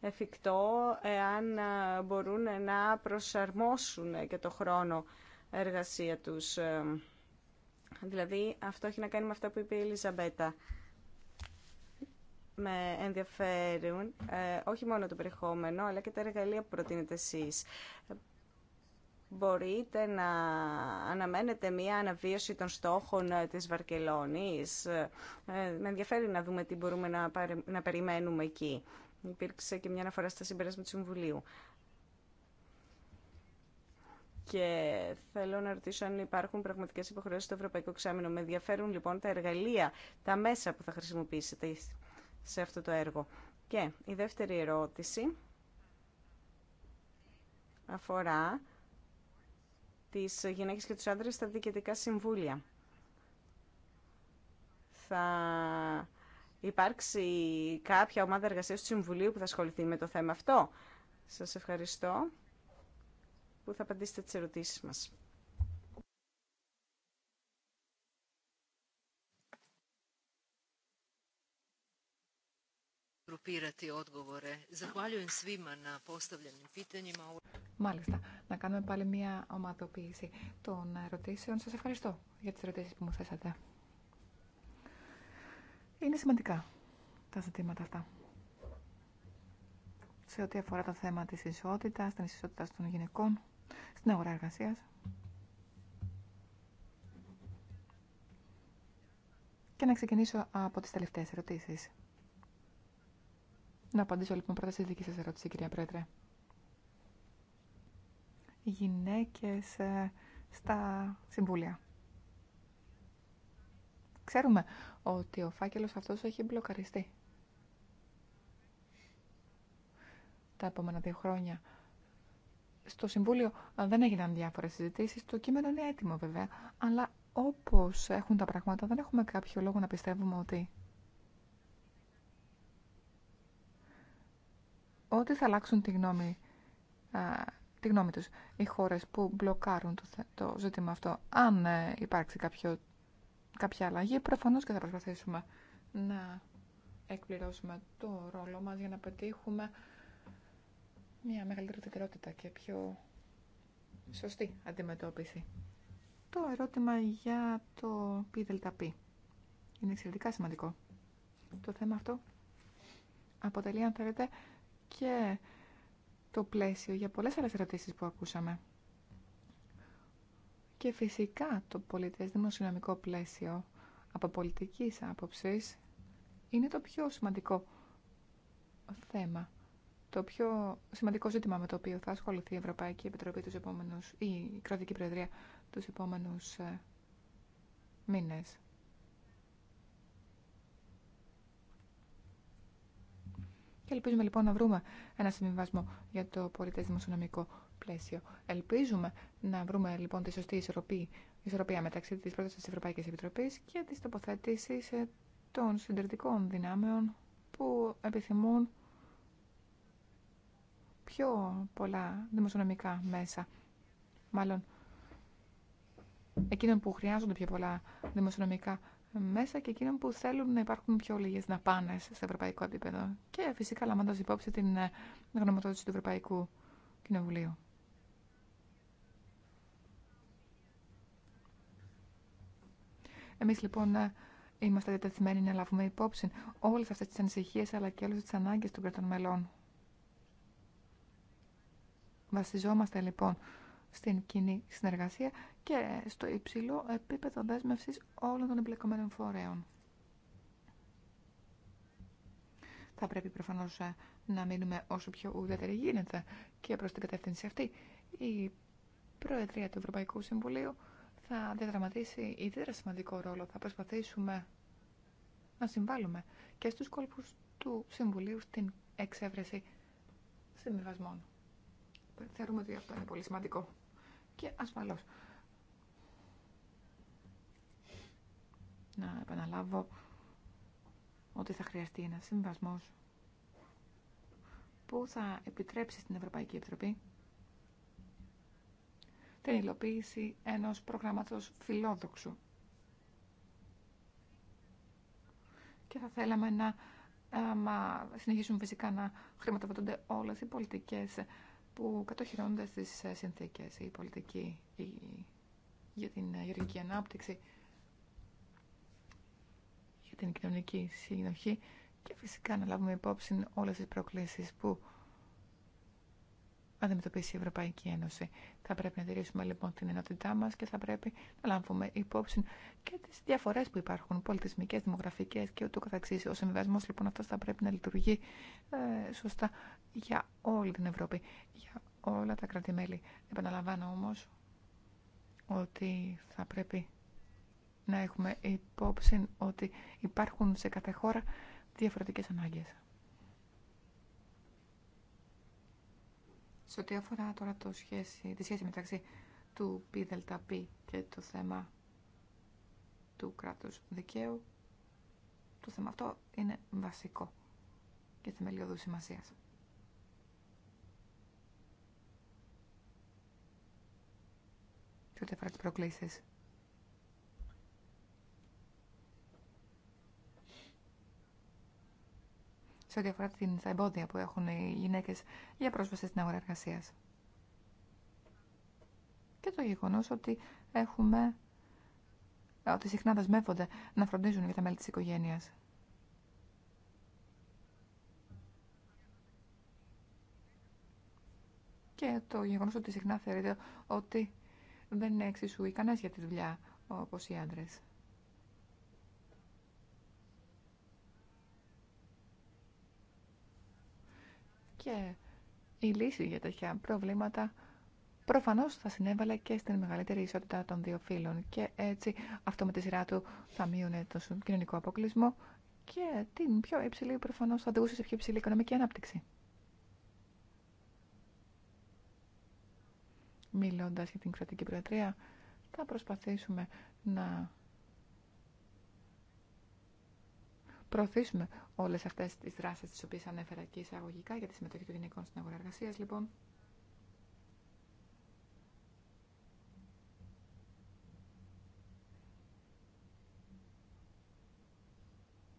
εφικτό εάν ε, μπορούν να προσαρμόσουν και το χρόνο εργασία τους. Ε, δηλαδή αυτό έχει να κάνει με αυτά που είπε η Ελιζαμπέτα. Με ενδιαφέρουν ε, όχι μόνο το περιεχόμενο αλλά και τα εργαλεία που προτείνετε εσείς. Μπορείτε να αναμένετε μία αναβίωση των στόχων της Βαρκελόνης. Με ενδιαφέρει να δούμε τι μπορούμε να περιμένουμε εκεί. Υπήρξε και μια αναφορά στα συμπέρασμα του Συμβουλίου. Και θέλω να ρωτήσω αν υπάρχουν πραγματικέ υποχρεώσει στο Ευρωπαϊκό Εξάμεινο. Με ενδιαφέρουν λοιπόν τα εργαλεία, τα μέσα που θα χρησιμοποιήσετε σε αυτό το έργο. Και η δεύτερη ερώτηση αφορά τις γυναίκες και τους άντρες στα διοικητικά συμβούλια. Θα υπάρξει κάποια ομάδα εργασίας του Συμβουλίου που θα ασχοληθεί με το θέμα αυτό. Σας ευχαριστώ που θα απαντήσετε τις ερωτήσεις μας. Μάλιστα, να κάνουμε πάλι μια ομαδοποίηση των ερωτήσεων. Σας ευχαριστώ για τις ερωτήσεις που μου θέσατε. Είναι σημαντικά τα ζητήματα αυτά. Σε ό,τι αφορά το θέμα της ισότητας, την ισότητα των γυναικών, στην αγορά εργασίας. Και να ξεκινήσω από τις τελευταίες ερωτήσεις. Να απαντήσω λοιπόν πρώτα στη δική σας ερώτηση, κυρία Πρέτρε. Οι γυναίκες ε, στα συμβούλια. Ξέρουμε ότι ο φάκελος αυτός έχει μπλοκαριστεί. Τα επόμενα δύο χρόνια στο Συμβούλιο ε, δεν έγιναν διάφορες συζητήσεις. Το κείμενο είναι έτοιμο βέβαια, αλλά όπως έχουν τα πράγματα δεν έχουμε κάποιο λόγο να πιστεύουμε ότι ότι θα αλλάξουν τη γνώμη, α, ε, τη γνώμη τους οι χώρες που μπλοκάρουν το, το ζήτημα αυτό αν ε, υπάρξει κάποιο κάποια αλλαγή, προφανώς και θα προσπαθήσουμε να εκπληρώσουμε το ρόλο μας για να πετύχουμε μια μεγαλύτερη τεκρότητα και πιο σωστή αντιμετώπιση. Το ερώτημα για το πι είναι εξαιρετικά σημαντικό. Το θέμα αυτό αποτελεί, αν θέλετε, και το πλαίσιο για πολλές άλλες ερωτήσεις που ακούσαμε. Και φυσικά το πολιτές δημοσιονομικό πλαίσιο από πολιτικής άποψης είναι το πιο σημαντικό θέμα. Το πιο σημαντικό ζήτημα με το οποίο θα ασχοληθεί η Ευρωπαϊκή Επιτροπή τους επόμενους, ή η Κρατική Προεδρία τους επόμενους ε, μήνες. Και ελπίζουμε λοιπόν να βρούμε ένα συμβιβασμό για το πολιτές δημοσιονομικό πλαίσιο. Ελπίζουμε να βρούμε λοιπόν τη σωστή ισορροπία μεταξύ της πρόταση της Ευρωπαϊκής Επιτροπής και της τοποθέτησης ε, των συντηρητικών δυνάμεων που επιθυμούν πιο πολλά δημοσιονομικά μέσα. Μάλλον εκείνων που χρειάζονται πιο πολλά δημοσιονομικά μέσα και εκείνων που θέλουν να υπάρχουν πιο λίγε δαπάνε στο σε ευρωπαϊκό επίπεδο. Και φυσικά λαμβάνοντα υπόψη την ε, γνωμοδότηση του Ευρωπαϊκού Κοινοβουλίου. Εμεί λοιπόν ε, είμαστε διατεθειμένοι να λάβουμε υπόψη όλε αυτέ τι ανησυχίε αλλά και όλε τι ανάγκε των κρατών μελών. Βασιζόμαστε λοιπόν στην κοινή συνεργασία και στο υψηλό επίπεδο δέσμευση όλων των εμπλεκομένων φορέων. Θα πρέπει προφανώ ε, να μείνουμε όσο πιο ουδέτεροι γίνεται και προ την κατεύθυνση αυτή η Προεδρία του Ευρωπαϊκού Συμβουλίου θα διαδραματίσει ιδιαίτερα σημαντικό ρόλο. Θα προσπαθήσουμε να συμβάλλουμε και στους κόλπους του Συμβουλίου στην εξέβρεση συμβιβασμών. Θεωρούμε ότι αυτό είναι πολύ σημαντικό και ασφαλώς. Να επαναλάβω ότι θα χρειαστεί ένα συμβασμός που θα επιτρέψει στην Ευρωπαϊκή Επιτροπή την υλοποίηση ενός προγράμματος φιλόδοξου. Και θα θέλαμε να συνεχίσουμε φυσικά να χρηματοδοτούνται όλες οι πολιτικές που κατοχυρώνονται στις ε, συνθήκες, η πολιτική για την ε, γεωργική ανάπτυξη, για την κοινωνική συνοχή και φυσικά να λάβουμε υπόψη όλες τις προκλήσεις που αντιμετωπίσει η Ευρωπαϊκή Ένωση. Θα πρέπει να τηρήσουμε λοιπόν την ενότητά μα και θα πρέπει να λάβουμε υπόψη και τι διαφορέ που υπάρχουν, πολιτισμικέ δημογραφικέ και ούτω καθεξή. Ο συμβιβασμό λοιπόν αυτό θα πρέπει να λειτουργεί ε, σωστά για όλη την Ευρώπη, για όλα τα κράτη-μέλη. Επαναλαμβάνω όμω ότι θα πρέπει να έχουμε υπόψη ότι υπάρχουν σε κάθε χώρα διαφορετικές ανάγκες. Σε ό,τι αφορά τώρα το σχέση, τη σχέση μεταξύ του ΠΔΠ και το θέμα του κράτους δικαίου, το θέμα αυτό είναι βασικό και θεμελιωδού σημασία. Σε ό,τι αφορά τις προκλήσεις σε ό,τι αφορά την, τα εμπόδια που έχουν οι γυναίκε για πρόσβαση στην αγορά εργασία. Και το γεγονό ότι έχουμε ότι συχνά δεσμεύονται να φροντίζουν για τα μέλη τη οικογένεια. Και το γεγονό ότι συχνά θεωρείται ότι δεν είναι εξίσου ικανέ για τη δουλειά όπω οι άντρε. Και η λύση για τέτοια προβλήματα προφανώς θα συνέβαλε και στην μεγαλύτερη ισότητα των δύο φύλων και έτσι αυτό με τη σειρά του θα μείωνε τον κοινωνικό αποκλεισμό και την πιο υψηλή προφανώς θα οδηγούσε σε πιο υψηλή οικονομική ανάπτυξη. Μιλώντας για την κρατική προεδρία, θα προσπαθήσουμε να προωθήσουμε όλες αυτές τις δράσεις τις οποίες ανέφερα και εισαγωγικά για τη συμμετοχή των γυναικών στην αγορά εργασίας, λοιπόν.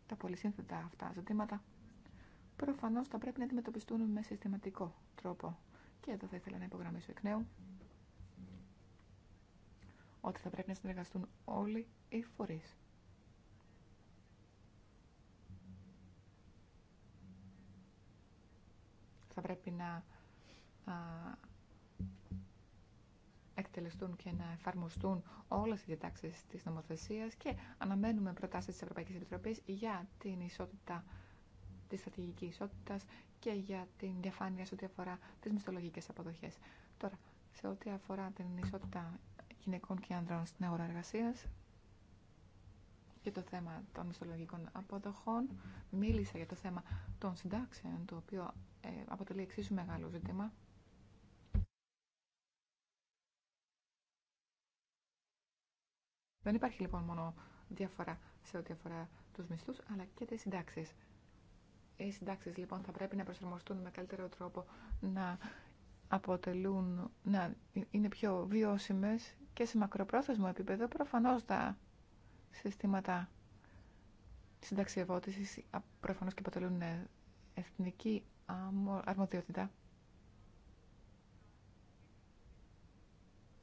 Τα πολύ αυτά ζητήματα προφανώς θα πρέπει να αντιμετωπιστούν με συστηματικό τρόπο. Και εδώ θα ήθελα να υπογραμμίσω εκ νέου ότι θα πρέπει να συνεργαστούν όλοι οι φορείς θα πρέπει να εκτελεστούν και να εφαρμοστούν όλες οι διατάξεις της νομοθεσίας και αναμένουμε προτάσεις της Ευρωπαϊκής Επιτροπής για την ισότητα τη στρατηγική ισότητα και για την διαφάνεια σε ό,τι αφορά τι μισθολογικέ αποδοχέ. Τώρα, σε ό,τι αφορά την ισότητα γυναικών και ανδρών στην αγορά εργασία και το θέμα των μισθολογικών αποδοχών, μίλησα για το θέμα των συντάξεων, το οποίο ε, αποτελεί εξίσου μεγάλο ζήτημα. Δεν υπάρχει λοιπόν μόνο διαφορά σε ό,τι αφορά τους μισθούς, αλλά και τις συντάξεις. Οι συντάξεις λοιπόν θα πρέπει να προσαρμοστούν με καλύτερο τρόπο να αποτελούν, να είναι πιο βιώσιμες και σε μακροπρόθεσμο επίπεδο προφανώς τα συστήματα συνταξιευότησης προφανώς και αποτελούν ε, εθνική αρμοδιότητα.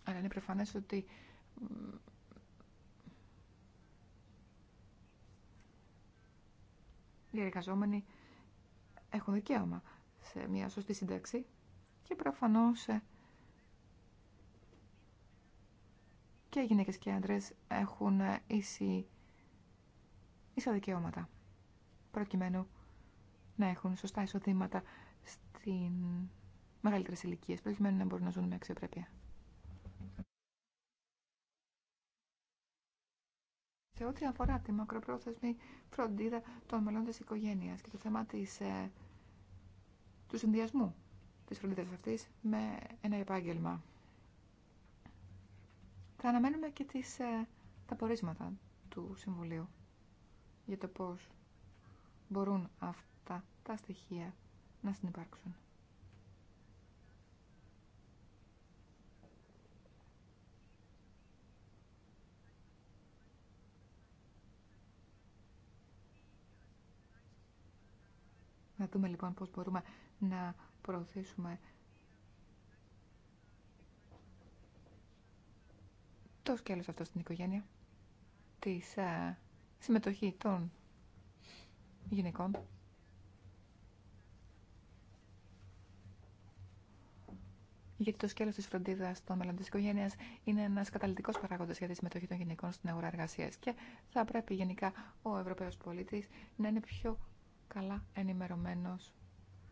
Αλλά είναι προφανές ότι οι εργαζόμενοι έχουν δικαίωμα σε μια σωστή σύνταξη και προφανώς ε, και οι γυναίκες και οι άντρες έχουν ίση, ίσα δικαιώματα προκειμένου να έχουν σωστά εισοδήματα στην μεγαλύτερες ηλικίε προκειμένου να μπορούν να ζουν με αξιοπρέπεια. Σε ό,τι αφορά τη μακροπρόθεσμη φροντίδα των μελών της οικογένειας και το θέμα της, ε, του συνδυασμού της φροντίδας αυτής με ένα επάγγελμα. Θα αναμένουμε και τις, ε, τα πορίσματα του Συμβουλίου για το πώς μπορούν αυτοί τα στοιχεία να συνεπάρξουν. Να δούμε λοιπόν πώς μπορούμε να προωθήσουμε το σκέλος αυτό στην οικογένεια, τη ε, συμμετοχή των γυναικών. γιατί το σκέλο τη φροντίδα των μελών οικογένεια είναι ένα καταλητικό παράγοντα για τη συμμετοχή των γυναικών στην αγορά εργασία. Και θα πρέπει γενικά ο Ευρωπαίο πολίτη να είναι πιο καλά ενημερωμένο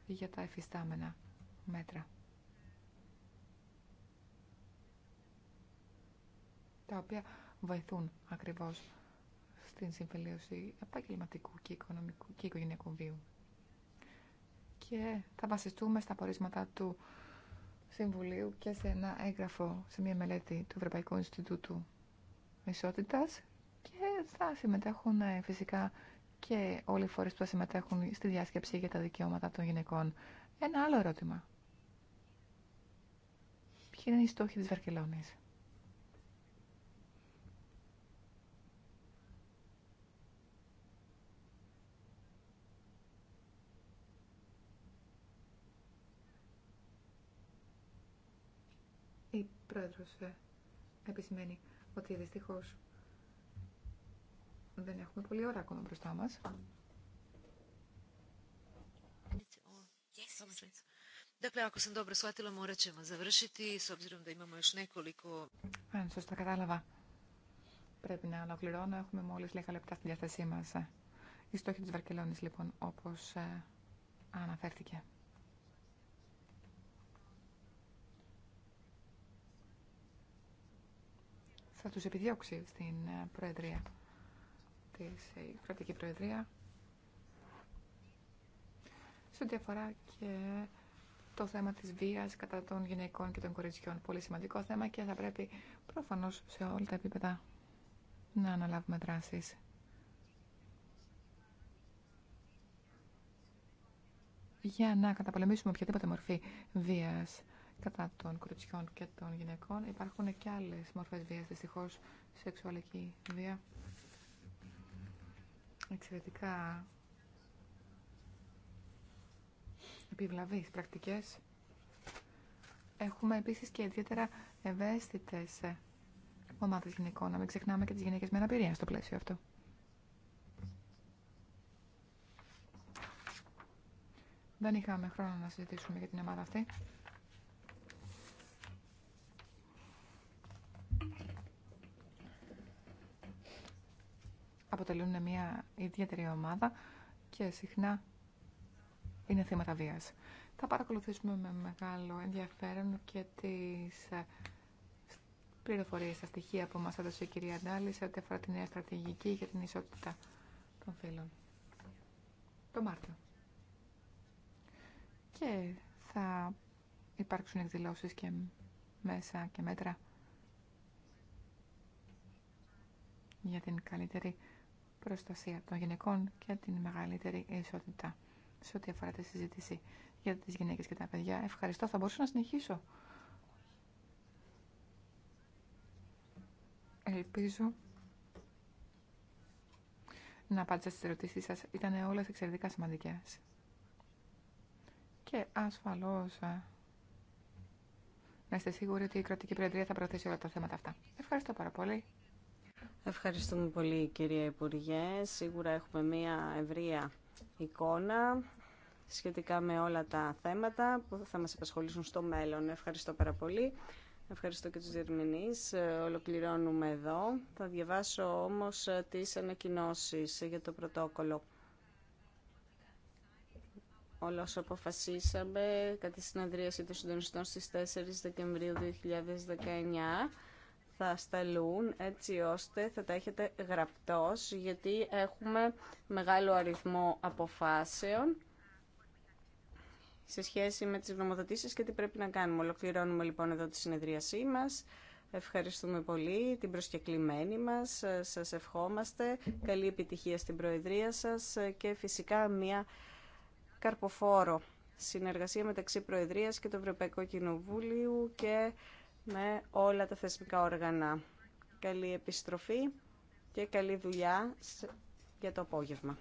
για τα εφιστάμενα μέτρα. Τα οποία βοηθούν ακριβώ στην συμφελίωση επαγγελματικού και οικονομικού και οικογενειακού βίου. Και θα βασιστούμε στα πορίσματα του Συμβουλίου και σε ένα έγγραφο, σε μια μελέτη του Ευρωπαϊκού Ινστιτούτου Ισότητα και θα συμμετέχουν ε, φυσικά και όλοι οι φορείς που θα συμμετέχουν στη διάσκεψη για τα δικαιώματα των γυναικών. Ένα άλλο ερώτημα. Ποιοι είναι οι στόχοι της Βαρκελόνης. πρόεδρος ε, επισημαίνει ότι δυστυχώς δεν έχουμε πολύ ώρα ακόμα μπροστά μας. Αν ναι, σωστά κατάλαβα, πρέπει να ολοκληρώνω. Έχουμε μόλις λίγα λεπτά στη διάθεσή μας. Η ε, στόχη της Βαρκελόνης, λοιπόν, όπως ε, αναφέρθηκε. θα τους επιδιώξει στην ε, Προεδρία, τη ε, Κρατική Προεδρία, σε ό,τι αφορά και το θέμα της βίας κατά των γυναικών και των κοριτσιών. Πολύ σημαντικό θέμα και θα πρέπει προφανώς σε όλα τα επίπεδα να αναλάβουμε δράσεις. για να καταπολεμήσουμε οποιαδήποτε μορφή βίας κατά των κοριτσιών και των γυναικών. Υπάρχουν και άλλες μορφές βίας, δυστυχώς σεξουαλική βία. Εξαιρετικά επιβλαβείς πρακτικές. Έχουμε επίσης και ιδιαίτερα ευαίσθητες ομάδες γυναικών. Να μην ξεχνάμε και τις γυναίκες με αναπηρία στο πλαίσιο αυτό. Δεν είχαμε χρόνο να συζητήσουμε για την ομάδα αυτή. αποτελούν μια ιδιαίτερη ομάδα και συχνά είναι θύματα βίας. Θα παρακολουθήσουμε με μεγάλο ενδιαφέρον και τις ε, πληροφορίες, τα στοιχεία που μας έδωσε η κυρία Ντάλη σε ό,τι αφορά τη νέα στρατηγική για την ισότητα των φίλων. Το Μάρτιο. Και θα υπάρξουν εκδηλώσεις και μέσα και μέτρα για την καλύτερη προστασία των γυναικών και την μεγαλύτερη ισότητα σε ό,τι αφορά τη συζήτηση για τις γυναίκες και τα παιδιά. Ευχαριστώ. Θα μπορούσα να συνεχίσω. Ελπίζω να απάντησα στις ερωτήσεις σας. Ήταν όλες εξαιρετικά σημαντικές. Και ασφαλώς ε, να είστε σίγουροι ότι η κρατική προεδρία θα προωθήσει όλα τα θέματα αυτά. Ευχαριστώ πάρα πολύ. Ευχαριστούμε πολύ κυρία Υπουργέ. Σίγουρα έχουμε μία ευρεία εικόνα σχετικά με όλα τα θέματα που θα μας απασχολήσουν στο μέλλον. Ευχαριστώ πάρα πολύ. Ευχαριστώ και τους διερμηνείς. Ολοκληρώνουμε εδώ. Θα διαβάσω όμως τις ανακοινώσεις για το πρωτόκολλο. Όλο αποφασίσαμε κατά τη συναντρίαση των συντονιστών στις 4 Δεκεμβρίου 2019 θα σταλούν έτσι ώστε θα τα έχετε γραπτός γιατί έχουμε μεγάλο αριθμό αποφάσεων σε σχέση με τις γνωμοδοτήσεις και τι πρέπει να κάνουμε. Ολοκληρώνουμε λοιπόν εδώ τη συνεδρίασή μας. Ευχαριστούμε πολύ την προσκεκλημένη μας. Σας ευχόμαστε. Καλή επιτυχία στην Προεδρία σας και φυσικά μια καρποφόρο συνεργασία μεταξύ Προεδρίας και του Ευρωπαϊκού Κοινοβούλου και με όλα τα θεσμικά όργανα. Καλή επιστροφή και καλή δουλειά για το απόγευμα.